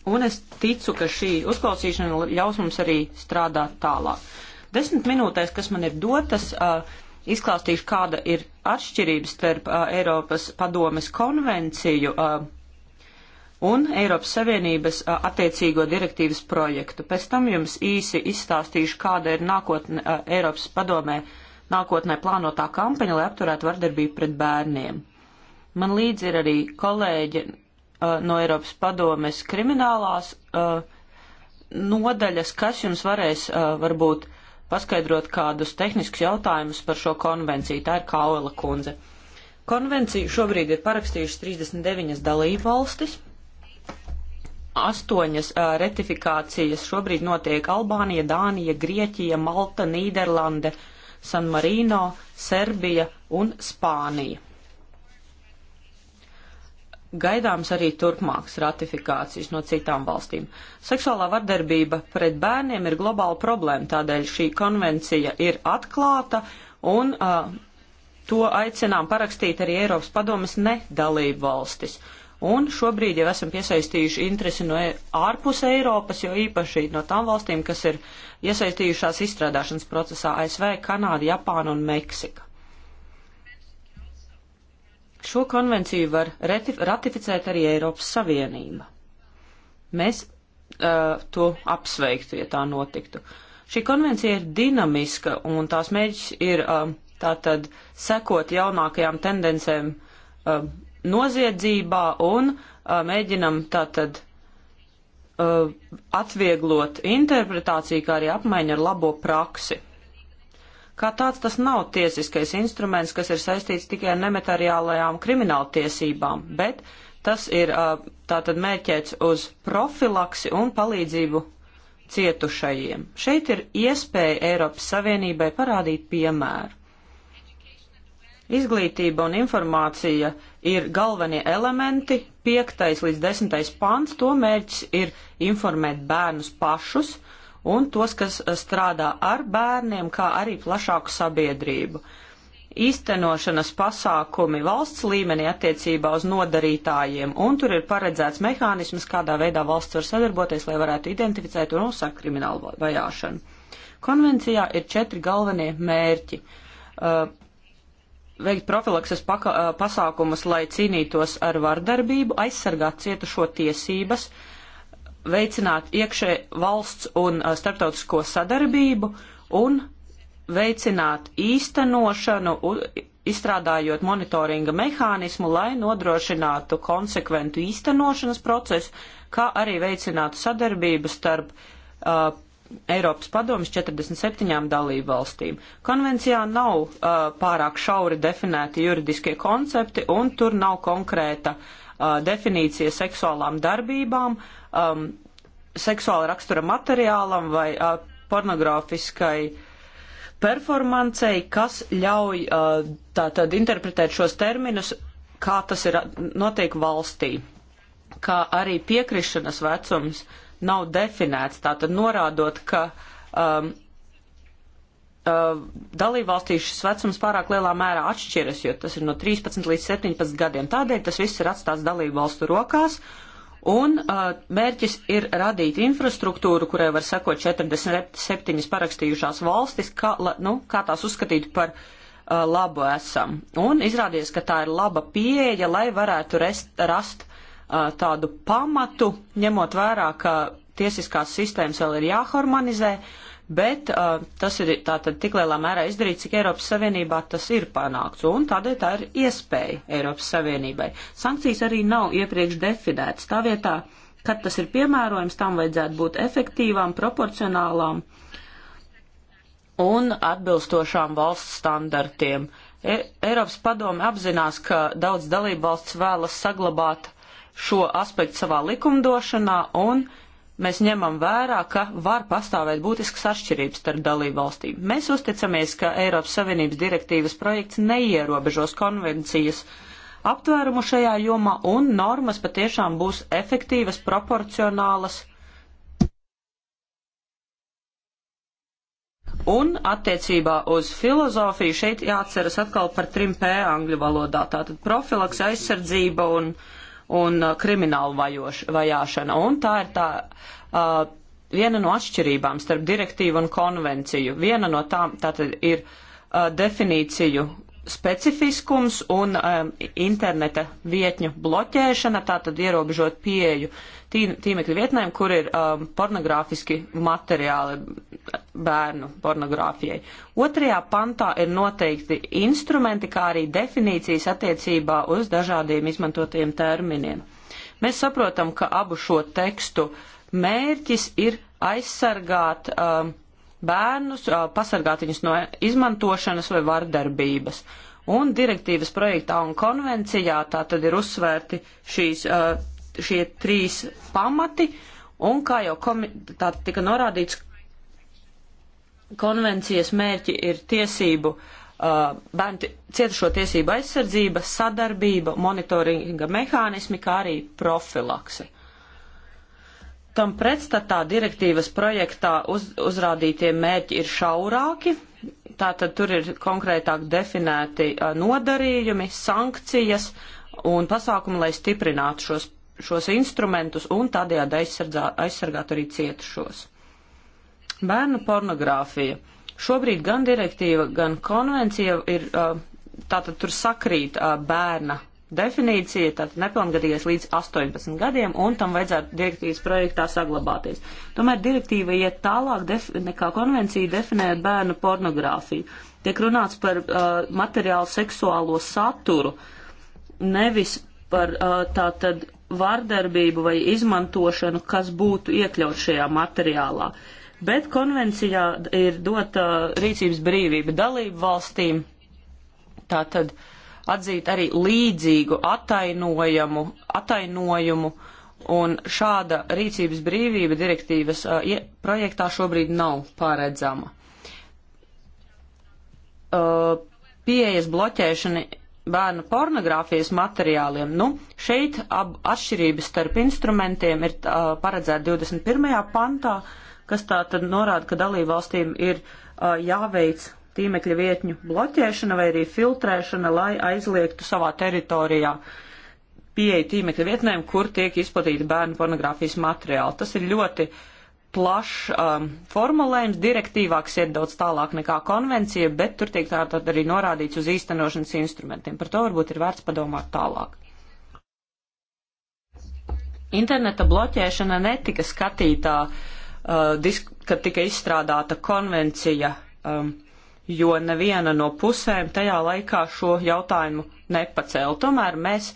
[SPEAKER 2] Un es ticu, ka šī uzklausīšana ļaus mums arī strādāt tālāk. Desmit minūtēs, kas man ir dotas, uh, izklāstīšu, kāda ir atšķirības starp uh, Eiropas padomes konvenciju uh, un Eiropas Savienības uh, attiecīgo direktīvas projektu. Pēc tam jums īsi izstāstīšu, kāda ir nākotne, uh, Eiropas padomē nākotnē plānotā kampaņa, lai apturētu vardarbību pret bērniem. Man līdzi ir arī kolēģi uh, no Eiropas padomes kriminālās uh, nodaļas, kas jums varēs uh, varbūt paskaidrot kādus tehniskus jautājumus par šo konvenciju. Tā ir Kaula kundze. Konvenciju šobrīd ir parakstījušas 39 dalību valstis. Astoņas uh, ratifikācijas šobrīd notiek Albānija, Dānija, Grieķija, Malta, Nīderlande, San Marino, Serbija un Spānija gaidāms arī turpmāks ratifikācijas no citām valstīm. Seksuālā vardarbība pret bērniem ir globāla problēma, tādēļ šī konvencija ir atklāta un uh, to aicinām parakstīt arī Eiropas padomas nedalību valstis. Un šobrīd jau esam piesaistījuši interesi no e- ārpus Eiropas, jo īpaši no tām valstīm, kas ir iesaistījušās izstrādāšanas procesā ASV, Kanāda, Japāna un Meksika. Šo konvenciju var ratificēt arī Eiropas Savienība. Mēs uh, to apsveiktu, ja tā notiktu. Šī konvencija ir dinamiska un tās mēģis ir uh, tātad sekot jaunākajām tendencēm uh, noziedzībā un uh, mēģinam tātad uh, atvieglot interpretāciju, kā arī apmaiņu ar labo praksi. Kā tāds tas nav tiesiskais instruments, kas ir saistīts tikai ar nemetariālajām krimināltiesībām, bet tas ir tātad mērķēts uz profilaksi un palīdzību cietušajiem. Šeit ir iespēja Eiropas Savienībai parādīt piemēru. Izglītība un informācija ir galvenie elementi. Piektais līdz desmitais pants to mērķis ir informēt bērnus pašus un tos, kas eh, strādā ar bērniem, kā arī plašāku sabiedrību. Īstenošanas pasākumi valsts līmenī attiecībā uz nodarītājiem, un tur ir paredzēts mehānisms, kādā veidā valsts var sadarboties, lai varētu identificēt un uzsākt kriminālu vajāšanu. Konvencijā ir četri galvenie mērķi. Uh, veikt profilakses paka, uh, pasākumus, lai cīnītos ar vardarbību, aizsargāt cietušo tiesības, uh, veicināt iekšē valsts un uh, starptautisko sadarbību un veicināt īstenošanu, u, izstrādājot monitoringa mehānismu, lai nodrošinātu konsekventu īstenošanas procesu, kā arī veicinātu sadarbību starp uh, Eiropas padomas 47 dalību valstīm. Konvencijā nav uh, pārāk šauri definēti juridiskie koncepti un tur nav konkrēta uh, definīcija seksuālām darbībām, uh, um, seksuāla rakstura materiālam vai uh, pornogrāfiskai performancei, kas ļauj uh, tātad interpretēt šos terminus, kā tas ir uh, notiek valstī, kā arī piekrišanas vecums nav definēts, tātad norādot, ka um, Uh, dalībvalstīs šis vecums pārāk lielā mērā atšķiras, jo tas ir no 13 līdz 17 gadiem. Tādēļ tas viss ir atstāts dalībvalstu rokās, uh, Un uh, mērķis ir radīt infrastruktūru, kurai var sekot 47 parakstījušās valstis, kā, la, nu, kā tās uzskatīt par uh, labu esam. Un izrādies, ka tā ir laba pieeja, lai varētu rest, rast uh, tādu pamatu, ņemot vērā, ka tiesiskās sistēmas vēl ir jāharmonizē. Uh, bet uh, tas ir tātad tik lielā mērā izdarīts, cik Eiropas Savienībā tas ir panākts, un tādēļ tā ir iespēja Eiropas Savienībai. Sankcijas arī nav iepriekš definētas. Tā vietā, kad tas ir piemērojams, tam vajadzētu būt efektīvām, proporcionālām un atbilstošām valsts standartiem. E Eiropas padome apzinās, ka daudz dalību valsts vēlas saglabāt šo aspektu savā likumdošanā un uh, mēs ņemam vērā, ka var pastāvēt būtiskas atšķirības starp dalību valstīm. Mēs uzticamies, ka Eiropas Savienības direktīvas projekts neierobežos konvencijas aptvērumu šajā jomā un normas patiešām būs efektīvas, proporcionālas Un attiecībā uz filozofiju šeit jāatceras atkal par trim P angļu valodā. Tātad profilaks, aizsardzība un uh, un uh, kriminālu vajoš, vajāšana. Un tā ir tā uh, viena no atšķirībām starp direktīvu un konvenciju. Viena no tām tātad ir uh, definīciju specifiskums un um, interneta vietņu bloķēšana, tātad ierobežot pieeju tīmekļa vietnēm, kur ir um, pornogrāfiski materiāli bērnu pornogrāfijai. Otrajā pantā ir noteikti instrumenti, kā arī definīcijas attiecībā uz dažādiem izmantotajiem terminiem. Mēs saprotam, ka abu šo tekstu mērķis ir aizsargāt um, bērnus, pasargāt viņus no izmantošanas vai vardarbības. Un direktīvas projektā un konvencijā tā tad ir uzsvērti šīs, šie trīs pamati, un kā jau komi, tā tika norādīts, konvencijas mērķi ir tiesību, bērnu cietušo tiesību aizsardzība, sadarbība, monitoringa mehānismi, kā arī profilakse. Tam pretstatā direktīvas projektā uz, uzrādītie mērķi ir šaurāki, tātad tur ir konkrētāk definēti a, nodarījumi, sankcijas un pasākumi, lai stiprinātu šos, šos instrumentus un tādējādi aizsargātu arī cietušos. Bērnu pornogrāfija. Šobrīd gan direktīva, gan konvencija ir, a, tātad tur sakrīt a, bērna definīcija, tātad nepilngadīgais līdz 18 gadiem, un tam vajadzētu direktīvas projektā saglabāties. Tomēr direktīva iet tālāk nekā konvencija definējot bērnu pornogrāfiju. Tiek runāts par uh, materiālu seksuālo saturu, nevis par uh, tātad vardarbību vai izmantošanu, kas būtu iekļaut šajā materiālā. Bet konvencijā ir dota rīcības brīvība dalību valstīm. Tātad uh, atzīt arī līdzīgu attainojumu, attainojumu un šāda rīcības brīvība direktīvas uh, projektā šobrīd nav paredzama. Uh, pieejas bloķēšana bērnu pornogrāfijas materiāliem, nu, šeit ab, atšķirības starp instrumentiem ir uh, paredzēta 21. pantā, kas tā tad norāda, ka dalībvalstīm ir uh, jāveic tīmekļa vietņu bloķēšana vai arī filtrēšana, lai aizliegtu savā teritorijā pieeja tīmekļa vietnēm, kur tiek izplatīta bērnu pornogrāfijas materiāli. Tas ir ļoti plašs um, formulējums. Direktīvā, kas iet daudz tālāk nekā konvencija, bet tur tiek tātad arī norādīts uz īstenošanas instrumentiem. Par to varbūt ir vērts padomāt tālāk. Interneta bloķēšana netika skatītā, uh, disk, kad tika izstrādāta konvencija um, jo neviena no pusēm tajā laikā šo jautājumu nepacēla. Tomēr mēs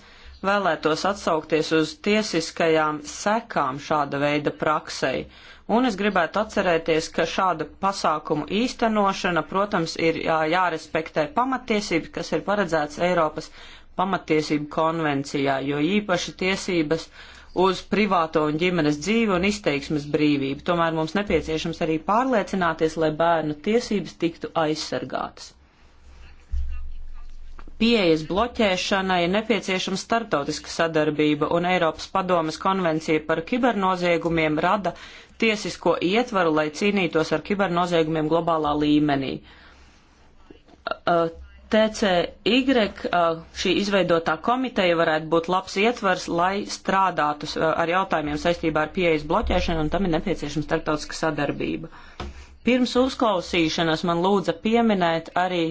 [SPEAKER 2] vēlētos atsaukties uz tiesiskajām sekām šāda veida praksei. Un es gribētu atcerēties, ka šāda pasākuma īstenošana, protams, ir jā, jārespektē pamatiesības, kas ir paredzēts Eiropas pamatiesību konvencijā, jo īpaši tiesības uh, uz privāto un ģimenes dzīvi un izteiksmes brīvību. Tomēr mums nepieciešams arī pārliecināties, lai bērnu tiesības tiktu aizsargātas. Pieejas bloķēšanai ir nepieciešama startautiska sadarbība, un Eiropas padomes konvencija par kibernoziegumiem rada tiesisko ietvaru, lai cīnītos ar kibernoziegumiem globālā līmenī. Uh, TCY uh, šī izveidotā komiteja varētu būt labs ietvers, lai strādātu uh, ar jautājumiem saistībā ar pieejas bloķēšanu, un tam ir nepieciešama starptautiska sadarbība. Pirms uzklausīšanas man lūdza pieminēt arī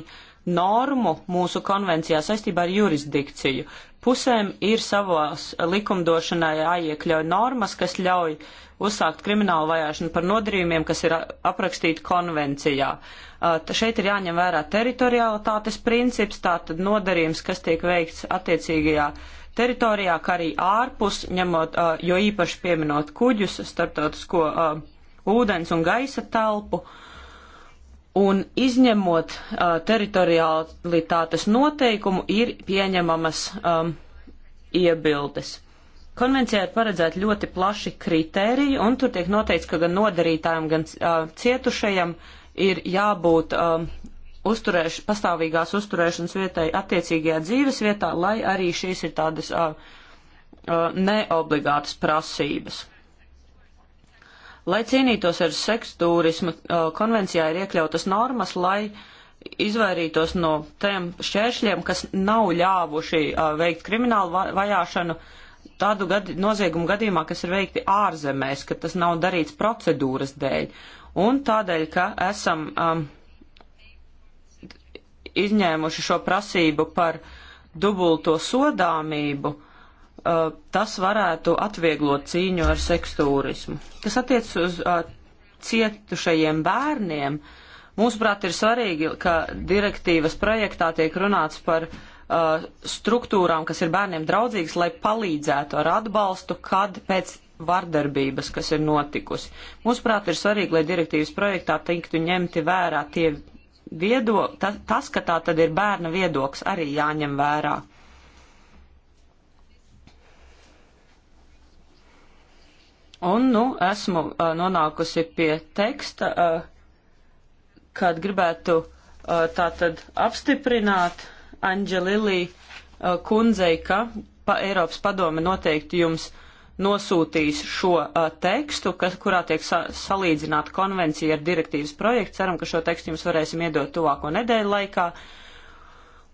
[SPEAKER 2] normu mūsu konvencijā saistībā ar jurisdikciju. Pusēm ir savās likumdošanā jāiekļauj normas, kas ļauj uh, uzsākt kriminālu vajāšanu par nodarījumiem, kas ir aprakstīti konvencijā. Uh, šeit ir jāņem vērā teritorialitātes princips, tātad nodarījums, kas tiek veikts attiecīgajā teritorijā, kā arī ārpus, ņemot, uh, jo īpaši pieminot kuģus, starptautisko uh, ūdens un gaisa telpu. Un izņemot uh, teritorialitātes noteikumu, ir pieņemamas um, iebildes. Konvencijā ir paredzēti ļoti plaši kriteriji, un tur tiek noteikts, ka gan nodarītājiem, gan uh, cietušajam ir jābūt uh, uzturēš, pastāvīgās uzturēšanas vietai attiecīgajā dzīves vietā, lai arī šīs ir tādas uh, uh, neobligātas prasības. Lai cīnītos ar seksturismu, uh, konvencijā ir iekļautas normas, lai izvairītos no tiem šķēršļiem, kas nav ļāvuši uh, veikt kriminālu vajāšanu uh, tādu gadi, noziegumu gadījumā, kas ir veikti ārzemēs, ka tas nav darīts procedūras dēļ. Un tādēļ, ka esam um, izņēmuši šo prasību par dubulto sodāmību, uh, tas varētu atvieglot cīņu ar sekstūrismu. Kas attiec uz uh, cietušajiem bērniem, mūsuprāt ir svarīgi, ka direktīvas projektā tiek runāts par uh, uh, struktūrām, kas ir bērniem draudzīgas, lai palīdzētu ar atbalstu, kad pēc vardarbības, kas ir notikusi. Mūsuprāt, ir svarīgi, lai direktīvas projektā tiktu ņemti vērā tie viedokļi, ta, tas, ka tā tad ir bērna viedoklis, arī jāņem vērā. Un, nu, esmu uh, nonākusi pie teksta, uh, kad gribētu uh, tātad apstiprināt Anģelilī uh, kundzei, ka pa Eiropas padome noteikti jums nosūtīs šo uh, tekstu, kas, kurā tiek sa salīdzināta konvencija ar direktīvas projektu. Ceram, ka šo tekstu jums varēsim iedot tuvāko nedēļu laikā.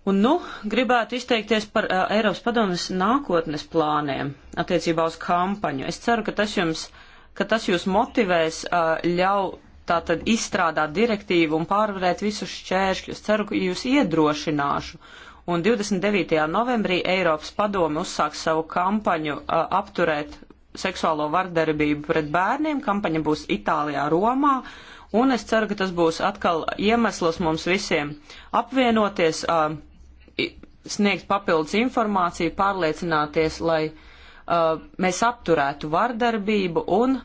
[SPEAKER 2] Un, nu, gribētu izteikties par uh, Eiropas padomes nākotnes plāniem attiecībā uz kampaņu. Es ceru, ka tas jums, ka tas jūs motivēs uh, ļau, tātad izstrādāt direktīvu un pārvarēt visus šķēršļus. Ceru, ka jūs iedrošināšu. Un 29. novembrī Eiropas padome uzsāks savu kampaņu a, apturēt seksuālo vardarbību pret bērniem. Kampaņa būs Itālijā, Romā. Un es ceru, ka tas būs atkal iemesls mums visiem apvienoties, a, sniegt papildus informāciju, pārliecināties, lai a, mēs apturētu vardarbību un,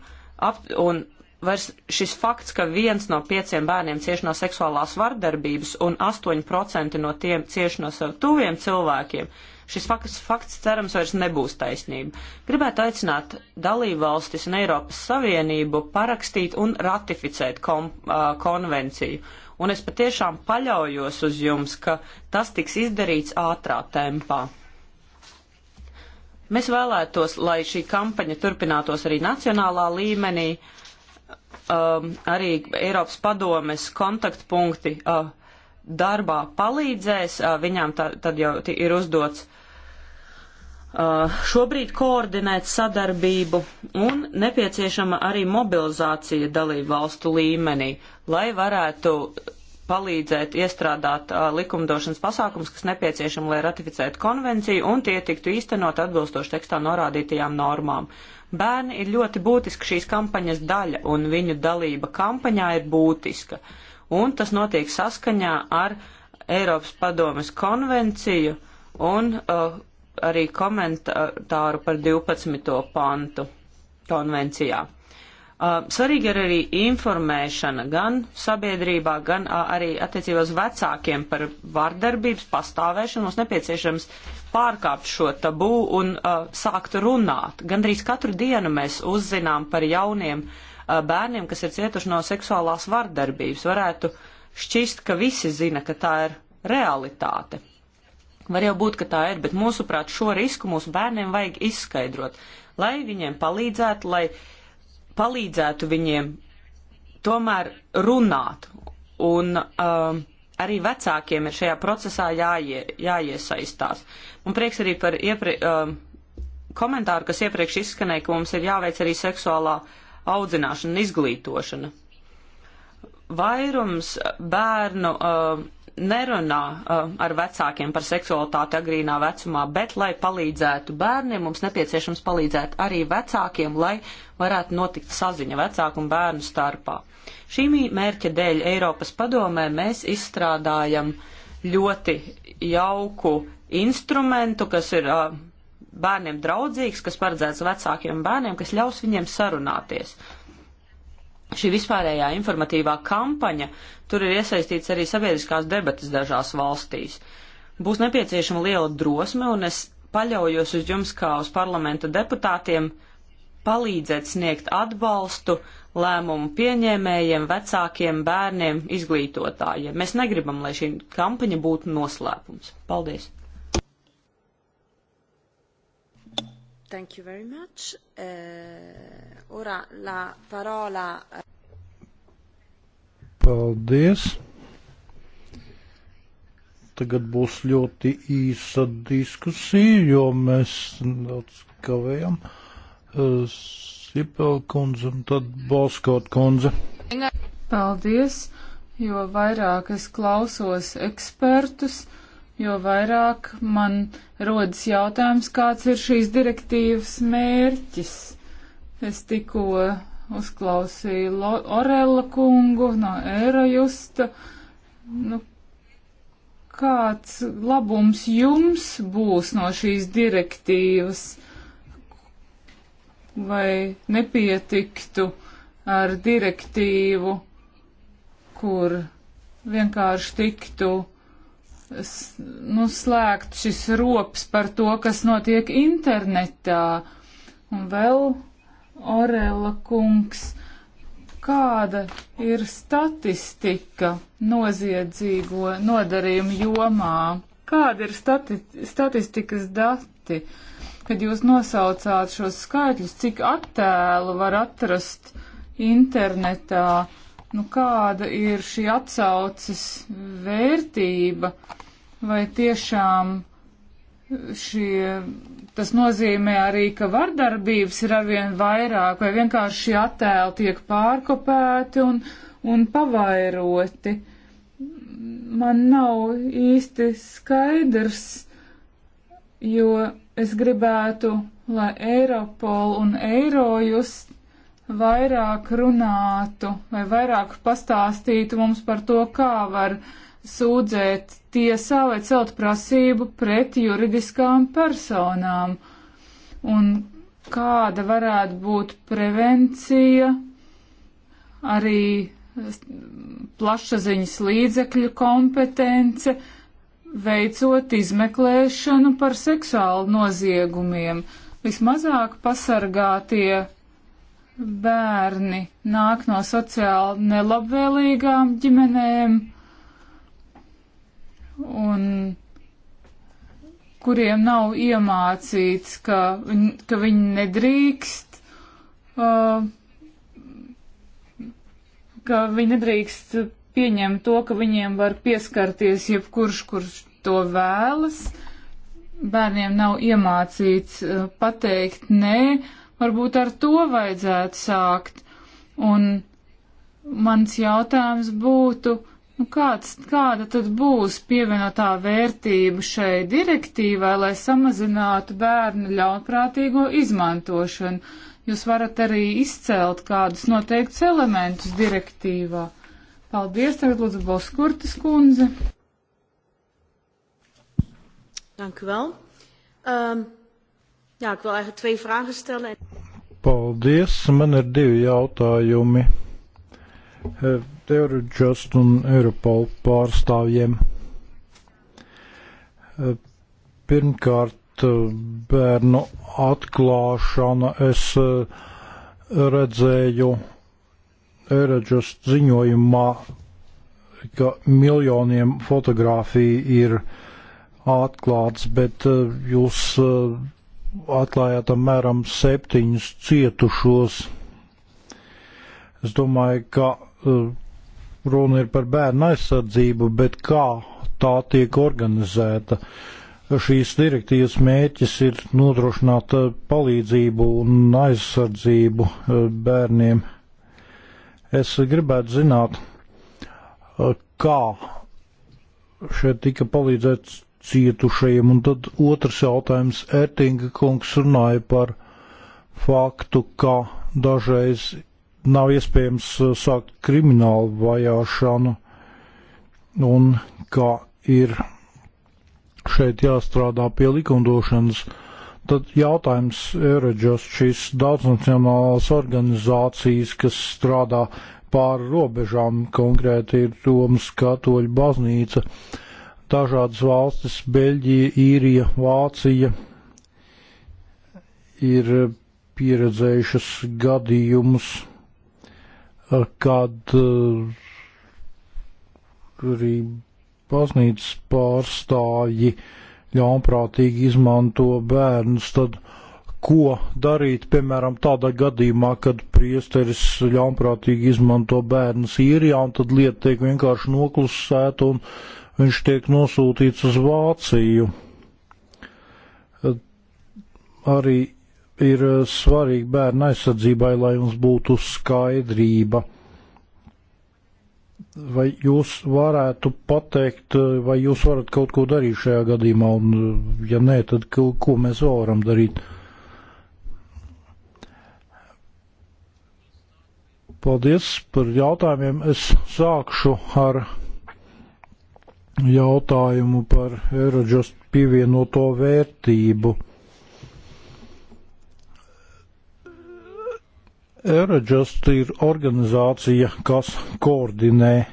[SPEAKER 2] ap, un vairs šis fakts, ka viens no pieciem bērniem cieši no seksuālās vardarbības un 8% no tiem cieši no sev tuviem cilvēkiem, šis fakts, fakts cerams vairs nebūs taisnība. Gribētu aicināt dalībvalstis un Eiropas Savienību parakstīt un ratificēt kom, uh, konvenciju. Un es patiešām paļaujos uz jums, ka tas tiks izdarīts ātrā tempā. Mēs vēlētos, lai šī kampaņa turpinātos arī nacionālā līmenī. Uh, um, arī Eiropas padomes kontaktpunkti uh, darbā palīdzēs, uh, viņām tā, tad jau ir uzdots uh, šobrīd koordinēt sadarbību un nepieciešama arī mobilizācija dalību valstu līmenī, lai varētu palīdzēt iestrādāt uh, likumdošanas pasākums, kas nepieciešama, lai ratificētu konvenciju, un tie tiktu īstenot atbilstoši tekstā norādītajām normām. Bērni ir ļoti būtiska šīs kampaņas daļa, un viņu dalība kampaņā ir būtiska. Un tas notiek saskaņā ar Eiropas padomes konvenciju un uh, arī komentāru par 12. pantu konvencijā. Uh, svarīgi ir arī informēšana gan sabiedrībā, gan uh, arī attiecībā uz vecākiem par vardarbības pastāvēšanu. Mums nepieciešams pārkāpt šo tabū un uh, sākt runāt. Gan arī katru dienu mēs uzzinām par jauniem uh, bērniem, kas ir cietuši no seksuālās vardarbības. Varētu šķist, ka visi zina, ka tā ir realitāte. Var jau būt, ka tā ir, bet mūsuprāt šo risku mūsu bērniem vajag izskaidrot, lai viņiem palīdzētu, lai palīdzētu viņiem tomēr runāt. Un um, arī vecākiem ir šajā procesā jāie, jāiesaistās. Un prieks arī par iepri, um, komentāru, kas iepriekš izskanēja, ka mums ir jāveic arī seksuālā audzināšana un izglītošana. Vairums bērnu. Um, nerunā uh, ar vecākiem par seksualitāti agrīnā vecumā, bet, lai palīdzētu bērniem, mums nepieciešams palīdzēt arī vecākiem, lai varētu notikt saziņa vecāku un bērnu starpā. Šī mērķa dēļ Eiropas padomē mēs izstrādājam ļoti jauku instrumentu, kas ir uh, bērniem draudzīgs, kas paredzēts vecākiem bērniem, kas ļaus viņiem sarunāties šī vispārējā informatīvā kampaņa, tur ir iesaistīts arī sabiedriskās debatas dažās valstīs. Būs nepieciešama liela drosme, un es paļaujos uz jums kā uz parlamenta deputātiem palīdzēt sniegt atbalstu lēmumu pieņēmējiem, vecākiem, bērniem, izglītotājiem. Mēs negribam, lai šī kampaņa būtu noslēpums. Paldies!
[SPEAKER 1] Thank you very much. Uh... Ora la parola. Eh,
[SPEAKER 4] Paldies. Tagad būs ļoti īsa diskusija, jo mēs daudz kavējam. Eh, Sipela kundze un tad Balskot kundze.
[SPEAKER 3] Paldies, jo vairāk es klausos ekspertus, jo vairāk man rodas jautājums, kāds ir šīs direktīvas mērķis Es tikko uzklausīju Orella kungu no Eirojusta. Nu, kāds labums jums būs no šīs direktīvas? Vai nepietiktu ar direktīvu, kur vienkārši tiktu nu, slēgt šis rops par to, kas notiek internetā? Un vēl Orela kungs, kāda ir statistika noziedzīgo nodarījumu jomā? Kāda ir stati statistikas dati, kad jūs nosaucāt šos skaitļus, cik attēlu var atrast internetā? Nu, kāda ir šī atsauces vērtība? Vai tiešām šie Tas nozīmē arī, ka vardarbības ir arvien vairāk, vai vienkārši šie attēli tiek pārkopēti un, un pavairoti. Man nav īsti skaidrs, jo es gribētu, lai Eiropol un Eirojus vairāk runātu vai vairāk pastāstītu mums par to, kā var uh, sūdzēt tiesā vai celt prasību pret juridiskām personām. Un kāda varētu būt prevencija arī plašsaziņas līdzekļu kompetence, veicot izmeklēšanu par seksuālu noziegumiem. Vismazāk pasargātie bērni nāk no sociāli nelabvēlīgām ģimenēm un kuriem nav iemācīts, ka, ka viņi nedrīkst, uh, ka viņi nedrīkst pieņemt to, ka viņiem var pieskarties jebkurš, kurš to vēlas. Bērniem nav iemācīts uh, pateikt nē, varbūt ar to vajadzētu sākt. Un mans jautājums būtu, uh, Nu, kāds, kāda tad būs pievienotā vērtība šai direktīvai, lai samazinātu bērnu ļaunprātīgo izmantošanu? Jūs varat arī izcelt kādus noteiktus elementus direktīvā. Paldies, tagad lūdzu Boskurtas kundze.
[SPEAKER 4] Dank u wel. Um, ehm, jā, ik wil eigenlijk twee vragen stellen. Paldies, man ir divi jautājumi. Uh, Eurojust un Europol pārstāvjiem. Eh, pirmkārt, eh, bērnu atklāšana es eh, redzēju Eurojust ziņojumā, ka miljoniem fotografiju ir atklāts, bet jūs atklājāt apmēram septiņus cietušos. Es domāju, ka runa ir par bērnu aizsardzību, bet kā tā tiek organizēta. Šīs direktīvas mēķis ir nodrošināt uh, palīdzību un aizsardzību uh, bērniem. Es gribētu zināt, uh, kā šeit tika palīdzēts cietušajiem, un tad otrs jautājums. Ērtinga kungs runāja par faktu, ka dažreiz nav iespējams uh, sākt kriminālu vajāšanu un kā ir šeit jāstrādā pie likumdošanas. Tad jautājums Eirodžos šīs daudznacionālās organizācijas, kas strādā pāri robežām, konkrēti ir Romas katoļu baznīca, dažādas valstis - Beļģija, Īrija, Vācija - ir pieredzējušas gadījumus kad eh, arī baznīcas pārstāji ļaunprātīgi izmanto bērnus, tad ko darīt, piemēram, tādā gadījumā, kad priesteris ļaunprātīgi izmanto bērnus īrijā, un tad lieta tiek vienkārši noklusēta, un viņš tiek nosūtīts uz Vāciju. Eh, arī ir eh, svarīgi bērnu aizsardzībai, lai mums būtu skaidrība. Vai jūs varētu pateikt, eh, vai jūs varat kaut ko darīt šajā gadījumā, un eh, ja nē, tad ko, ko mēs varam darīt? Paldies par jautājumiem. Es sākšu ar jautājumu par Eurojust pievienoto vērtību Eurojust ir organizācija, kas koordinē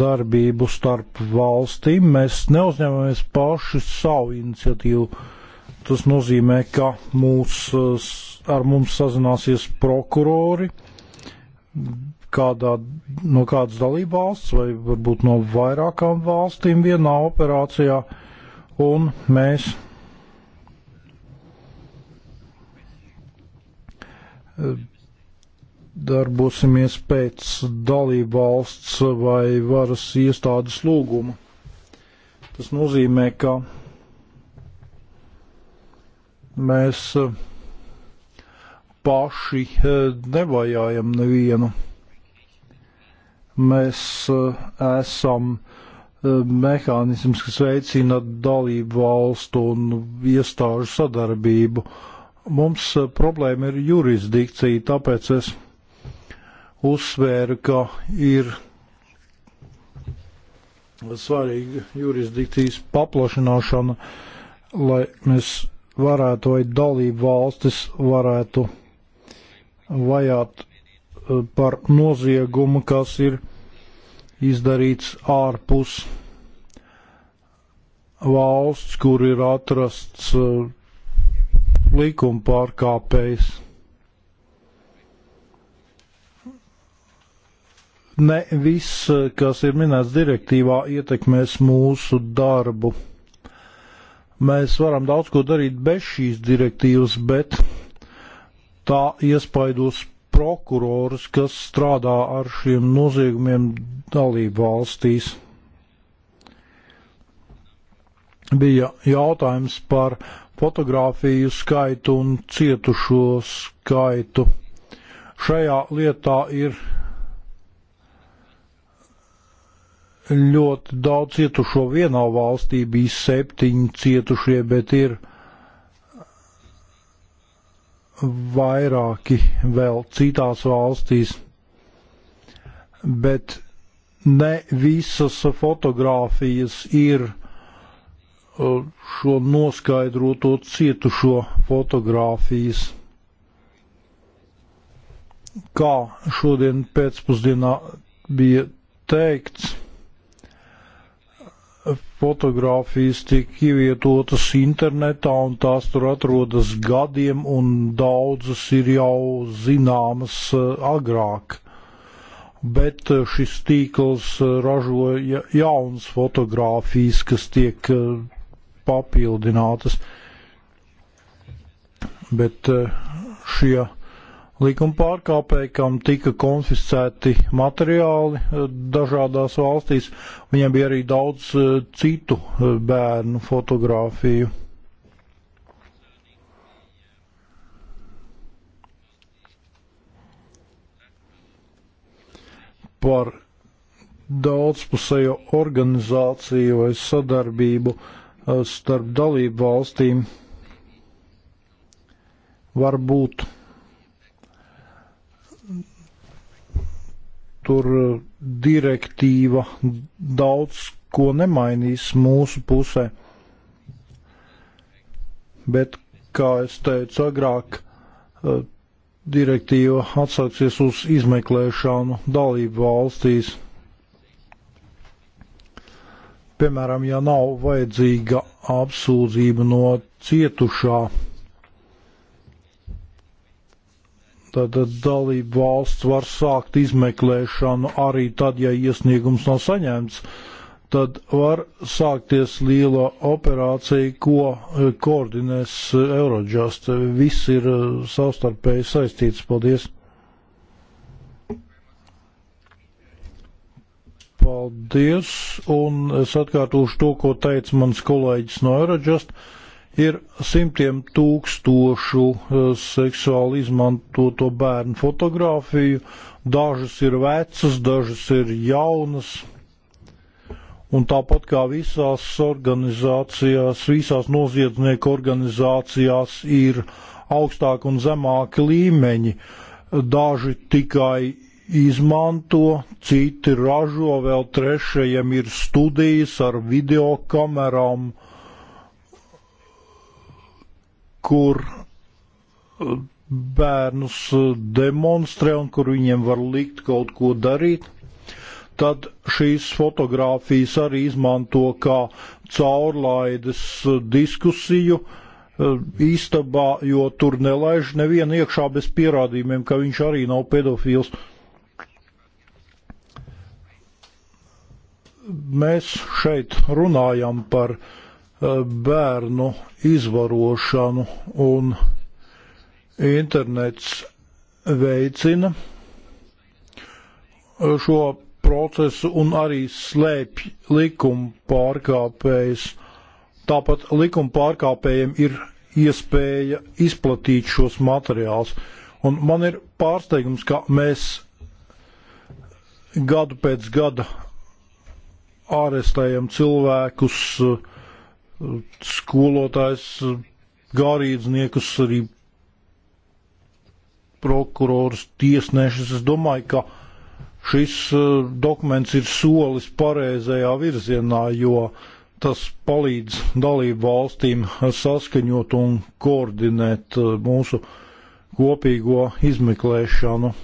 [SPEAKER 4] darbību starp valstīm. Mēs neuzņemamies paši savu iniciatīvu. Tas nozīmē, ka mūs, ar mums sazināsies prokurori kādā, no kādas dalībvalsts vai varbūt no vairākām valstīm vienā operācijā, un mēs darbosimies pēc dalību valsts vai varas iestādes lūguma. Tas nozīmē, ka mēs eh, paši eh, nevajājam nevienu. Mēs eh, esam mehānisms, kas veicina dalību valstu un iestāžu sadarbību. Mums problēma ir jurisdikcija, tāpēc es uzsvēra, ka ir svarīga jurisdikcijas paplašināšana, lai mēs varētu vai dalību valstis varētu vajāt eh, par noziegumu, kas ir izdarīts ārpus valsts, kur ir atrasts eh, likuma pārkāpējs. ne viss, kas ir minēts direktīvā, ietekmēs mūsu darbu. Mēs varam daudz ko darīt bez šīs direktīvas, bet tā iespaidos prokurors, kas strādā ar šiem noziegumiem dalību valstīs. Bija jautājums par fotografiju skaitu un cietušo skaitu. Šajā lietā ir ļoti daudz cietušo vienā valstī, bija septiņi cietušie, bet ir vairāki vēl citās valstīs. Bet ne visas fotogrāfijas ir uh, šo noskaidroto cietušo fotogrāfijas. Kā šodien pēcpusdienā bija teikts, fotogrāfijas tiek ievietotas internetā un tās tur atrodas gadiem un daudzas ir jau zināmas eh, agrāk. Bet eh, šis tīkls eh, ražoja jaunas fotogrāfijas, kas tiek papildinātas. Bet šie uh, Likuma pārkāpēji, kam tika konfiscēti materiāli eh, dažādās valstīs, viņiem bija arī daudz eh, citu eh, bērnu fotografiju. Par daudzpusējo organizāciju vai sadarbību starp dalību valstīm var būt tur eh, direktīva daudz ko nemainīs mūsu pusē. Bet, kā es teicu agrāk, eh, direktīva atsauksies uz izmeklēšanu dalību valstīs. Piemēram, ja nav vajadzīga apsūdzība no cietušā Tad dalība valsts var sākt izmeklēšanu arī tad, ja iesniegums nav saņemts. Tad var sākties liela operācija, ko eh, koordinēs eh, Eurojust. Viss ir eh, savstarpēji saistīts. Paldies! Paldies! Un es atkārtošu to, ko teica mans kolēģis no Eurojust. Uh, ir simtiem tūkstošu eh, seksuāli izmantoto bērnu fotografiju. Dažas ir vecas, dažas ir jaunas. Un tāpat kā visās organizācijās, visās noziedznieku organizācijās ir augstāki un zemāki līmeņi. Daži tikai izmanto, citi ražo, vēl trešajiem ir studijas ar videokamerām kur bērnus demonstrē un kur viņiem var likt kaut ko darīt, tad šīs fotogrāfijas arī izmanto kā caurlaides diskusiju e, istabā, jo tur nelaiž nevienu iekšā bez pierādījumiem, ka viņš arī nav pedofils. Mēs šeit runājam par uh, Eh, bērnu izvarošanu un internets veicina eh, šo procesu un arī slēpj likuma pārkāpējus. Tāpat likuma pārkāpējiem ir iespēja izplatīt šos materiālus. Un man ir pārsteigums, ka mēs gadu pēc gada ārestējam cilvēkus uh, skolotājs, gārīdzniekus, arī prokurors, tiesnešus. Es domāju, ka šis e, dokuments ir solis pareizajā virzienā, jo tas palīdz dalību valstīm saskaņot un koordinēt e, mūsu kopīgo izmeklēšanu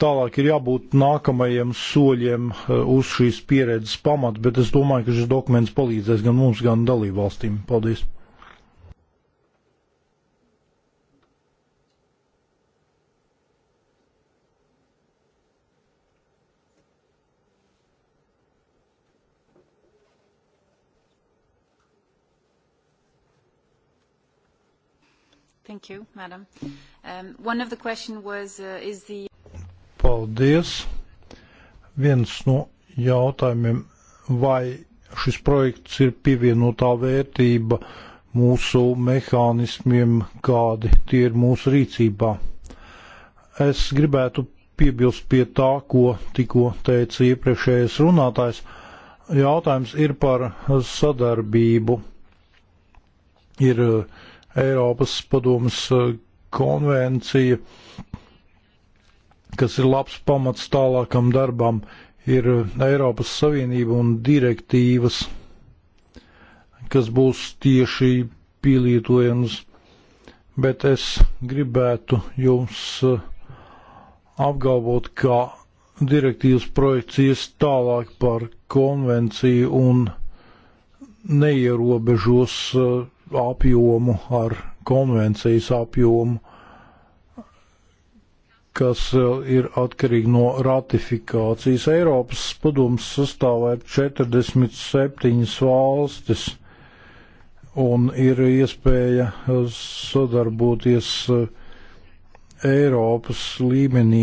[SPEAKER 4] Tālāk ir jābūt nākamajiem soļiem eh, uz šīs pieredzes pamata, bet es domāju, ka šis dokuments palīdzēs gan mums, gan dalībvalstīm. Paldies!
[SPEAKER 3] Thank you, madam. Um, one of the question was, uh, is the
[SPEAKER 4] Paldies. Viens no jautājumiem, vai šis projekts ir pievienotā vērtība mūsu mehānismiem, kādi tie ir mūsu rīcībā. Es gribētu piebilst pie tā, ko tikko teica iepriekšējais runātājs. Jautājums ir par sadarbību. Ir eh, Eiropas padomas eh, konvencija, kas ir labs pamats tālākam darbam, ir Eiropas Savienība un direktīvas, kas būs tieši pielietojamas. Bet es gribētu jums eh, apgalvot, ka direktīvas projekts ies tālāk par konvenciju un neierobežos eh, apjomu ar konvencijas apjomu kas ir atkarīgi no ratifikācijas. Eiropas padomus sastāvēt 47 valstis un ir iespēja sadarboties eh, Eiropas līmenī.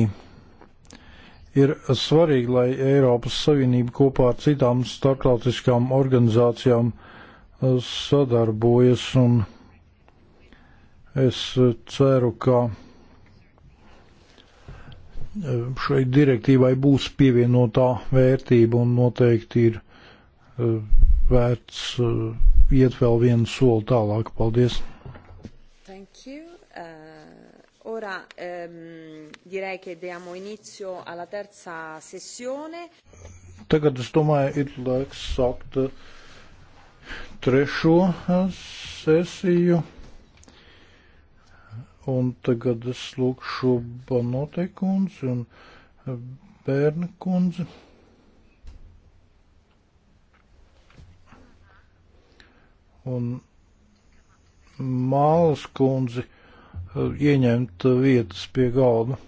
[SPEAKER 4] Ir svarīgi, lai Eiropas Savienība kopā ar citām starptautiskām organizācijām eh, sadarbojas un es ceru, ka šai direktīvai būs pievienotā vērtība un noteikti ir eh, vērts eh, iet vēl vienu soli tālāk. Paldies!
[SPEAKER 1] Thank you. Uh, ora um, direi che diamo inizio alla terza sessione.
[SPEAKER 4] Tagad es domāju, ir laiks sākt trešo sesiju. Un tagad es lūkšu Banotei kundzi un e, bērnu kundzi. Un Mālas kundzi e, ieņemt vietas pie galda.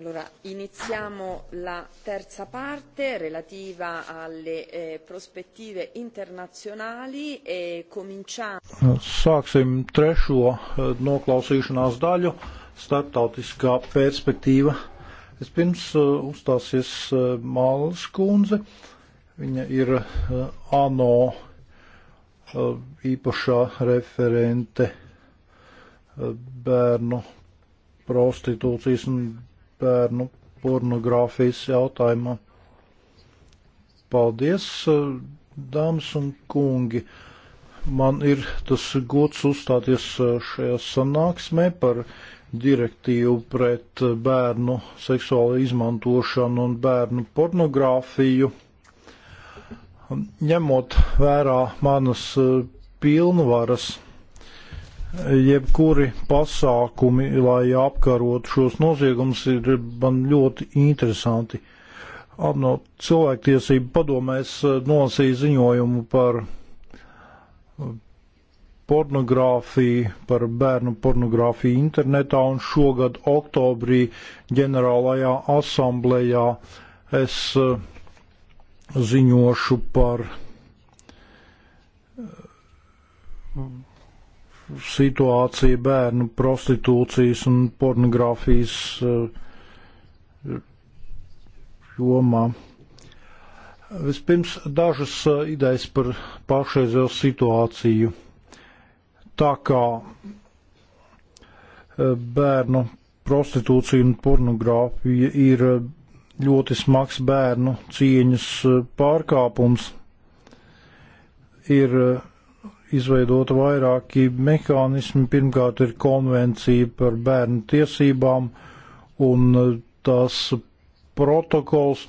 [SPEAKER 1] Allora, iniziamo la terza parte relativa alle eh, prospettive internazionali e
[SPEAKER 4] cominciamo. Eh, sāksim trešo eh, noklausīšanās daļu - startautiskā perspektīva. Vispirms eh, uzstāsies eh, Mālas kundze. Viņa ir eh, ANO eh, īpašā referente eh, bērnu prostitūcijas un bērnu pornogrāfijas jautājumā. Paldies, dāmas un kungi! Man ir tas gods uzstāties šajā sanāksmē par direktīvu pret bērnu seksuālu izmantošanu un bērnu pornogrāfiju. Ņemot vērā manas pilnvaras jebkuri pasākumi, lai apkarotu šos noziegumus, ir man ļoti interesanti. Apno cilvēktiesību padomēs eh, nolasīja ziņojumu par eh, pornogrāfiju, par bērnu pornogrāfiju internetā un šogad oktobrī ģenerālajā asamblējā es eh, ziņošu par situācija bērnu prostitūcijas un pornogrāfijas eh, jomā. Vispirms dažas eh, idejas par pašreizējo situāciju. Tā kā eh, bērnu prostitūcija un pornogrāfija ir ļoti smags bērnu cieņas pārkāpums, ir izveidota vairāki mehānismi. Pirmkārt ir konvencija par bērnu tiesībām un e, tās protokols.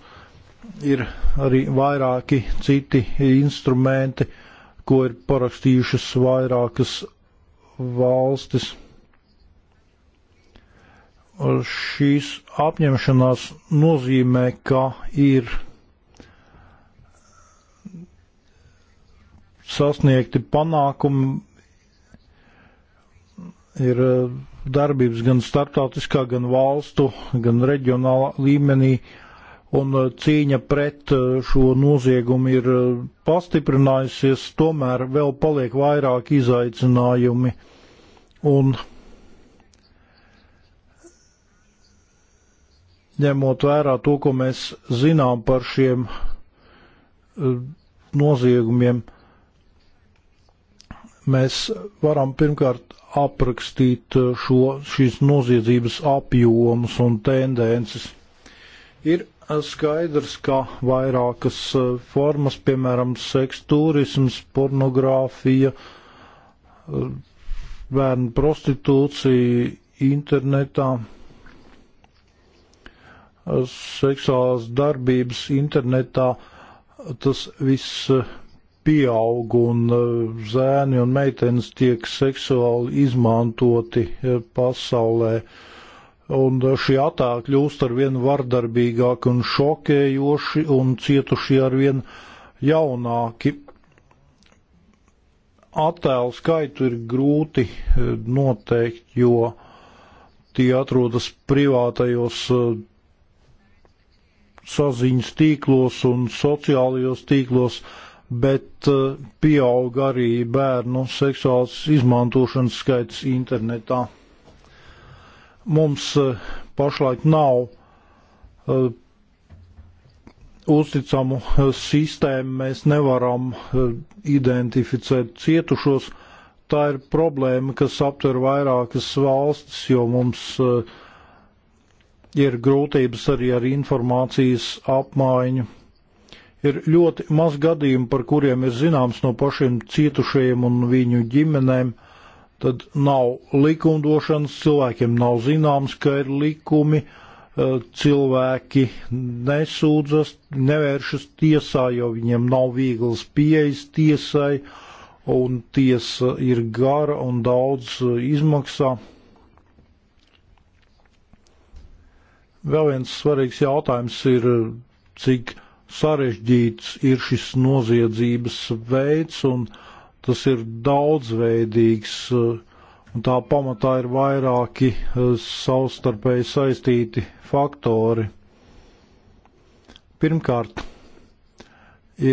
[SPEAKER 4] Ir arī vairāki citi instrumenti, ko ir parakstījušas vairākas valstis šīs apņemšanās nozīmē, ka ir sasniegti panākumi ir eh, darbības gan starptautiskā, gan valstu, gan reģionālā līmenī, un eh, cīņa pret eh, šo noziegumu ir pastiprinājusies, tomēr vēl paliek vairāk izaicinājumi. Un ņemot vērā to, ko mēs zinām par šiem noziegumiem, uh, Mēs varam pirmkārt aprakstīt uh, šo, šīs noziedzības apjomus un tendences. Ir uh, skaidrs, ka vairākas uh, formas, piemēram, seks turisms, pornogrāfija, bērnu prostitūcija internetā, seksuālās darbības internetā, tas viss pieaug un e, zēni un meitenes tiek seksuāli izmantoti e, pasaulē. Un e, šie attēli kļūst ar vien vardarbīgāki un šokējoši un cietuši ar vien jaunāki. Attēlu skaitu ir grūti noteikt, jo tie atrodas privātajos saziņas tīklos un sociālajos tīklos. Uh, bet eh, pieaug arī bērnu seksuāls izmantošanas skaits internetā. Mums eh, pašlaik nav eh, uzticamu sistēmu, mēs nevaram identificēt cietušos. Tā ir problēma, kas aptver vairākas valstis, jo mums ir grūtības arī ar informācijas apmaiņu. Ir ļoti maz gadījumu, par kuriem ir zināms no pašiem cietušajiem un viņu ģimenēm. Tad nav likumdošanas, cilvēkiem nav zināms, ka ir likumi, eh, cilvēki nesūdzas, nevēršas tiesā, jo viņiem nav vieglas pieejas tiesai, un tiesa ir gara un daudz eh, izmaksā. Vēl viens svarīgs jautājums ir, eh, cik sarežģīts ir šis noziedzības veids, un tas ir daudzveidīgs, eh, un tā pamatā ir vairāki eh, savstarpēji saistīti faktori. Pirmkārt,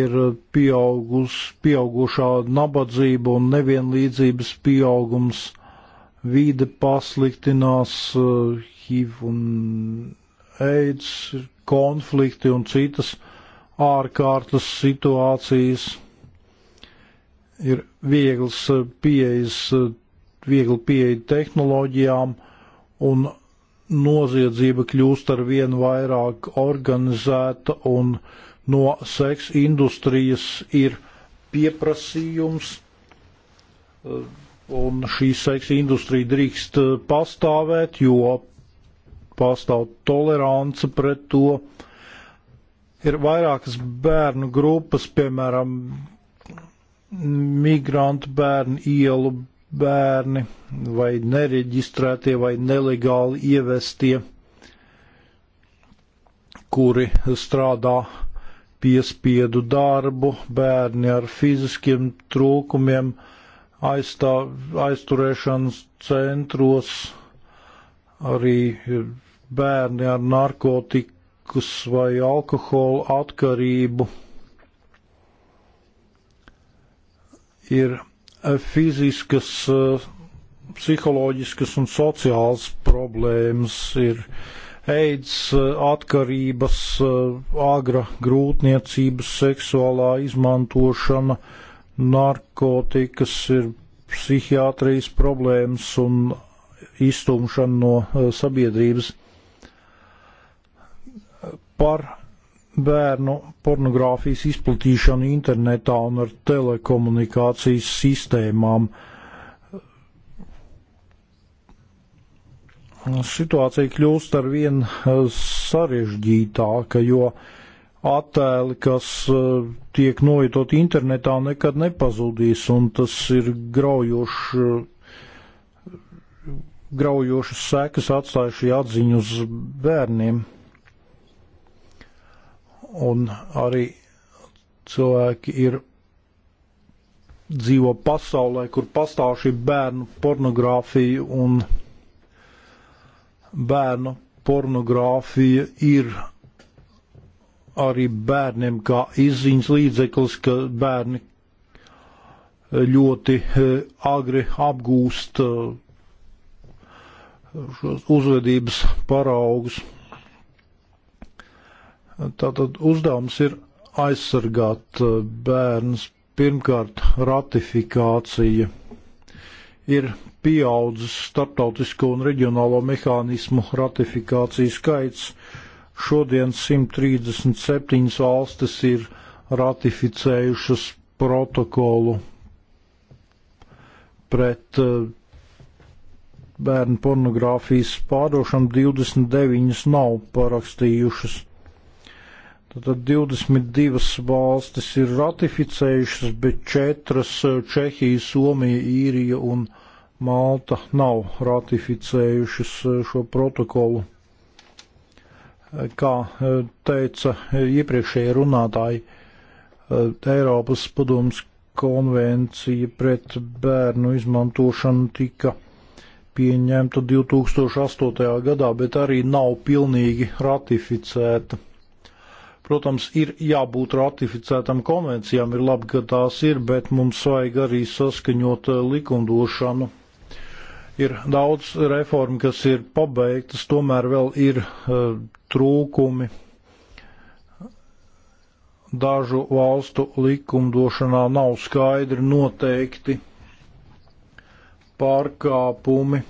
[SPEAKER 4] ir pieaugus, pieaugušā nabadzība un nevienlīdzības pieaugums, vīde pasliktinās, eh, HIV un AIDS konflikti un citas uh, ārkārtas situācijas, ir viegls pieejas, viegli pieeja tehnoloģijām un noziedzība kļūst ar vien vairāk organizēta un no seks industrijas ir pieprasījums un šī seksa industrija drīkst pastāvēt, jo pastāv tolerance pret to ir vairākas bērnu grupas, piemēram, migrantu bērni, ielu bērni vai nereģistrētie vai nelegāli ievestie, kuri strādā piespiedu darbu, bērni ar fiziskiem trūkumiem, aizstā, aizturēšanas centros, arī bērni ar narkotiku narkotikas vai alkohola atkarību, ir fiziskas, psiholoģiskas un sociālas problēmas, ir eids, atkarības, agra grūtniecības, seksuālā izmantošana, narkotikas, ir psihiatrijas problēmas un iztumšana no eh, sabiedrības par bērnu pornogrāfijas izplatīšanu internetā un ar telekomunikācijas sistēmām. Situācija kļūst ar vien eh, sarežģītāka, jo attēli, kas eh, tiek noietot internetā, nekad nepazudīs, un tas ir graujoši, eh, graujošas sekas atstājuši atziņu uz bērniem un arī cilvēki ir dzīvo pasaulē, kur pastāv šī bērnu pornogrāfija, un bērnu pornogrāfija ir arī bērniem kā izziņas līdzeklis, ka bērni ļoti eh, agri apgūst eh, šos uzvedības paraugus. Tātad uzdevums ir aizsargāt eh, bērnus. Pirmkārt, ratifikācija ir pieaudzis starptautisko un reģionālo mehānismu ratifikāciju skaits. Šodien 137 valstis ir ratificējušas protokolu pret eh, bērnu pornogrāfijas pārdošanu, 29 nav parakstījušas. Tad 22 valstis ir ratificējušas, bet 4 - Čehija, Somija, Īrija un Malta nav ratificējušas e, šo protokolu. E, kā e, teica iepriekšēji runātāji, Eiropas padomus konvencija pret bērnu izmantošanu tika pieņemta 2008. gadā, bet arī nav pilnīgi ratificēta. Protams, ir jābūt ratificētam konvencijām, ir labi, ka tās ir, bet mums vajag arī saskaņot eh, likumdošanu. Ir daudz reformu, kas ir pabeigtas, tomēr vēl ir uh, trūkumi. Dažu valstu likumdošanā nav skaidri noteikti pārkāpumi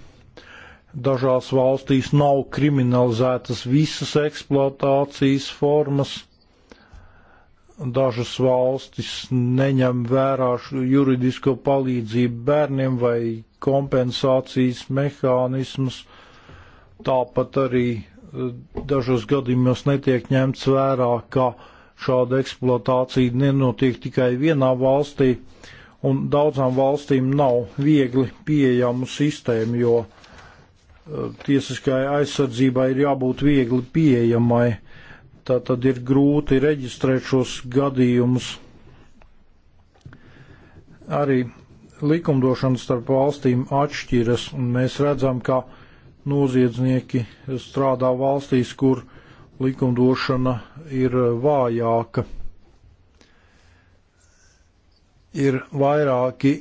[SPEAKER 4] dažās valstīs nav kriminalizētas visas eksploatācijas formas, dažas valstis neņem vērā juridisko palīdzību bērniem vai kompensācijas mehānismus. Tāpat arī eh, dažos gadījumos netiek ņemts vērā, ka šāda eksploatācija nenotiek tikai vienā valstī, un daudzām valstīm nav viegli pieejamu sistēmu, jo eh, tiesiskai aizsardzībai ir jābūt viegli pieejamai tā tad ir grūti reģistrēt šos gadījumus. Arī likumdošana starp valstīm atšķiras, un mēs redzam, ka noziedznieki strādā valstīs, kur likumdošana ir vājāka. Ir vairāki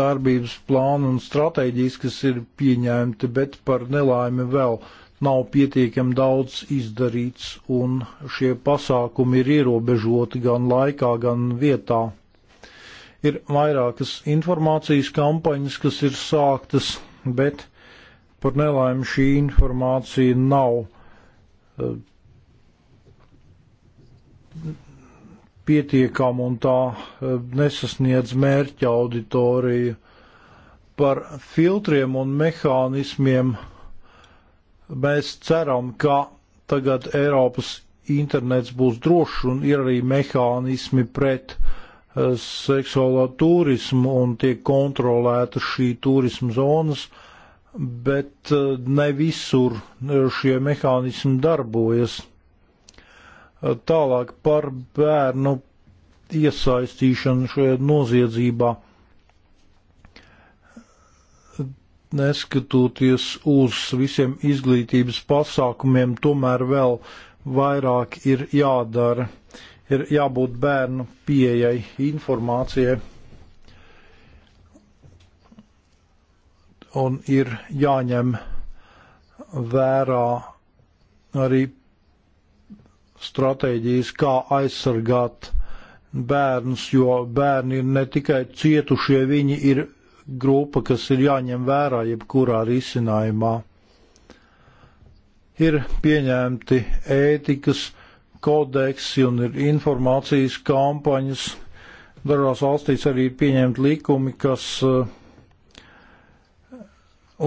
[SPEAKER 4] darbības plāni un stratēģijas, kas ir pieņemti, bet par nelaimi vēl uh, nav pietiekami daudz izdarīts, un šie pasākumi ir ierobežoti gan laikā, gan vietā. Ir vairākas informācijas kampaņas, kas ir sāktas, bet par nelaimi šī informācija nav eh, pietiekama un tā eh, nesasniedz mērķa auditoriju. Par filtriem un mehānismiem Mēs ceram, ka tagad Eiropas internets būs drošs un ir arī mehānismi pret eh, seksuālā turismu un tiek kontrolēta šī turisma zonas, bet eh, ne visur šie mehānismi darbojas. Eh, tālāk par bērnu iesaistīšanu šajā noziedzībā. neskatoties uz visiem izglītības pasākumiem, tomēr vēl vairāk ir jādara. Ir jābūt bērnu pieejai informācijai. Un ir jāņem vērā arī stratēģijas, kā aizsargāt bērnus, jo bērni ir ne tikai cietušie, viņi ir grupa, kas ir jāņem vērā jebkurā risinājumā. Ir pieņemti ētikas kodeksi un ir informācijas kampaņas. Dažās valstīs arī ir pieņemti likumi, kas uh,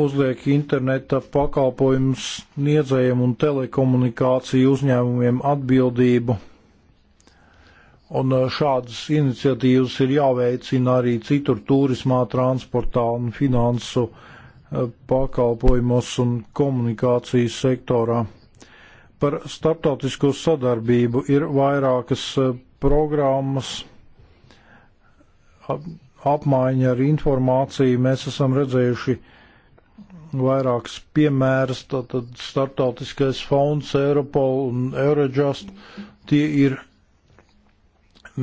[SPEAKER 4] uzliek interneta pakalpojumu sniedzējiem un telekomunikāciju uzņēmumiem atbildību Un eh, šādas iniciatīvas ir jāveicina arī citur turismā, transportā un finansu eh, pakalpojumos un komunikācijas sektorā. Par starptautisko sadarbību ir vairākas eh, programmas apmaiņa ar informāciju. Mēs esam redzējuši vairākas piemēras, tātad starptautiskais fonds, Europol un Eurojust. Tie ir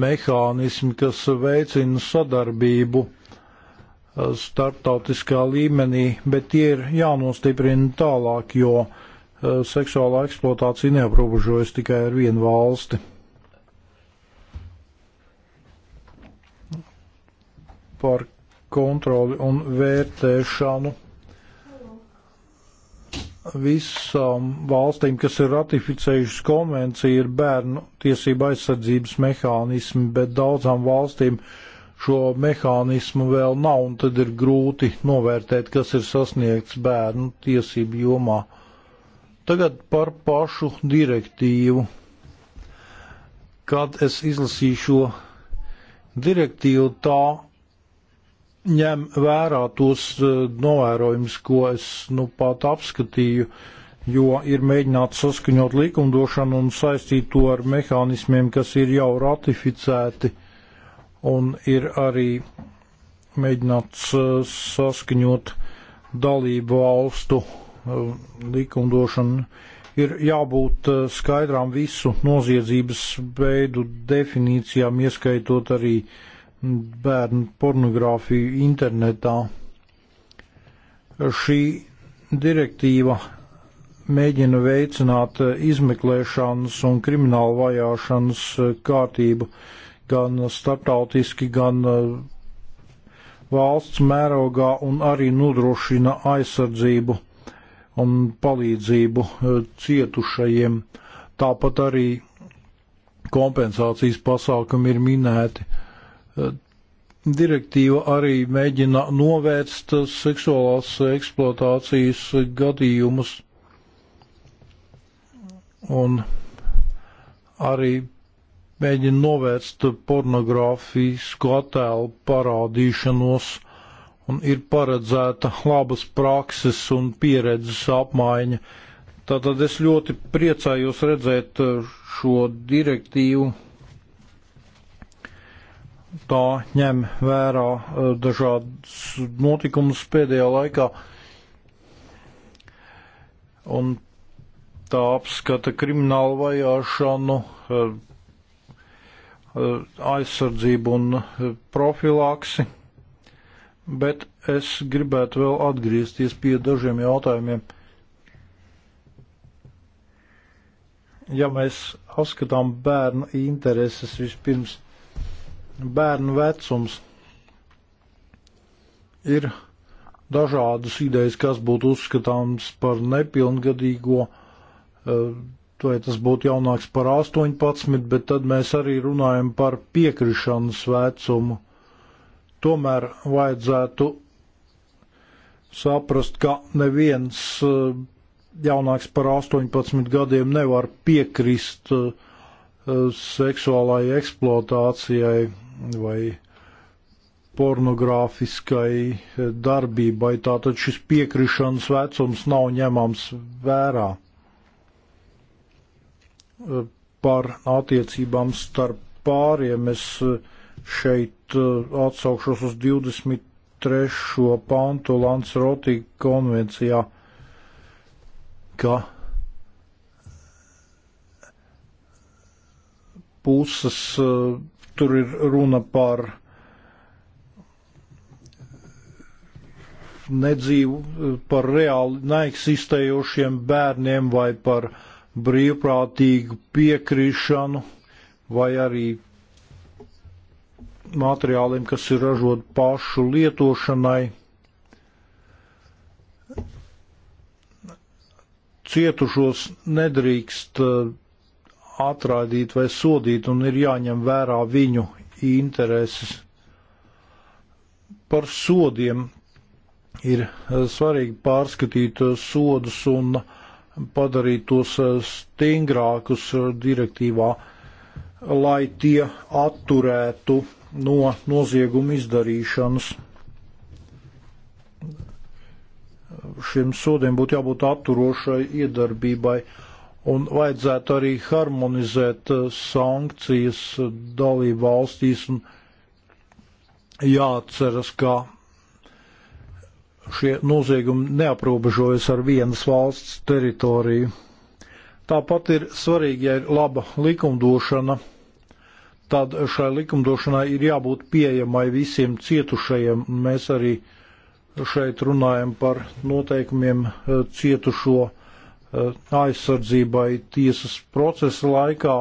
[SPEAKER 4] mehānismi, kas veicina sadarbību uh, starptautiskā līmenī, bet tie ir jānostiprina tālāk, jo uh, seksuālā eksploatācija neaprobežojas tikai ar vienu valsti. Par kontroli un vērtēšanu visām valstīm, kas ir ratificējušas konvenciju, ir bērnu tiesība aizsardzības mehānismi, bet daudzām valstīm šo mehānismu vēl nav, un tad ir grūti novērtēt, kas ir sasniegts bērnu tiesību jomā. Tagad par pašu direktīvu. Kad es izlasīju šo direktīvu, tā ņem vērā tos eh, novērojumus, ko es nu pat apskatīju, jo ir mēģināts saskaņot likumdošanu un saistīt to ar mehānismiem, kas ir jau ratificēti, un ir arī mēģināts eh, saskaņot dalību valstu eh, likumdošanu. Ir jābūt skaidrām visu noziedzības veidu definīcijām, ieskaitot arī uh, bērnu pornogrāfiju internetā. Šī direktīva mēģina veicināt izmeklēšanas un kriminālu vajāšanas kārtību gan starptautiski, gan uh, valsts mērogā un arī nodrošina aizsardzību un palīdzību uh, cietušajiem. Tāpat arī kompensācijas pasākumi ir minēti. Direktīva arī mēģina novērst seksuālās eksploatācijas gadījumus un arī mēģina novērst pornogrāfisku attēlu parādīšanos un ir paredzēta labas prakses un pieredzes apmaiņa. Tātad es ļoti priecājos redzēt šo direktīvu tā ņem vērā e, dažādas notikumus pēdējā laikā un tā apskata kriminālu vajāšanu, e, e, aizsardzību un profilaksi, bet es gribētu vēl atgriezties pie dažiem jautājumiem. Ja mēs apskatām bērnu intereses vispirms, bērnu vecums. Ir dažādas idejas, kas būtu uzskatāms par nepilngadīgo, eh, vai tas būtu jaunāks par 18, bet tad mēs arī runājam par piekrišanas vecumu. Tomēr vajadzētu saprast, ka neviens eh, jaunāks par 18 gadiem nevar piekrist eh, seksuālai eksploatācijai vai pornogrāfiskai darbībai, tātad šis piekrišanas vecums nav ņemams vērā par attiecībām starp pāriem. Es šeit uh, atsaukšos uz 23. pantu Lancerotī konvencijā, ka puses uh, Tur ir runa par nedzīvu, par reāli neeksistējošiem bērniem vai par brīvprātīgu piekrišanu vai arī materiāliem, kas ir ražot pašu lietošanai. Cietušos nedrīkst uh, atraidīt vai sodīt, un ir jāņem vērā viņu intereses. Par sodiem ir eh, svarīgi pārskatīt eh, sodus un padarīt tos eh, stingrākus direktīvā, lai tie atturētu no nozieguma izdarīšanas. Šiem sodiem būtu jābūt atturošai iedarbībai. Uh, un vajadzētu arī harmonizēt eh, sankcijas eh, dalību valstīs un jāatceras, ka šie noziegumi neaprobežojas ar vienas valsts teritoriju. Tāpat ir svarīgi, ja ir laba likumdošana, tad šai likumdošanai ir jābūt pieejamai visiem cietušajiem. Mēs arī šeit runājam par noteikumiem eh, cietušo Uh, aizsardzībai tiesas procesa laikā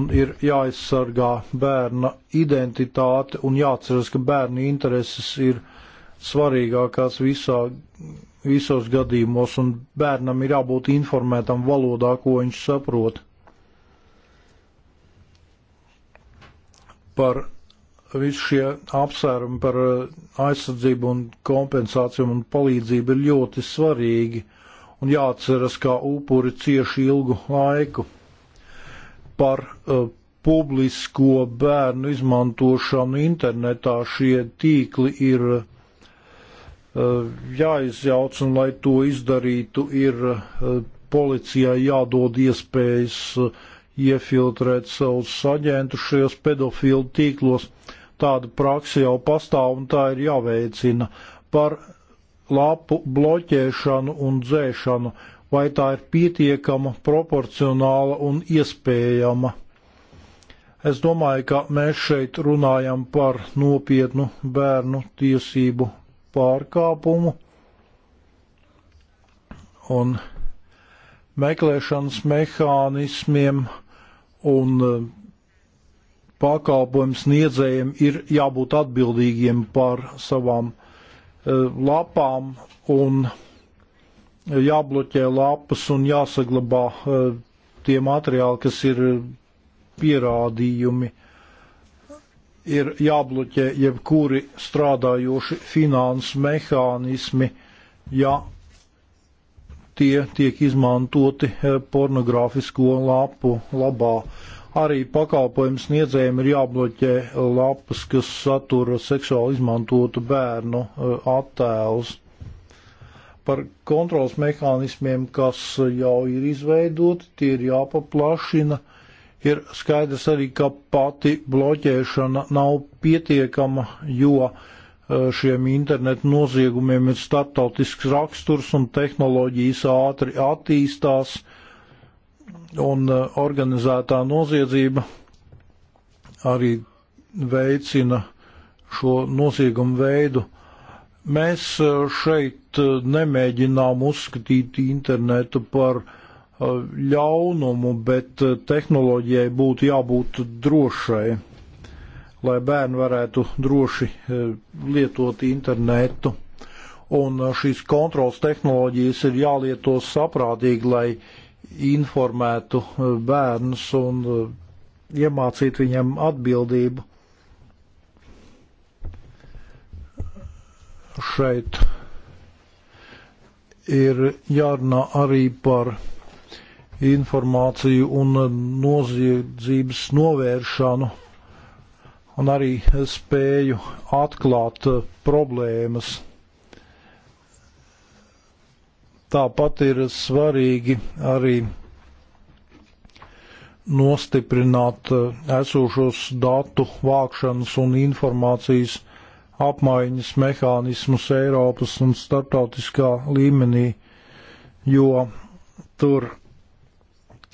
[SPEAKER 4] un ir jāaizsargā bērna identitāte un jāatceras, ka bērna intereses ir svarīgākās visā, visos gadījumos un bērnam ir jābūt informētam valodā, ko viņš saprot. Par visu šie apsvērumi par uh, aizsardzību un kompensāciju un palīdzību ir ļoti svarīgi. Uh, un jāatceras, ka upuri cieši ilgu laiku par uh, publisko bērnu izmantošanu internetā šie tīkli ir uh, jāizjauc, un lai to izdarītu, ir uh, policijai jādod iespējas iefiltrēt savus aģentus šajos pedofilu tīklos. Tāda praksa jau pastāv un tā ir jāveicina. Par lapu bloķēšanu un dzēšanu, vai tā ir pietiekama, proporcionāla un iespējama. Es domāju, ka mēs šeit runājam par nopietnu bērnu tiesību pārkāpumu un meklēšanas mehānismiem un eh, pakalpojumu sniedzējiem ir jābūt atbildīgiem par savām Eh, lapām un jābloķē lapas un jāsaglabā eh, tie materiāli, kas ir pierādījumi. Ir jābloķē jebkuri strādājoši finanses mehānismi, ja tie tiek izmantoti eh, pornogrāfisko lapu labā. Arī pakalpojumu sniedzējiem ir jābloķē lapas, kas satura seksuāli izmantotu bērnu eh, attēlus. Par kontrols mehānismiem, kas jau ir izveidoti, tie ir jāpaplašina. Ir skaidrs arī, ka pati bloķēšana nav pietiekama, jo eh, šiem internetu noziegumiem ir startautisks raksturs un tehnoloģijas ātri attīstās un uh, organizētā noziedzība arī veicina šo noziegumu veidu. Mēs uh, šeit uh, nemēģinām uzskatīt internetu par ļaunumu, bet tehnoloģijai būtu jābūt drošai, lai bērni varētu droši lietot internetu. Un šīs kontrols tehnoloģijas ir jālieto saprātīgi, lai informētu eh, bērnus un eh, iemācītu viņam atbildību. Šeit ir jārunā arī par informāciju un eh, noziedzības novēršanu un arī spēju atklāt problēmas. Tāpat ir svarīgi arī nostiprināt eh, esošos datu vākšanas un informācijas apmaiņas mehānismus Eiropas un starptautiskā līmenī, jo tur,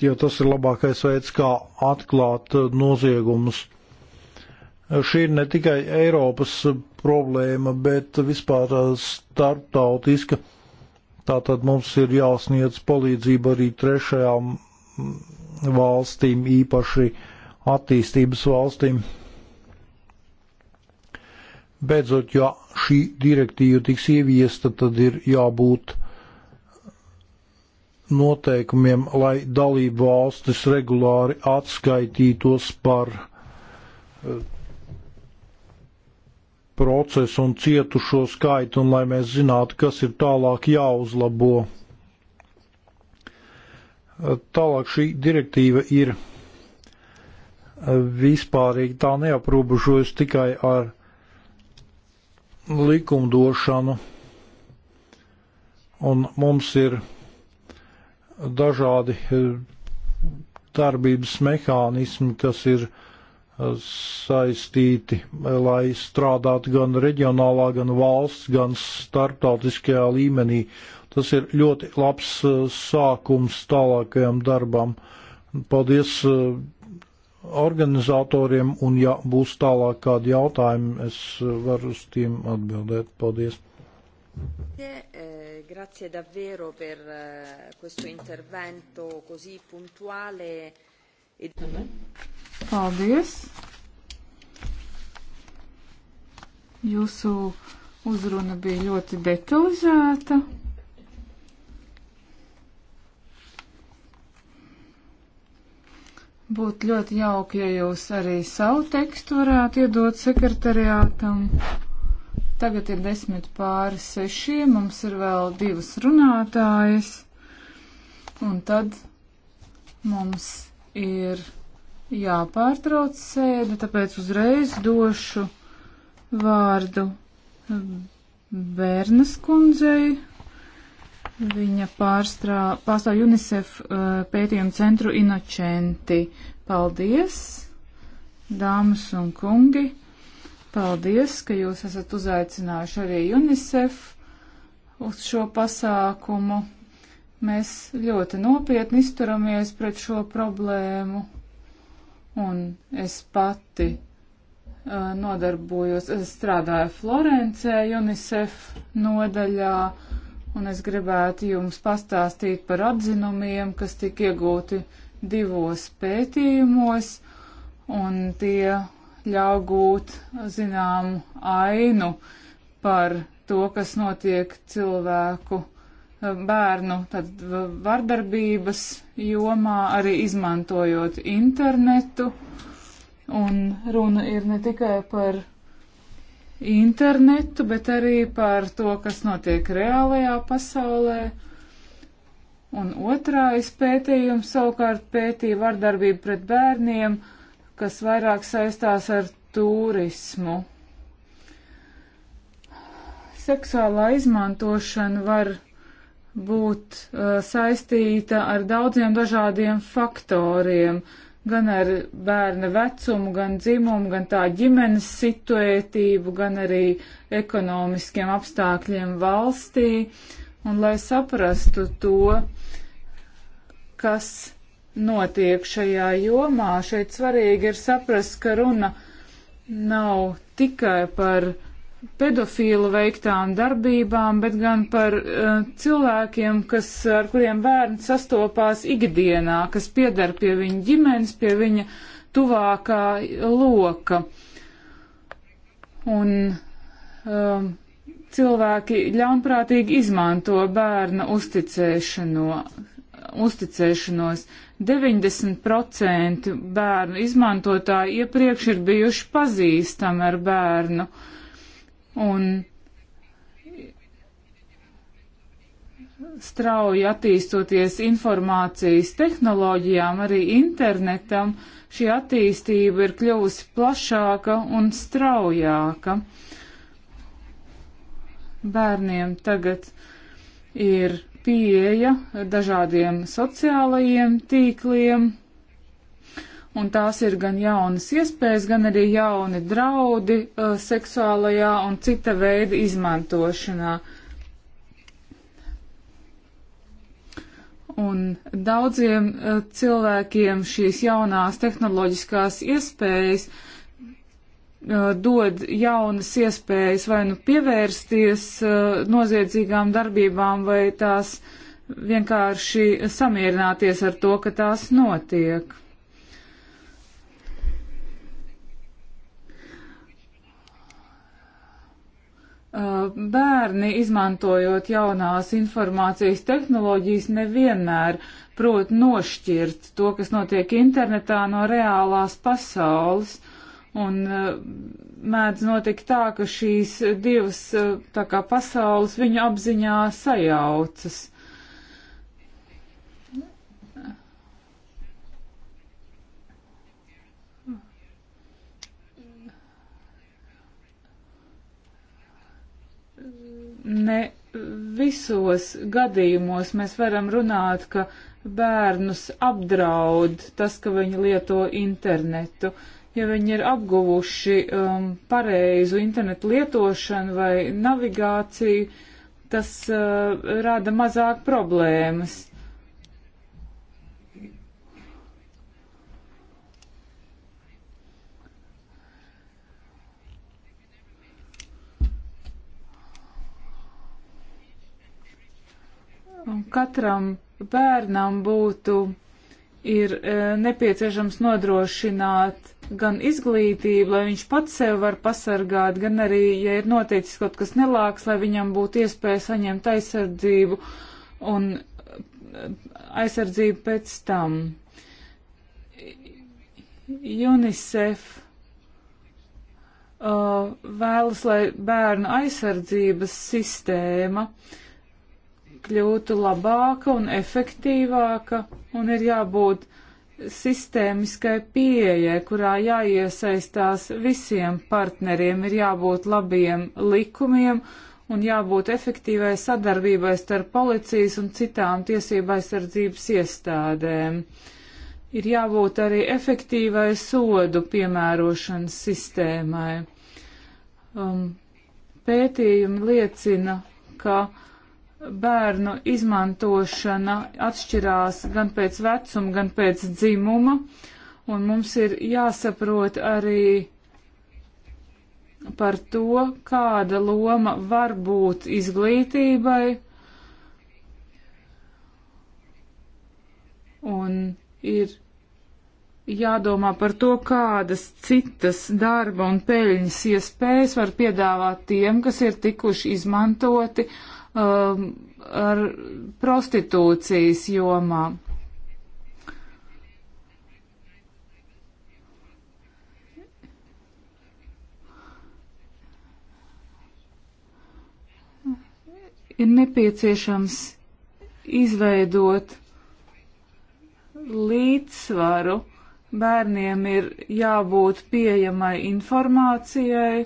[SPEAKER 4] jo tas ir labākais veids, kā atklāt eh, noziegumus. Eh, šī ir ne tikai Eiropas problēma, bet vispār starptautiska problēma Tātad mums ir jāsniedz palīdzība arī trešajām valstīm, īpaši attīstības valstīm. Beidzot, ja šī direktīva tiks ieviesta, tad ir jābūt noteikumiem, lai dalību valstis regulāri atskaitītos par eh, procesu un cietušo skaitu, un lai mēs zinātu, kas ir tālāk jāuzlabo. Tālāk šī direktīva ir vispārīgi tā neaprobežojas tikai ar likumdošanu, un mums ir dažādi eh, darbības mehānismi, kas ir uh, saistīti, lai strādātu gan reģionālā, gan valsts, gan starptautiskajā līmenī. Tas ir ļoti labs uh, sākums tālākajam darbam. Paldies uh, organizatoriem, un ja būs tālāk kādi jautājumi, es uh, varu uz tiem atbildēt. Paldies!
[SPEAKER 1] Eh, eh, grazie davvero per eh, questo intervento così puntuale.
[SPEAKER 3] Paldies! Jūsu uzruna bija ļoti detalizēta. Būtu ļoti jauki, ja jūs arī savu tekstu varētu iedot sekretariātam. Tagad ir desmit pāri seši, mums ir vēl divas runātājas, un tad mums ir jāpārtrauc sēde, tāpēc uzreiz došu vārdu Bērnas kundzei. Viņa pārstrā, pārstāv UNICEF uh, pētījumu centru Inočenti. Paldies, dāmas un kungi! Paldies, ka jūs esat uzaicinājuši arī UNICEF uz šo pasākumu. Mēs ļoti nopietni izturamies pret šo problēmu, un es pati uh, nodarbojos, es strādāju Florencē, UNICEF nodaļā, un es gribētu jums pastāstīt par atzinumiem, kas tika iegūti divos pētījumos, un tie ļauj gūt zināmu ainu par to, kas notiek cilvēku bērnu tad, vardarbības jomā, arī izmantojot internetu. Un runa ir ne tikai par internetu, bet arī par to, kas notiek reālajā pasaulē. Un otrais pētījums savukārt pētīja vardarbību pret bērniem, kas vairāk saistās ar turismu. Seksuālā izmantošana var būt uh, saistīta ar daudziem dažādiem faktoriem, gan ar bērna vecumu, gan dzimumu, gan tā ģimenes situētību, gan arī ekonomiskiem apstākļiem valstī. Un lai saprastu to, kas notiek šajā jomā, šeit svarīgi ir saprast, ka runa nav tikai par uh, pedofīlu veiktām darbībām, bet gan par uh, cilvēkiem, kas, ar kuriem bērni sastopās ikdienā, kas piedara pie viņa ģimenes, pie viņa tuvākā loka. Un um, cilvēki ļaunprātīgi izmanto bērna uzticēšano, uzticēšanos. 90% bērnu izmantotāji iepriekš ir bijuši pazīstami ar bērnu. Uh, un strauji attīstoties informācijas tehnoloģijām, arī internetam, šī attīstība ir kļuvusi plašāka un straujāka. Bērniem tagad ir pieeja dažādiem sociālajiem tīkliem un tās ir gan jaunas iespējas, gan arī jauni draudi uh, seksuālajā un cita veida izmantošanā. Un daudziem uh, cilvēkiem šīs jaunās tehnoloģiskās iespējas uh, dod jaunas iespējas vai nu pievērsties uh, noziedzīgām darbībām vai tās vienkārši samierināties ar to, ka tās notiek. bērni, izmantojot jaunās informācijas tehnoloģijas, nevienmēr prot nošķirt to, kas notiek internetā no reālās pasaules. Un mēdz notikt tā, ka šīs divas tā kā pasaules viņu apziņā sajaucas. ne visos gadījumos mēs varam runāt, ka bērnus apdraud tas, ka viņi lieto internetu. Ja viņi ir apguvuši um, pareizu internetu lietošanu vai navigāciju, tas uh, rada mazāk problēmas. katram bērnam būtu ir e, nepieciešams nodrošināt gan izglītību, lai viņš pats sev var pasargāt, gan arī, ja ir noticis kaut kas nelāks, lai viņam būtu iespēja saņemt aizsardzību un e, aizsardzību pēc tam. UNICEF uh, vēlas, lai bērnu aizsardzības sistēma uh, kļūtu labāka un efektīvāka, un ir jābūt sistēmiskai pieejai, kurā jāiesaistās visiem partneriem, ir jābūt labiem likumiem un jābūt efektīvai sadarbībai starp policijas un citām tiesībaizsardzības iestādēm. Ir jābūt arī efektīvai sodu piemērošanas sistēmai. Um, pētījumi liecina, ka uh, bērnu izmantošana atšķirās gan pēc vecuma, gan pēc dzimuma, un mums ir jāsaprot arī par to, kāda loma var būt izglītībai un ir jādomā par to, kādas citas darba un peļņas iespējas var piedāvāt tiem, kas ir tikuši izmantoti uh, um, ar prostitūcijas jomā. Ir nepieciešams izveidot līdzsvaru. Bērniem ir jābūt pieejamai informācijai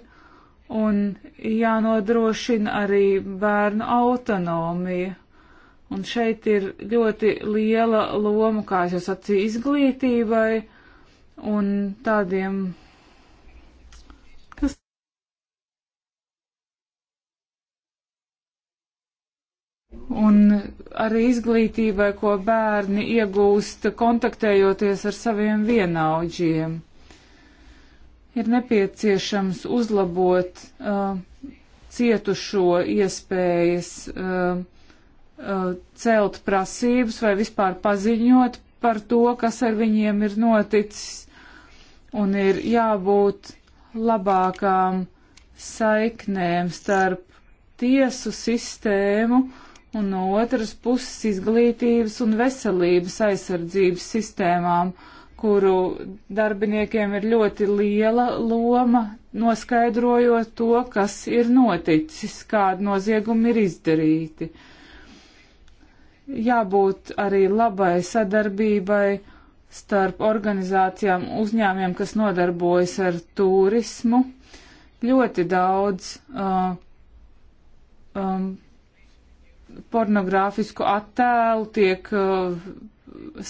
[SPEAKER 3] un jānodrošina arī bērnu autonomija. Un šeit ir ļoti liela loma, kā es jau sacīju, izglītībai un tādiem un arī izglītībai, ko bērni iegūst kontaktējoties ar saviem vienaudžiem ir nepieciešams uzlabot uh, cietušo iespējas uh, uh, celt prasības vai vispār paziņot par to, kas ar viņiem ir noticis, un ir jābūt labākām saiknēm starp tiesu sistēmu un no otras puses izglītības un veselības aizsardzības sistēmām. Uh, kuru darbiniekiem ir ļoti liela loma, noskaidrojot to, kas ir noticis, kādi noziegumi ir izdarīti. Jābūt arī labai sadarbībai starp organizācijām, uzņēmiem, kas nodarbojas ar turismu. Ļoti daudz uh, um, pornogrāfisku attēlu tiek uh,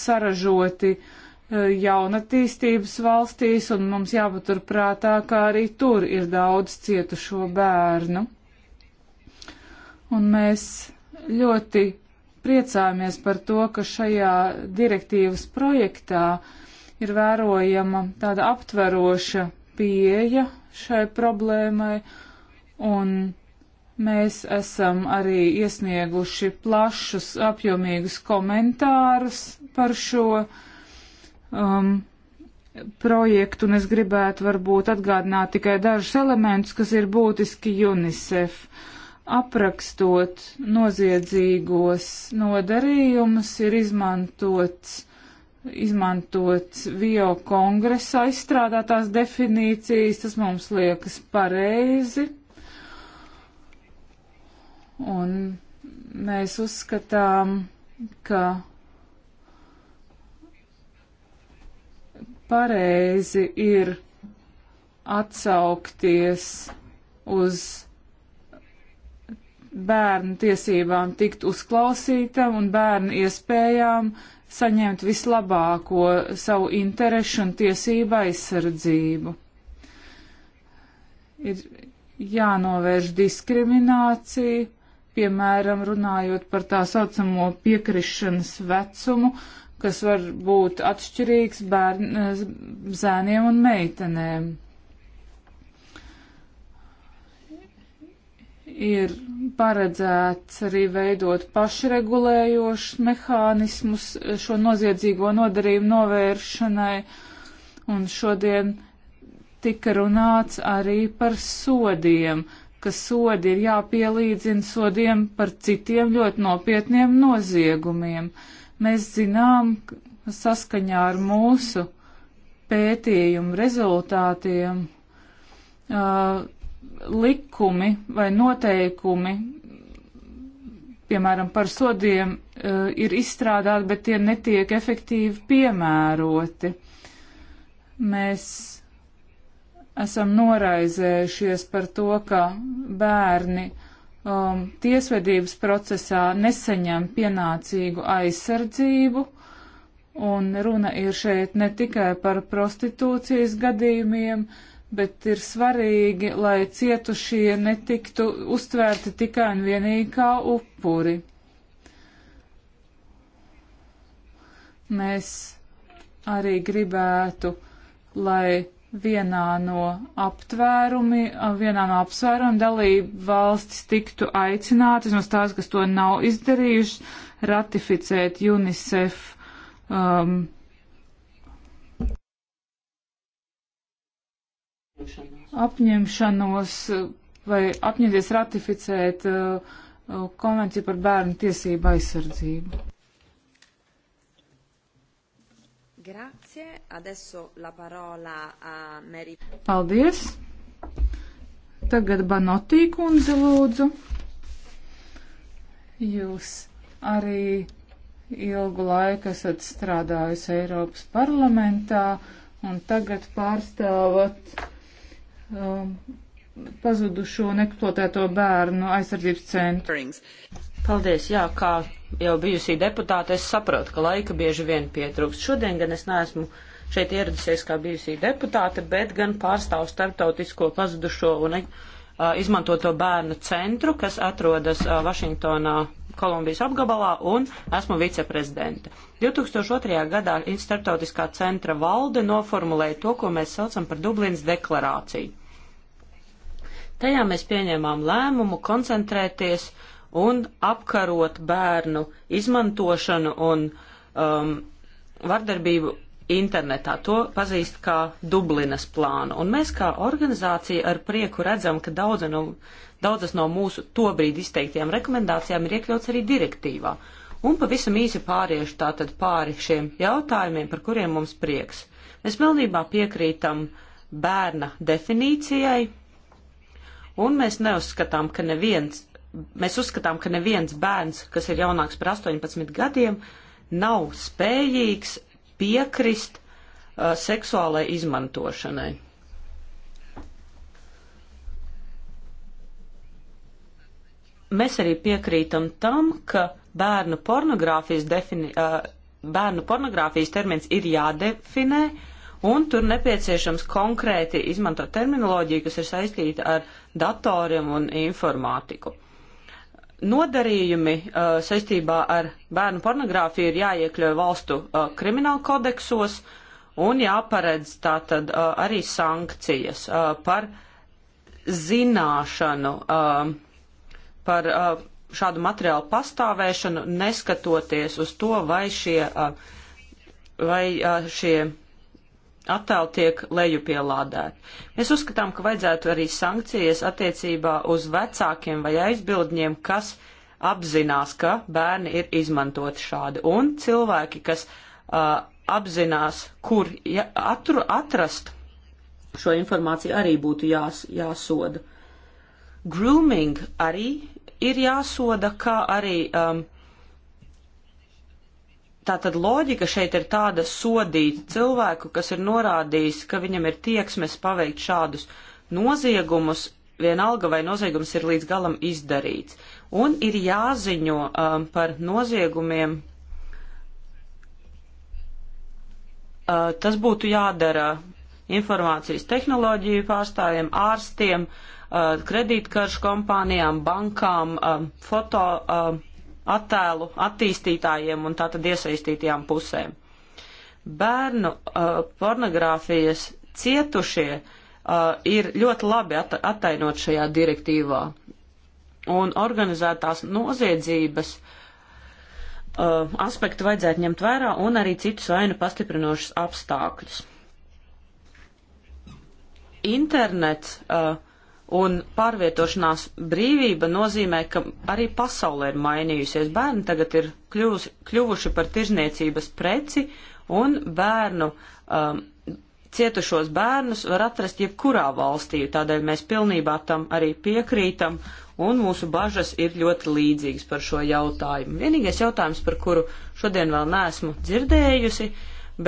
[SPEAKER 3] saražoti uh, jaunatīstības valstīs, un mums jāpaturprātā, ka arī tur ir daudz cietušo bērnu. Un mēs ļoti priecājamies par to, ka šajā direktīvas projektā ir vērojama tāda aptveroša pieeja šai problēmai, un mēs esam arī iesnieguši plašus, apjomīgus komentārus par šo uh, um, projektu, un es gribētu varbūt atgādināt tikai dažus elementus, kas ir būtiski UNICEF. Aprakstot noziedzīgos nodarījumus ir izmantots izmantot VIO kongresā izstrādātās definīcijas, tas mums liekas pareizi. Un mēs uzskatām, ka pareizi ir atsaukties uz bērnu tiesībām tikt uzklausītam un bērnu iespējām saņemt vislabāko savu interešu un tiesību aizsardzību. Ir jānovērš diskriminācija, piemēram, runājot par tā saucamo piekrišanas vecumu, kas var būt atšķirīgs bērn, eh, zēniem un meitenēm. Ir paredzēts arī veidot pašregulējošus mehānismus šo noziedzīgo nodarījumu novēršanai, un šodien tika runāts arī par sodiem, ka sodi ir jāpielīdzina sodiem par citiem ļoti nopietniem noziegumiem. Uh, Mēs zinām, ka saskaņā ar mūsu pētījumu rezultātiem uh, likumi vai noteikumi, piemēram, par sodiem uh, ir izstrādāti, bet tie netiek efektīvi piemēroti. Mēs esam noraizējušies par to, ka bērni uh, um, tiesvedības procesā neseņem pienācīgu aizsardzību, un runa ir šeit ne tikai par prostitūcijas gadījumiem, bet ir svarīgi, lai cietušie netiktu uztvērti tikai un vienīgi kā upuri. Mēs arī gribētu, lai vienā no aptvērumi, vienā no apsvērumu dalību valstis tiktu aicinātas, vismaz tās, kas to nav izdarījušas, ratificēt UNICEF. Um, apņemšanos uh, vai apņemties ratificēt uh, uh, konvenciju par bērnu tiesību aizsardzību.
[SPEAKER 1] Gra Grazie. Adesso la parola a
[SPEAKER 3] Mary. Paldies. Tagad Banotī kundze lūdzu. Jūs arī ilgu laiku esat strādājusi Eiropas parlamentā un tagad pārstāvat um, pazudušo un eksploatēto bērnu
[SPEAKER 2] aizsardzības centru. Paldies, jā, kā jau bijusī deputāte, es saprotu, ka laika bieži vien pietrūkst. Šodien gan es neesmu šeit ieradusies kā bijusī deputāte, bet gan pārstāvu starptautisko pazudušo un uh, izmantoto bērnu centru, kas atrodas uh, Vašingtonā, Kolumbijas apgabalā, un esmu viceprezidente. 2002. gadā starptautiskā centra valde noformulēja to, ko mēs saucam par Dublinas deklarāciju Tajā mēs pieņēmām lēmumu koncentrēties un apkarot bērnu izmantošanu un um, vardarbību internetā. To pazīst kā Dublinas plānu. Un mēs kā organizācija ar prieku redzam, ka daudz no, daudzas no mūsu tobrīd izteiktajām rekomendācijām ir iekļauts arī direktīvā. Un pavisam īsi pāriešu tātad pāri šiem jautājumiem, par kuriem mums prieks. Mēs pilnībā piekrītam bērna definīcijai, Un mēs neuzskatām, ka neviens, mēs uzskatām, ka neviens bērns, kas ir jaunāks par 18 gadiem, nav spējīgs piekrist uh, seksuālai izmantošanai. Mēs arī piekrītam tam, ka bērnu pornogrāfijas, defini, uh, bērnu pornogrāfijas termins ir jādefinē, uh, un tur nepieciešams konkrēti izmantot terminoloģiju, kas ir saistīta ar datoriem un informātiku. Nodarījumi uh, saistībā ar bērnu pornogrāfiju ir jāiekļauj valstu uh, krimināla kodeksos un jāparedz tātad uh, arī sankcijas uh, par zināšanu, uh, par uh, šādu materiālu pastāvēšanu, neskatoties uz to, vai šie, uh, vai uh, šie attēli tiek lejupielādēti. Mēs uzskatām, ka vajadzētu arī sankcijas attiecībā uz vecākiem vai aizbildņiem, kas apzinās, ka bērni ir izmantoti šādi, un cilvēki, kas uh, apzinās, kur ja, atru, atrast šo informāciju, arī būtu jās, jāsoda. Grooming arī ir jāsoda, kā arī um, Tātad loģika šeit ir tāda sodīt cilvēku, kas ir norādījis, ka viņam ir tieksmes paveikt šādus noziegumus, vienalga vai noziegums ir līdz galam izdarīts. Un ir jāziņo um, par noziegumiem. Uh, tas būtu jādara informācijas tehnoloģiju pārstāvjiem, ārstiem, uh, kredītkaršu kompānijām, bankām, um, foto. Uh, attēlu attīstītājiem un tātad iesaistītajām pusēm. Bērnu uh, pornogrāfijas cietušie uh, ir ļoti labi at attainot šajā direktīvā. Un organizētās noziedzības uh, aspektu vajadzētu ņemt vērā un arī citus vainu pastiprinošus apstākļus. Internets uh, Un pārvietošanās brīvība nozīmē, ka arī pasaule ir mainījusies. Bērni tagad ir kļuvusi, kļuvuši par tirzniecības preci, un bērnu, um, cietušos bērnus var atrast jebkurā valstī. Tādēļ mēs pilnībā tam arī piekrītam, un mūsu bažas ir ļoti līdzīgas par šo jautājumu. Vienīgais jautājums, par kuru šodien vēl neesmu dzirdējusi,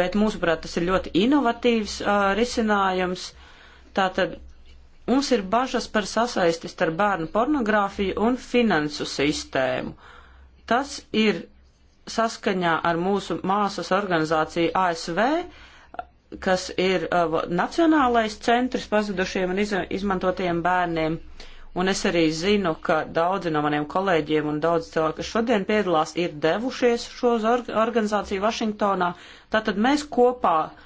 [SPEAKER 2] bet mūsuprāt tas ir ļoti inovatīvs uh, risinājums. Tātad Mums ir bažas par sasaisti starp bērnu pornogrāfiju un finansu sistēmu. Tas ir saskaņā ar mūsu māsas organizāciju ASV, kas ir uh, Nacionālais centrs pazudušiem un iz, izmantotajiem bērniem. Un es arī zinu, ka daudzi no maniem kolēģiem un daudz cilvēku, kas šodien piedalās, ir devušies šo organizāciju Vašingtonā. Tātad mēs kopā uh,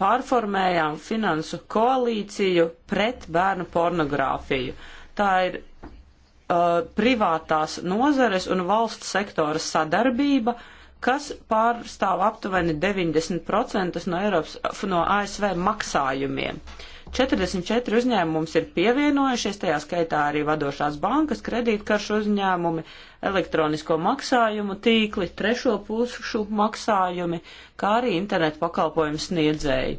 [SPEAKER 2] pārformējām finansu koalīciju pret bērnu pornogrāfiju. Tā ir uh, privātās nozares un valsts sektora sadarbība, kas pārstāv aptuveni 90% no, Eiropas, no ASV maksājumiem. Uh, 44 uzņēmums ir pievienojušies, tajā skaitā arī vadošās bankas, kredītkaršu uzņēmumi, elektronisko maksājumu tīkli, trešo pušu maksājumi, kā arī internetu pakalpojumu sniedzēji.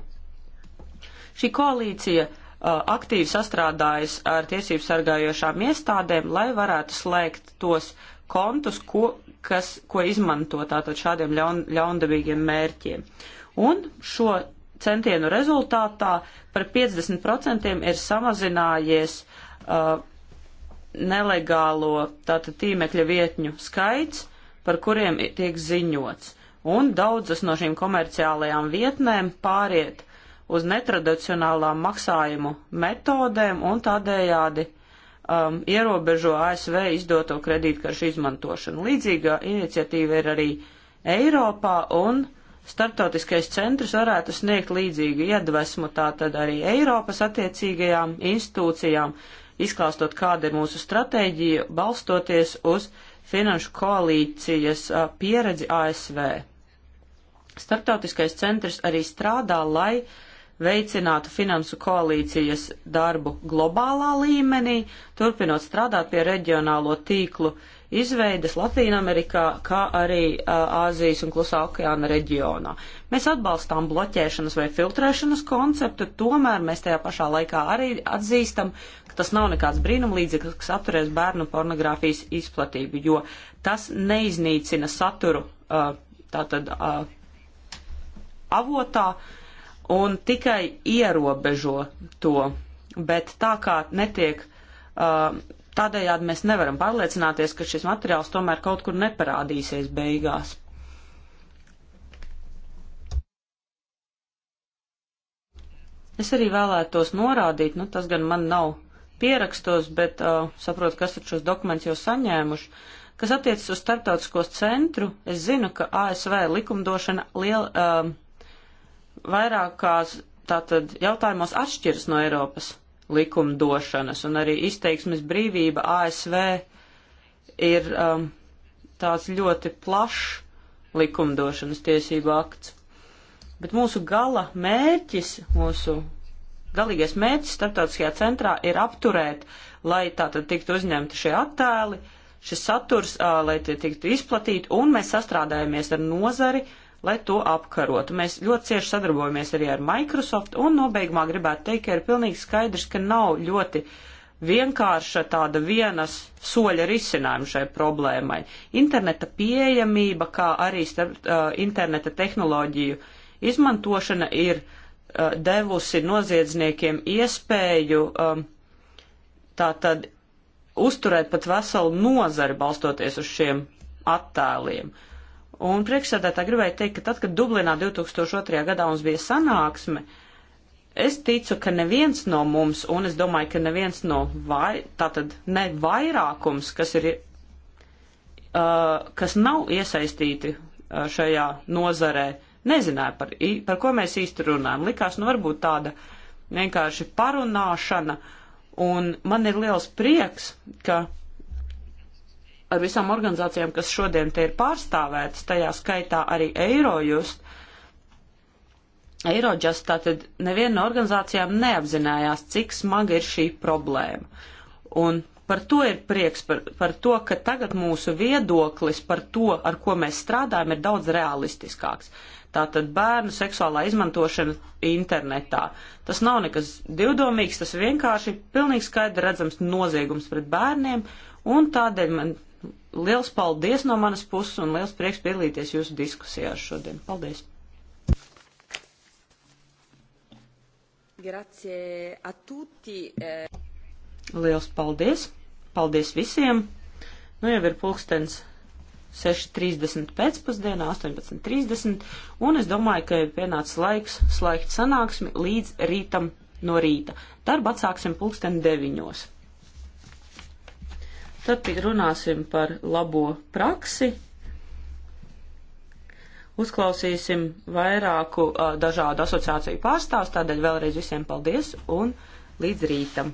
[SPEAKER 2] Šī koalīcija uh, aktīvi sastrādājas ar tiesību sargājošām iestādēm, lai varētu slēgt tos kontus, ko, kas, ko izmanto tātad šādiem ļaun, ļaundabīgiem mērķiem. Un šo centienu rezultātā par 50% ir samazinājies uh, nelegālo tātad tīmekļa vietņu skaits, par kuriem tiek ziņots. Un daudzas no šīm komerciālajām vietnēm pāriet uz netradicionālām maksājumu metodēm un tādējādi um, ierobežo ASV izdoto kredītkaršu izmantošanu. Līdzīga iniciatīva ir arī Eiropā un starptautiskais centrs varētu sniegt līdzīgu iedvesmu tātad arī Eiropas attiecīgajām institūcijām, izklāstot, kāda ir mūsu stratēģija, balstoties uz finanšu koalīcijas pieredzi ASV. Starptautiskais centrs arī strādā, lai veicinātu finansu koalīcijas darbu globālā līmenī, turpinot strādāt pie reģionālo tīklu uh, izveides Latīnamerikā, kā arī Āzijas un Klusā okeāna reģionā. Mēs atbalstām bloķēšanas vai filtrēšanas konceptu, tomēr mēs tajā pašā laikā arī atzīstam, ka tas nav nekāds brīnumlīdzeklis, kas apturēs bērnu pornogrāfijas izplatību, jo tas neiznīcina saturu tātad avotā un tikai ierobežo to. Bet tā kā netiek uh, Tādējādi mēs nevaram pārliecināties, ka šis materiāls tomēr kaut kur neparādīsies beigās. Es arī vēlētos norādīt, nu tas gan man nav pierakstos, bet uh, saprotu, kas ir šos dokumentus jau saņēmuši. Kas attiecas uz starptautiskos centru, es zinu, ka ASV likumdošana liel, uh, vairākās tātad jautājumos atšķiras no Eiropas likumdošanas, un arī izteiksmes brīvība ASV ir um, tāds ļoti plašs likumdošanas tiesība akts. Bet mūsu gala mērķis, mūsu galīgais mērķis starptautiskajā centrā ir apturēt, lai tātad tiktu uzņemti šie attēli, šis saturs, uh, lai tie tiktu izplatīti, un mēs sastrādājamies ar nozari, uh, lai to apkarotu. Mēs ļoti cieši sadarbojamies arī ar Microsoft, un nobeigumā gribētu teikt, ka ir pilnīgi skaidrs, ka nav ļoti vienkārša tāda vienas soļa risinājuma šai problēmai. Interneta pieejamība, kā arī starp, uh, interneta tehnoloģiju izmantošana ir uh, devusi noziedzniekiem iespēju um, tātad uzturēt pat veselu nozari balstoties uz šiem attēliem. Uh, Un priekšsēdētāji gribēja teikt, ka tad, kad Dublinā 2002. gadā mums bija sanāksme, es ticu, ka neviens no mums, un es domāju, ka neviens no vai, tātad ne vairākums, kas ir, uh, kas nav iesaistīti uh, šajā nozarē, nezināja, par, par ko mēs īsti runājam. Likās, nu varbūt tāda vienkārši parunāšana, un man ir liels prieks, ka ar visām organizācijām, kas šodien te ir pārstāvētas, tajā skaitā arī Eirojust, Eirožas tātad neviena no organizācijām neapzinājās, cik smaga ir šī problēma. Un par to ir prieks, par, par to, ka tagad mūsu viedoklis par to, ar ko mēs strādājam, ir daudz realistiskāks. Tātad bērnu seksuālā izmantošana internetā. Tas nav nekas divdomīgs, tas vienkārši pilnīgi skaidri redzams noziegums pret bērniem, un tādēļ man Liels paldies no manas puses un liels prieks piedalīties jūsu diskusijās šodien. Paldies!
[SPEAKER 1] Grazie a tutti. Eh.
[SPEAKER 2] Liels paldies! Paldies visiem! Nu jau ir pulkstens 6.30 pēcpusdienā, 18.30, un es domāju, ka ir pienācis laiks slēgt sanāksmi līdz rītam no rīta. Darbu atsāksim pulksten 9. Tad runāsim par labo praksi. Uzklausīsim vairāku uh, dažādu asociāciju pārstāvus, tādēļ vēlreiz visiem paldies un līdz rītam!